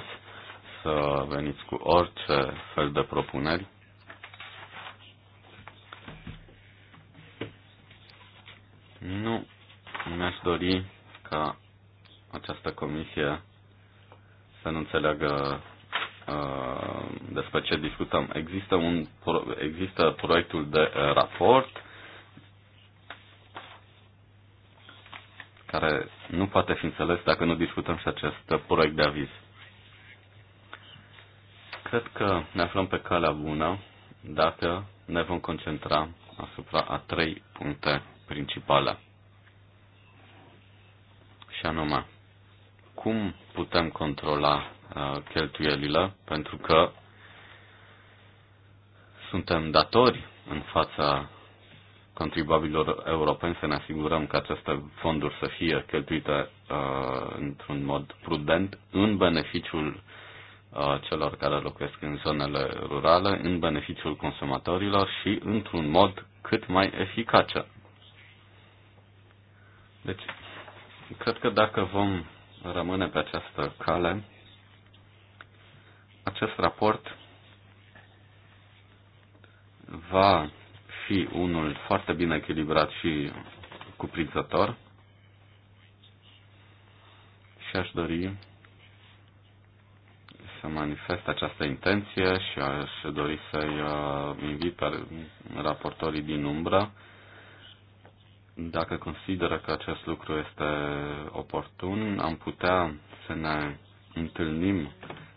să veniți cu orice fel de propuneri. Nu, mi-aș dori ca această comisie să nu înțeleagă uh, despre ce discutăm. Există, un, există proiectul de uh, raport care nu poate fi înțeles dacă nu discutăm și acest proiect de aviz. Cred că ne aflăm pe calea bună dacă ne vom concentra asupra a trei puncte principale. Și anume, cum putem controla uh, cheltuielile? Pentru că suntem datori în fața contribuabililor europeni să ne asigurăm că aceste fonduri să fie cheltuite uh, într-un mod prudent în beneficiul celor care locuiesc în zonele rurale, în beneficiul consumatorilor și într-un mod cât mai eficace. Deci, cred că dacă vom rămâne pe această cale, acest raport va fi unul foarte bine echilibrat și cuprinzător și aș dori să manifest această intenție și aș dori să-i uh, invit pe raportorii din umbră dacă consideră că acest lucru este oportun, am putea să ne întâlnim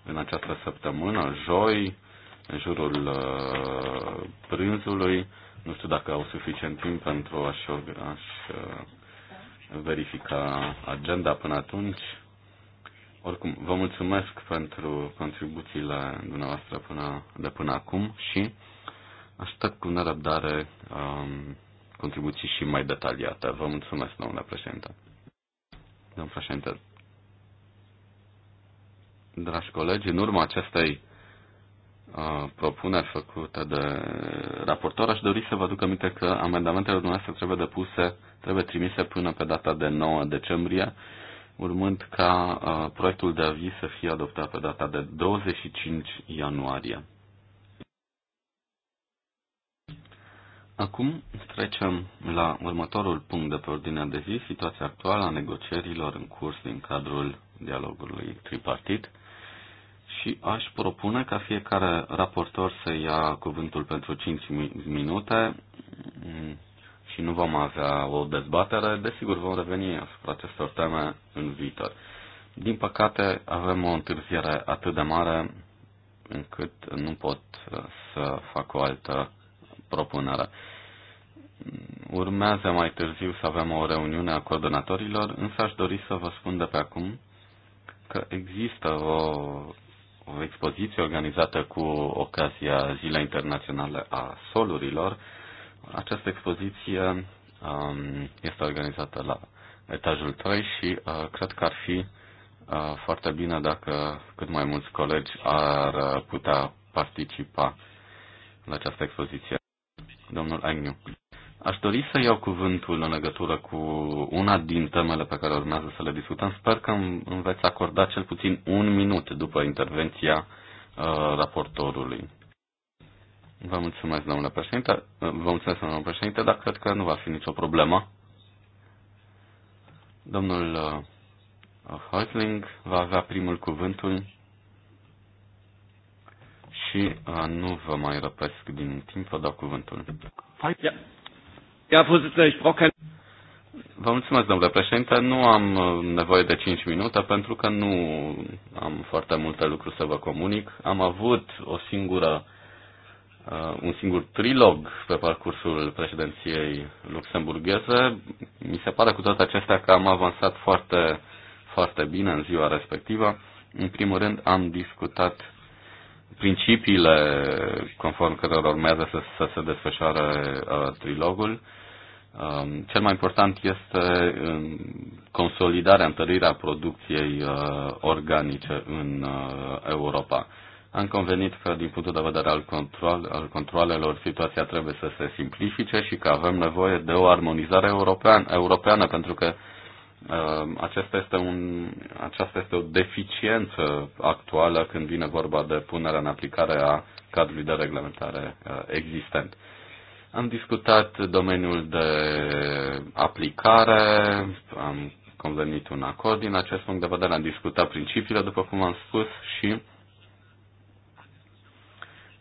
în această săptămână, joi, în jurul uh, prânzului. Nu știu dacă au suficient timp pentru a-și, uh, verifica agenda până atunci. Oricum, vă mulțumesc pentru contribuțiile dumneavoastră până, de până acum și aștept cu nerăbdare um, contribuții și mai detaliate. Vă mulțumesc, domnule președinte. Domnul președinte, dragi colegi, în urma acestei uh, propuneri făcute de raportor, aș dori să vă aduc aminte că amendamentele dumneavoastră trebuie depuse, trebuie trimise până pe data de 9 decembrie urmând ca uh, proiectul de aviz să fie adoptat pe data de 25 ianuarie. Acum trecem la următorul punct de pe ordinea de zi, situația actuală a negocierilor în curs din cadrul dialogului tripartit și aș propune ca fiecare raportor să ia cuvântul pentru 5 minute, și nu vom avea o dezbatere, desigur vom reveni asupra acestor teme în viitor. Din păcate, avem o întârziere atât de mare încât nu pot uh, să fac o altă propunere. Urmează mai târziu să avem o reuniune a coordonatorilor, însă aș dori să vă spun de pe acum că există o, o expoziție organizată cu ocazia Zilei Internaționale a Solurilor, această expoziție um, este organizată la etajul 3 și uh, cred că ar fi uh, foarte bine dacă cât mai mulți colegi ar uh, putea participa la această expoziție. Domnul Agniu. Aș dori să iau cuvântul în legătură cu una din temele pe care urmează să le discutăm. Sper că îmi veți acorda cel puțin un minut după intervenția uh, raportorului. Vă mulțumesc, domnule președinte. Vă mulțumesc, domnule președinte, dar cred că nu va fi nicio problemă. Domnul Häusling uh, va avea primul cuvântul și uh, nu vă mai răpesc din timp, vă dau cuvântul. Vă mulțumesc, domnule președinte. Nu am uh, nevoie de 5 minute pentru că nu am foarte multe lucruri să vă comunic. Am avut o singură Uh, un singur trilog pe parcursul președinției luxemburgheze. Mi se pare cu toate acestea că am avansat foarte, foarte bine în ziua respectivă. În primul rând am discutat principiile conform cărora urmează să, să se desfășoare uh, trilogul. Um, cel mai important este um, consolidarea, întărirea producției uh, organice în uh, Europa. Am convenit că, din punctul de vedere al, control, al controlelor, situația trebuie să se simplifice și că avem nevoie de o armonizare european, europeană, pentru că uh, acesta este un, aceasta este o deficiență actuală când vine vorba de punerea în aplicare a cadrului de reglementare uh, existent. Am discutat domeniul de aplicare, am convenit un acord din acest punct de vedere, am discutat principiile, după cum am spus, și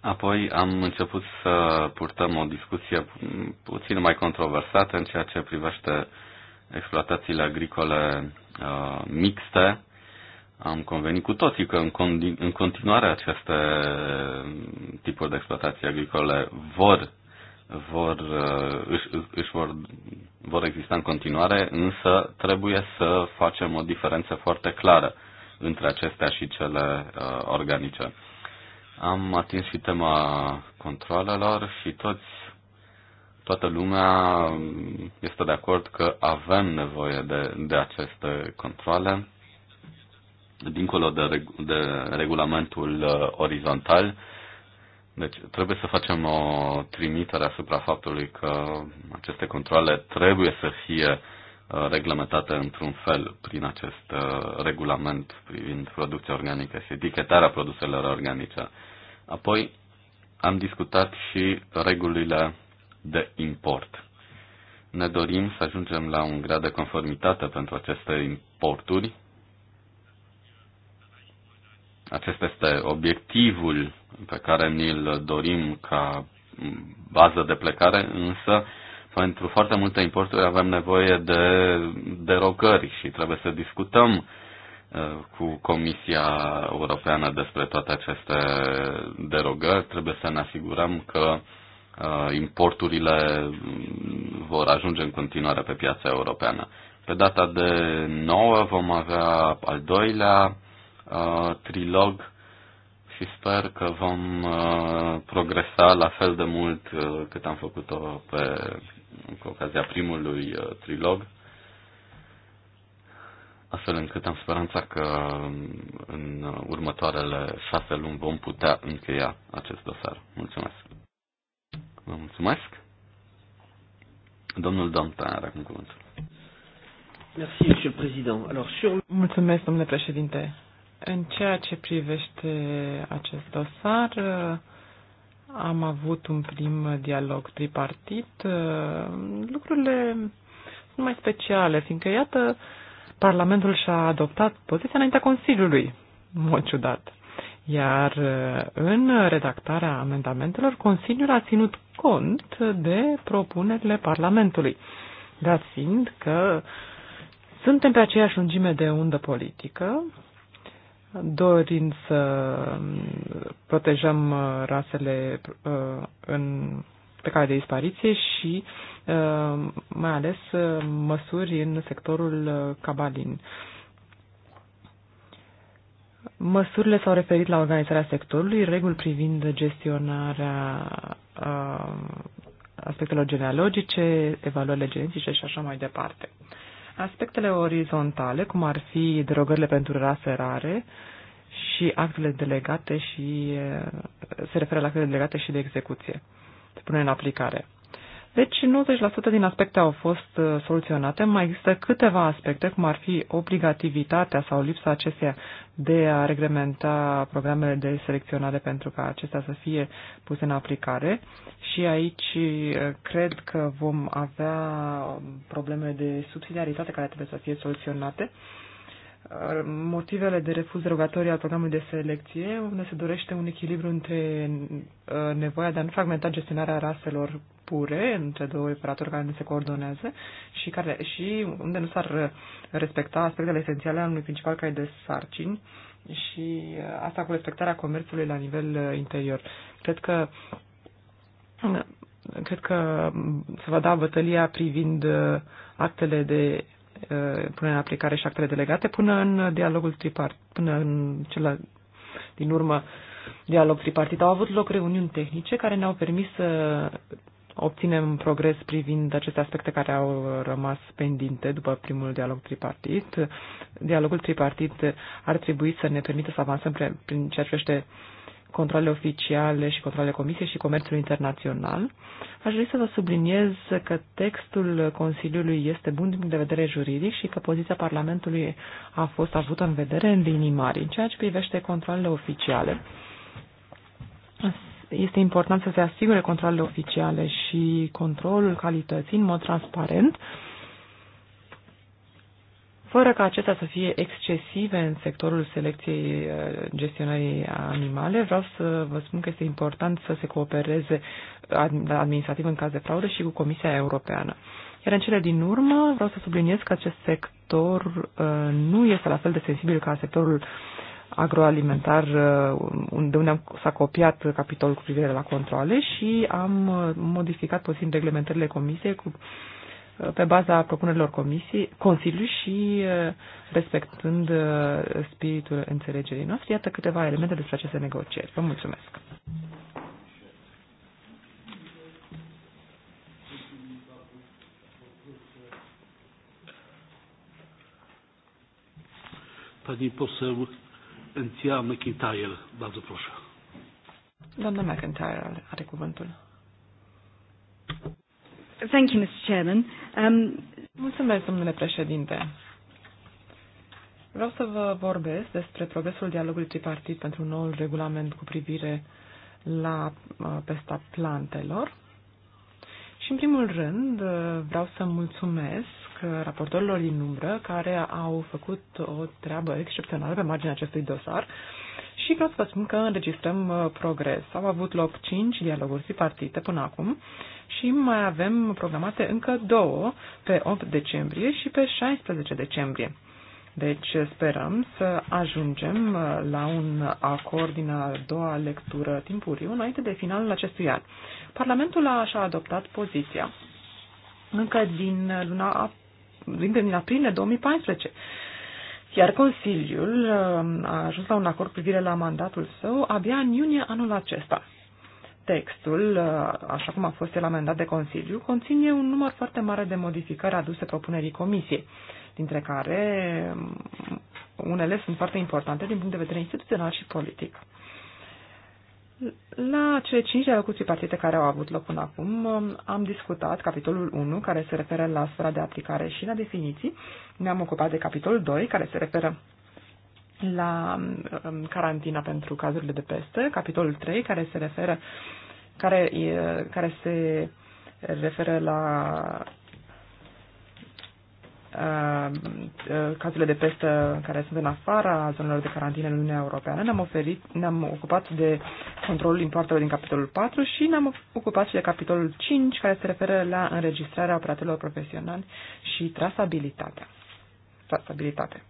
Apoi am început să purtăm o discuție puțin mai controversată în ceea ce privește exploatațiile agricole uh, mixte. Am convenit cu toții că în, condi- în continuare aceste tipuri de exploatații agricole vor vor, uh, își, își vor, vor exista în continuare, însă trebuie să facem o diferență foarte clară între acestea și cele uh, organice. Am atins și tema controlelor și toți, toată lumea este de acord că avem nevoie de, de aceste controle. Dincolo de, de regulamentul uh, orizontal, deci trebuie să facem o trimitere asupra faptului că aceste controle trebuie să fie uh, reglementate într-un fel prin acest uh, regulament privind producția organică și etichetarea produselor organice. Apoi am discutat și regulile de import. Ne dorim să ajungem la un grad de conformitate pentru aceste importuri. Acesta este obiectivul pe care ni-l dorim ca bază de plecare, însă pentru foarte multe importuri avem nevoie de derogări și trebuie să discutăm cu Comisia Europeană despre toate aceste derogări. Trebuie să ne asigurăm că uh, importurile mm, vor ajunge în continuare pe piața europeană. Pe data de 9 vom avea al doilea uh, trilog și sper că vom uh, progresa la fel de mult cât am făcut-o pe, cu ocazia primului trilog astfel încât am speranța că în următoarele șase luni vom putea încheia acest dosar. Mulțumesc! Vă mulțumesc! Domnul Domta are acum cuvântul. Merci, Monsieur le Président. Alors, sur... Mulțumesc, domnule președinte. În ceea ce privește acest dosar, am avut un prim dialog tripartit. Lucrurile sunt mai speciale, fiindcă, iată, Parlamentul și-a adoptat poziția înaintea Consiliului, mult mod ciudat. Iar uh, în redactarea amendamentelor, Consiliul a ținut cont de propunerile Parlamentului, dat fiind că suntem pe aceeași lungime de undă politică, dorind să protejăm uh, rasele uh, în pe cale de dispariție și uh, mai ales uh, măsuri în sectorul uh, cabalin. Măsurile s-au referit la organizarea sectorului, reguli privind gestionarea aspectelor genealogice, evaluările genetice și așa mai departe. Aspectele orizontale, cum ar fi derogările pentru rase rare și actele delegate și se referă la actele delegate și de execuție se pune în aplicare. Deci 90% din aspecte au fost uh, soluționate, mai există câteva aspecte, cum ar fi obligativitatea sau lipsa acesteia de a reglementa programele de selecționare pentru ca acestea să fie puse în aplicare și aici uh, cred că vom avea um, probleme de subsidiaritate care trebuie să fie soluționate motivele de refuz rogatorii al programului de selecție, unde se dorește un echilibru între uh, nevoia de a nu fragmenta gestionarea raselor pure între două operatori care nu se coordonează și, care, și unde nu s-ar respecta aspectele esențiale al unui principal care de sarcini și uh, asta cu respectarea comerțului la nivel uh, interior. Cred că cred că se va da bătălia privind actele de Uh, punerea în aplicare și actele delegate până în dialogul tripart, până în cel din urmă dialog tripartit. Au avut loc reuniuni tehnice care ne-au permis să obținem progres privind aceste aspecte care au rămas pendinte după primul dialog tripartit. Dialogul tripartit ar trebui să ne permită să avansăm prin ceea ce privește controle oficiale și controle comisiei și comerțul internațional, aș dori să vă subliniez că textul Consiliului este bun din punct de vedere juridic și că poziția Parlamentului a fost avută în vedere în linii mari. În ceea ce privește controlele oficiale, este important să se asigure controlele oficiale și controlul calității în mod transparent, uh, fără ca acestea să fie excesive în sectorul selecției uh, gestionării animale, vreau să vă spun că este important să se coopereze administrativ în caz de fraudă și cu Comisia Europeană. Iar în cele din urmă vreau să subliniez că acest sector uh, nu este la fel de sensibil ca sectorul agroalimentar, de uh, unde s-a copiat capitolul cu privire la controle și am modificat puțin reglementările Comisiei cu pe baza propunerilor comisiei, Consiliului și uh, respectând uh, spiritul înțelegerii noastre. Iată câteva elemente despre aceste negocieri. Vă mulțumesc! Pani poseł Encia McIntyre, bardzo proszę. Doamna McIntyre are cuvântul. Thank you, Mr. Chairman. Um... Mulțumesc, domnule președinte. Vreau să vă vorbesc despre progresul dialogului tripartit pentru noul regulament cu privire la uh, pesta plantelor. Și în primul rând uh, vreau să mulțumesc raportorilor din umbră care au făcut o treabă excepțională pe marginea acestui dosar și vreau să vă spun că înregistrăm uh, progres. Au avut loc 5 dialoguri tripartite până acum și mai avem programate încă două pe 8 decembrie și pe 16 decembrie. Deci sperăm să ajungem uh, la un acord din a doua lectură timpuriu înainte de finalul acestui an. Parlamentul a așa adoptat poziția încă din luna din, din aprilie 2014 iar Consiliul um, a ajuns la un acord privire la mandatul său abia în iunie anul acesta. Textul, uh, așa cum a fost el amendat de Consiliu, conține un număr foarte mare de modificări aduse propunerii Comisiei, dintre care um, unele sunt foarte importante din punct de vedere instituțional și politic. La cele cinci elocuții partite care au avut loc până acum, am discutat capitolul 1, care se referă la sfera de aplicare și la definiții. Ne-am ocupat de capitolul 2, care se referă la um, carantina pentru cazurile de peste, capitolul 3, care se referă, care, care se referă la Uh, uh, cazurile de pestă care sunt în afara zonelor de carantină în Uniunea Europeană. Ne-am, oferit, ne-am ocupat de controlul importelor din capitolul 4 și ne-am ocupat și de capitolul 5 care se referă la înregistrarea operatorilor profesionali și trasabilitatea. Trasabilitate.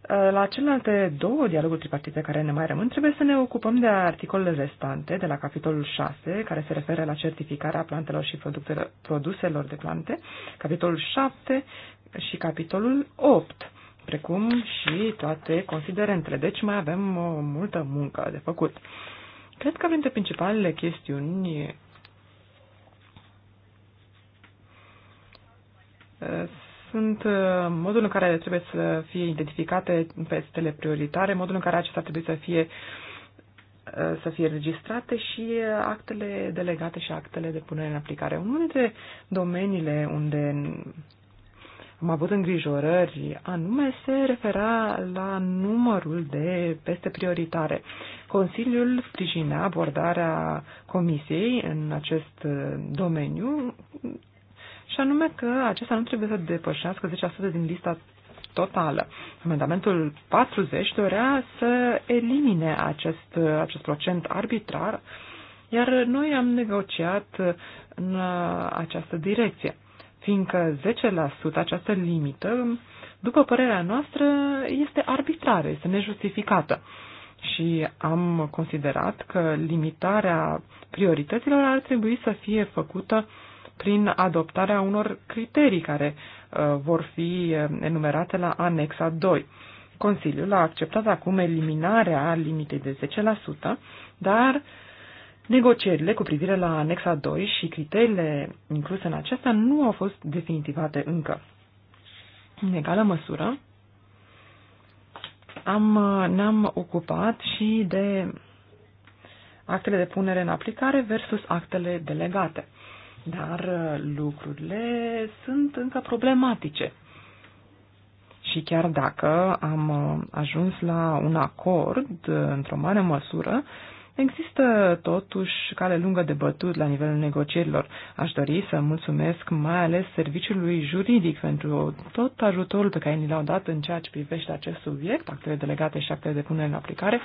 Uh, la celelalte două dialoguri tripartite care ne mai rămân, trebuie să ne ocupăm de articolele restante de la capitolul 6, care se referă la certificarea plantelor și produselor de plante, capitolul 7 și capitolul 8, precum și toate considerentele. Deci mai avem o uh, multă muncă de făcut. Cred că printre principalele chestiuni uh, sunt uh, modul în care trebuie să fie identificate pestele prioritare, modul în care acestea trebuie să fie uh, să fie registrate și uh, actele delegate și actele de punere în aplicare. Unul dintre domeniile unde am avut îngrijorări, anume se refera la numărul de peste prioritare. Consiliul sprijinea abordarea Comisiei în acest domeniu, și anume că acesta nu trebuie să depășească 10% din lista totală. Amendamentul 40 dorea să elimine acest, acest procent arbitrar, iar noi am negociat în această direcție, fiindcă 10% această limită, după părerea noastră, este arbitrară, este nejustificată și am considerat că limitarea priorităților ar trebui să fie făcută prin adoptarea unor criterii care uh, vor fi uh, enumerate la anexa 2. Consiliul a acceptat acum eliminarea limitei de 10%, dar negocierile cu privire la anexa 2 și criteriile incluse în aceasta nu au fost definitivate încă. În egală măsură, am, uh, ne-am ocupat și de actele de punere în aplicare versus actele delegate. Dar uh, lucrurile sunt încă problematice. Și chiar dacă am uh, ajuns la un acord, uh, într-o mare măsură, Există totuși cale lungă de bătut la nivelul negocierilor. Aș dori să mulțumesc mai ales serviciului juridic pentru tot ajutorul pe care ni l-au dat în ceea ce privește acest subiect, actele delegate și actele de punere în aplicare,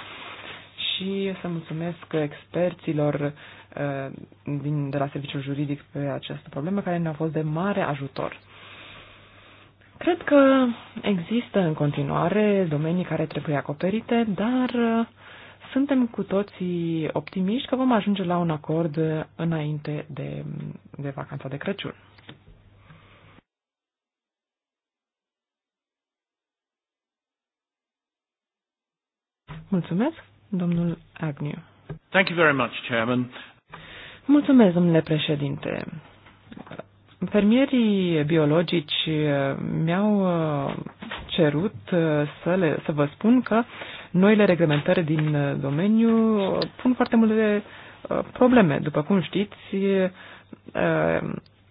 și să mulțumesc experților din, uh, de la serviciul juridic pe această problemă, care ne-a fost de mare ajutor. Cred că există în continuare domenii care trebuie acoperite, dar uh, suntem cu toții optimiști că vom ajunge la un acord înainte de, de vacanța de Crăciun. Mulțumesc, domnul Agnew. Thank you very much, Chairman. Mulțumesc, domnule președinte. Fermierii biologici eh, mi-au eh, cerut eh, să, le, să vă spun că noile reglementări din domeniu pun foarte multe probleme. După cum știți,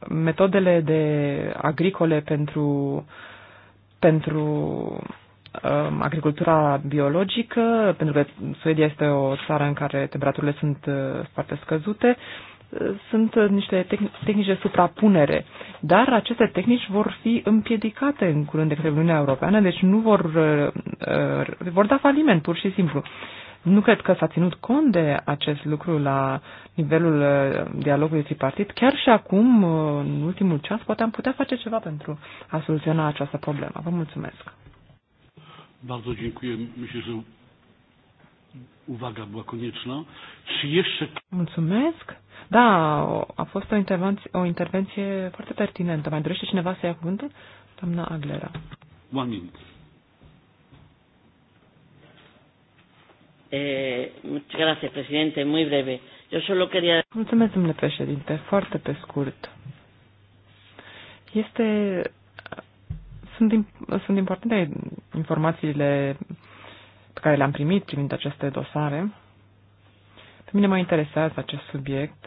metodele de agricole pentru, pentru Um, agricultura biologică, pentru că Suedia este o țară în care temperaturile sunt uh, foarte scăzute, uh, sunt uh, niște tehnici de suprapunere, dar aceste tehnici vor fi împiedicate în curând de către Uniunea Europeană, deci nu vor, vor da faliment pur și simplu. Nu cred că s-a ținut cont de acest lucru la nivelul dialogului tripartit. Chiar și acum, în ultimul ceas, poate am putea face ceva pentru a soluționa această problemă. Vă mulțumesc! Bardzo dziękuję. Myślę, że uwaga była konieczna. Czy jeszcze... Mulțumesc. Da, a fost o intervenție, o intervenție foarte pertinentă. Mai dorește cineva să ia cuvântul? Doamna Aglera. One minute. Eh, gracias, presidente. Muy breve. Yo solo quería... Mulțumesc, domnule președinte. Foarte pe scurt. Este sunt, sunt importante informațiile pe care le-am primit privind aceste dosare. Pe mine mă interesează acest subiect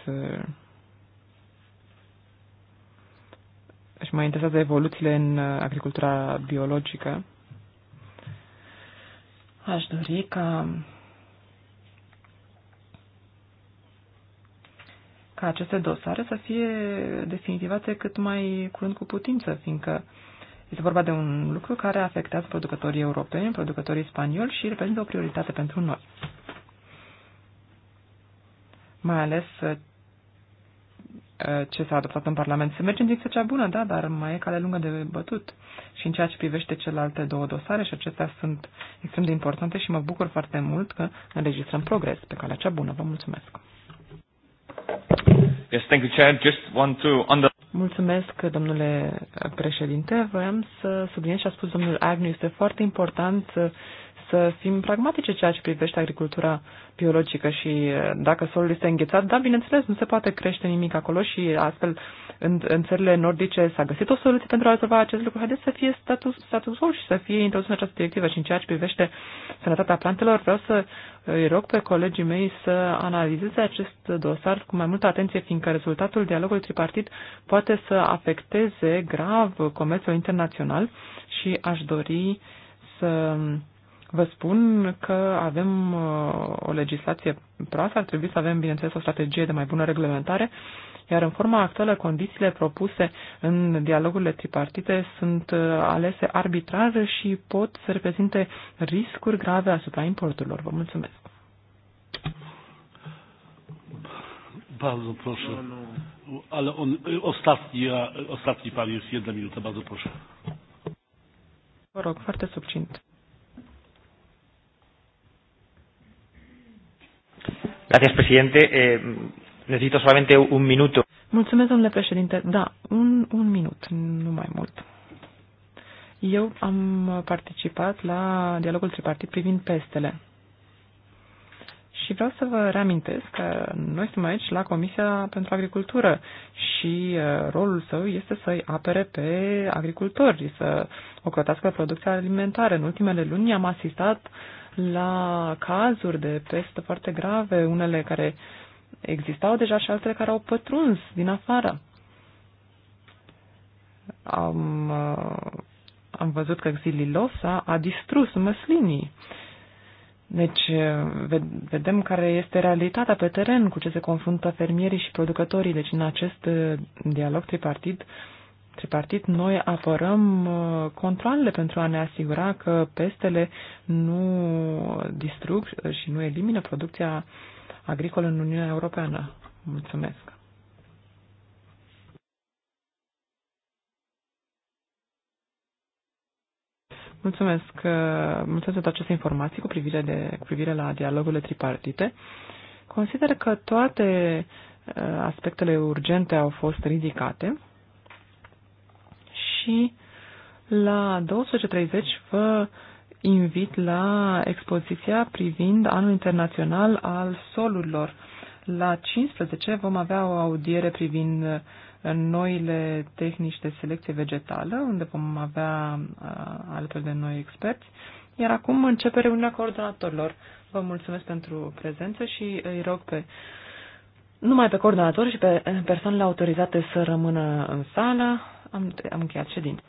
și mă interesează evoluțiile în agricultura biologică. Aș dori ca ca aceste dosare să fie definitivate cât mai curând cu putință, fiindcă uh, este vorba de un lucru care afectează producătorii europeni, producătorii spanioli și reprezintă o prioritate pentru noi. Mai ales uh, ce s-a adoptat în Parlament. Se merge în direcția cea bună, da, dar mai e cale lungă de bătut. Și în ceea ce privește celelalte două dosare, și acestea sunt extrem de importante și mă bucur foarte mult că înregistrăm progres pe calea cea bună. Vă mulțumesc. Yes, thank you, Chair. Just want to under Mulțumesc, domnule președinte. Voiam să subliniez și a spus domnul Agnew. Este foarte important să fim pragmatice ceea ce privește agricultura biologică și eh, dacă solul este înghețat, da, bineînțeles, nu se poate crește nimic acolo și astfel în, în țările nordice s-a găsit o soluție pentru a rezolva acest lucru. Haideți să fie status, statusul și să fie în această directivă și în ceea ce privește sănătatea plantelor, vreau să eh, îi rog pe colegii mei să analizeze acest dosar cu mai multă atenție, fiindcă rezultatul dialogului tripartit poate să afecteze grav comerțul internațional și aș dori să Vă spun că avem uh, o legislație proastă, ar trebui să avem, bineînțeles, o strategie de mai bună reglementare, iar în forma actuală condițiile propuse în dialogurile tripartite sunt uh, alese arbitrar și pot să reprezinte riscuri grave asupra importurilor. Vă mulțumesc. Bardzo proszę. Ale on, ostatni, ostatni pan jest jedna minuta. Bardzo proszę. Vă rog, foarte subcint. Gracias, presidente. Eh, necesito solamente un minuto. Mulțumesc, domnule președinte. Da, un, un minut, nu mai mult. Eu am participat la dialogul tripartit privind pestele. Și vreau să vă reamintesc că noi suntem aici la Comisia pentru Agricultură și uh, rolul său este să-i apere pe agricultori, să ocrotească producția alimentară. În ultimele luni am asistat uh, la cazuri de peste foarte grave, unele care existau deja și altele care au pătruns din afară. Am, uh, am văzut că Xililosa a distrus măslinii. Deci uh, vedem care este realitatea pe teren, cu ce se confruntă fermierii și producătorii. Deci în acest uh, dialog tripartit tripartit, noi apărăm uh, controlele pentru a ne asigura că pestele nu distrug și nu elimină producția agricolă în Uniunea Europeană. Mulțumesc! Mulțumesc, uh, mulțumesc pentru aceste informații cu privire, de, cu privire la dialogurile tripartite. Consider că toate uh, aspectele urgente au fost ridicate și la 12.30 vă invit la expoziția privind Anul Internațional al Solurilor. La 15 vom avea o audiere privind uh, noile tehnici de selecție vegetală, unde vom avea uh, alături de noi experți. Iar acum începe reuniunea coordonatorilor. Vă mulțumesc pentru prezență și îi rog pe numai pe coordonatori și pe persoanele autorizate să rămână în sală. Am, am încheiat ședința.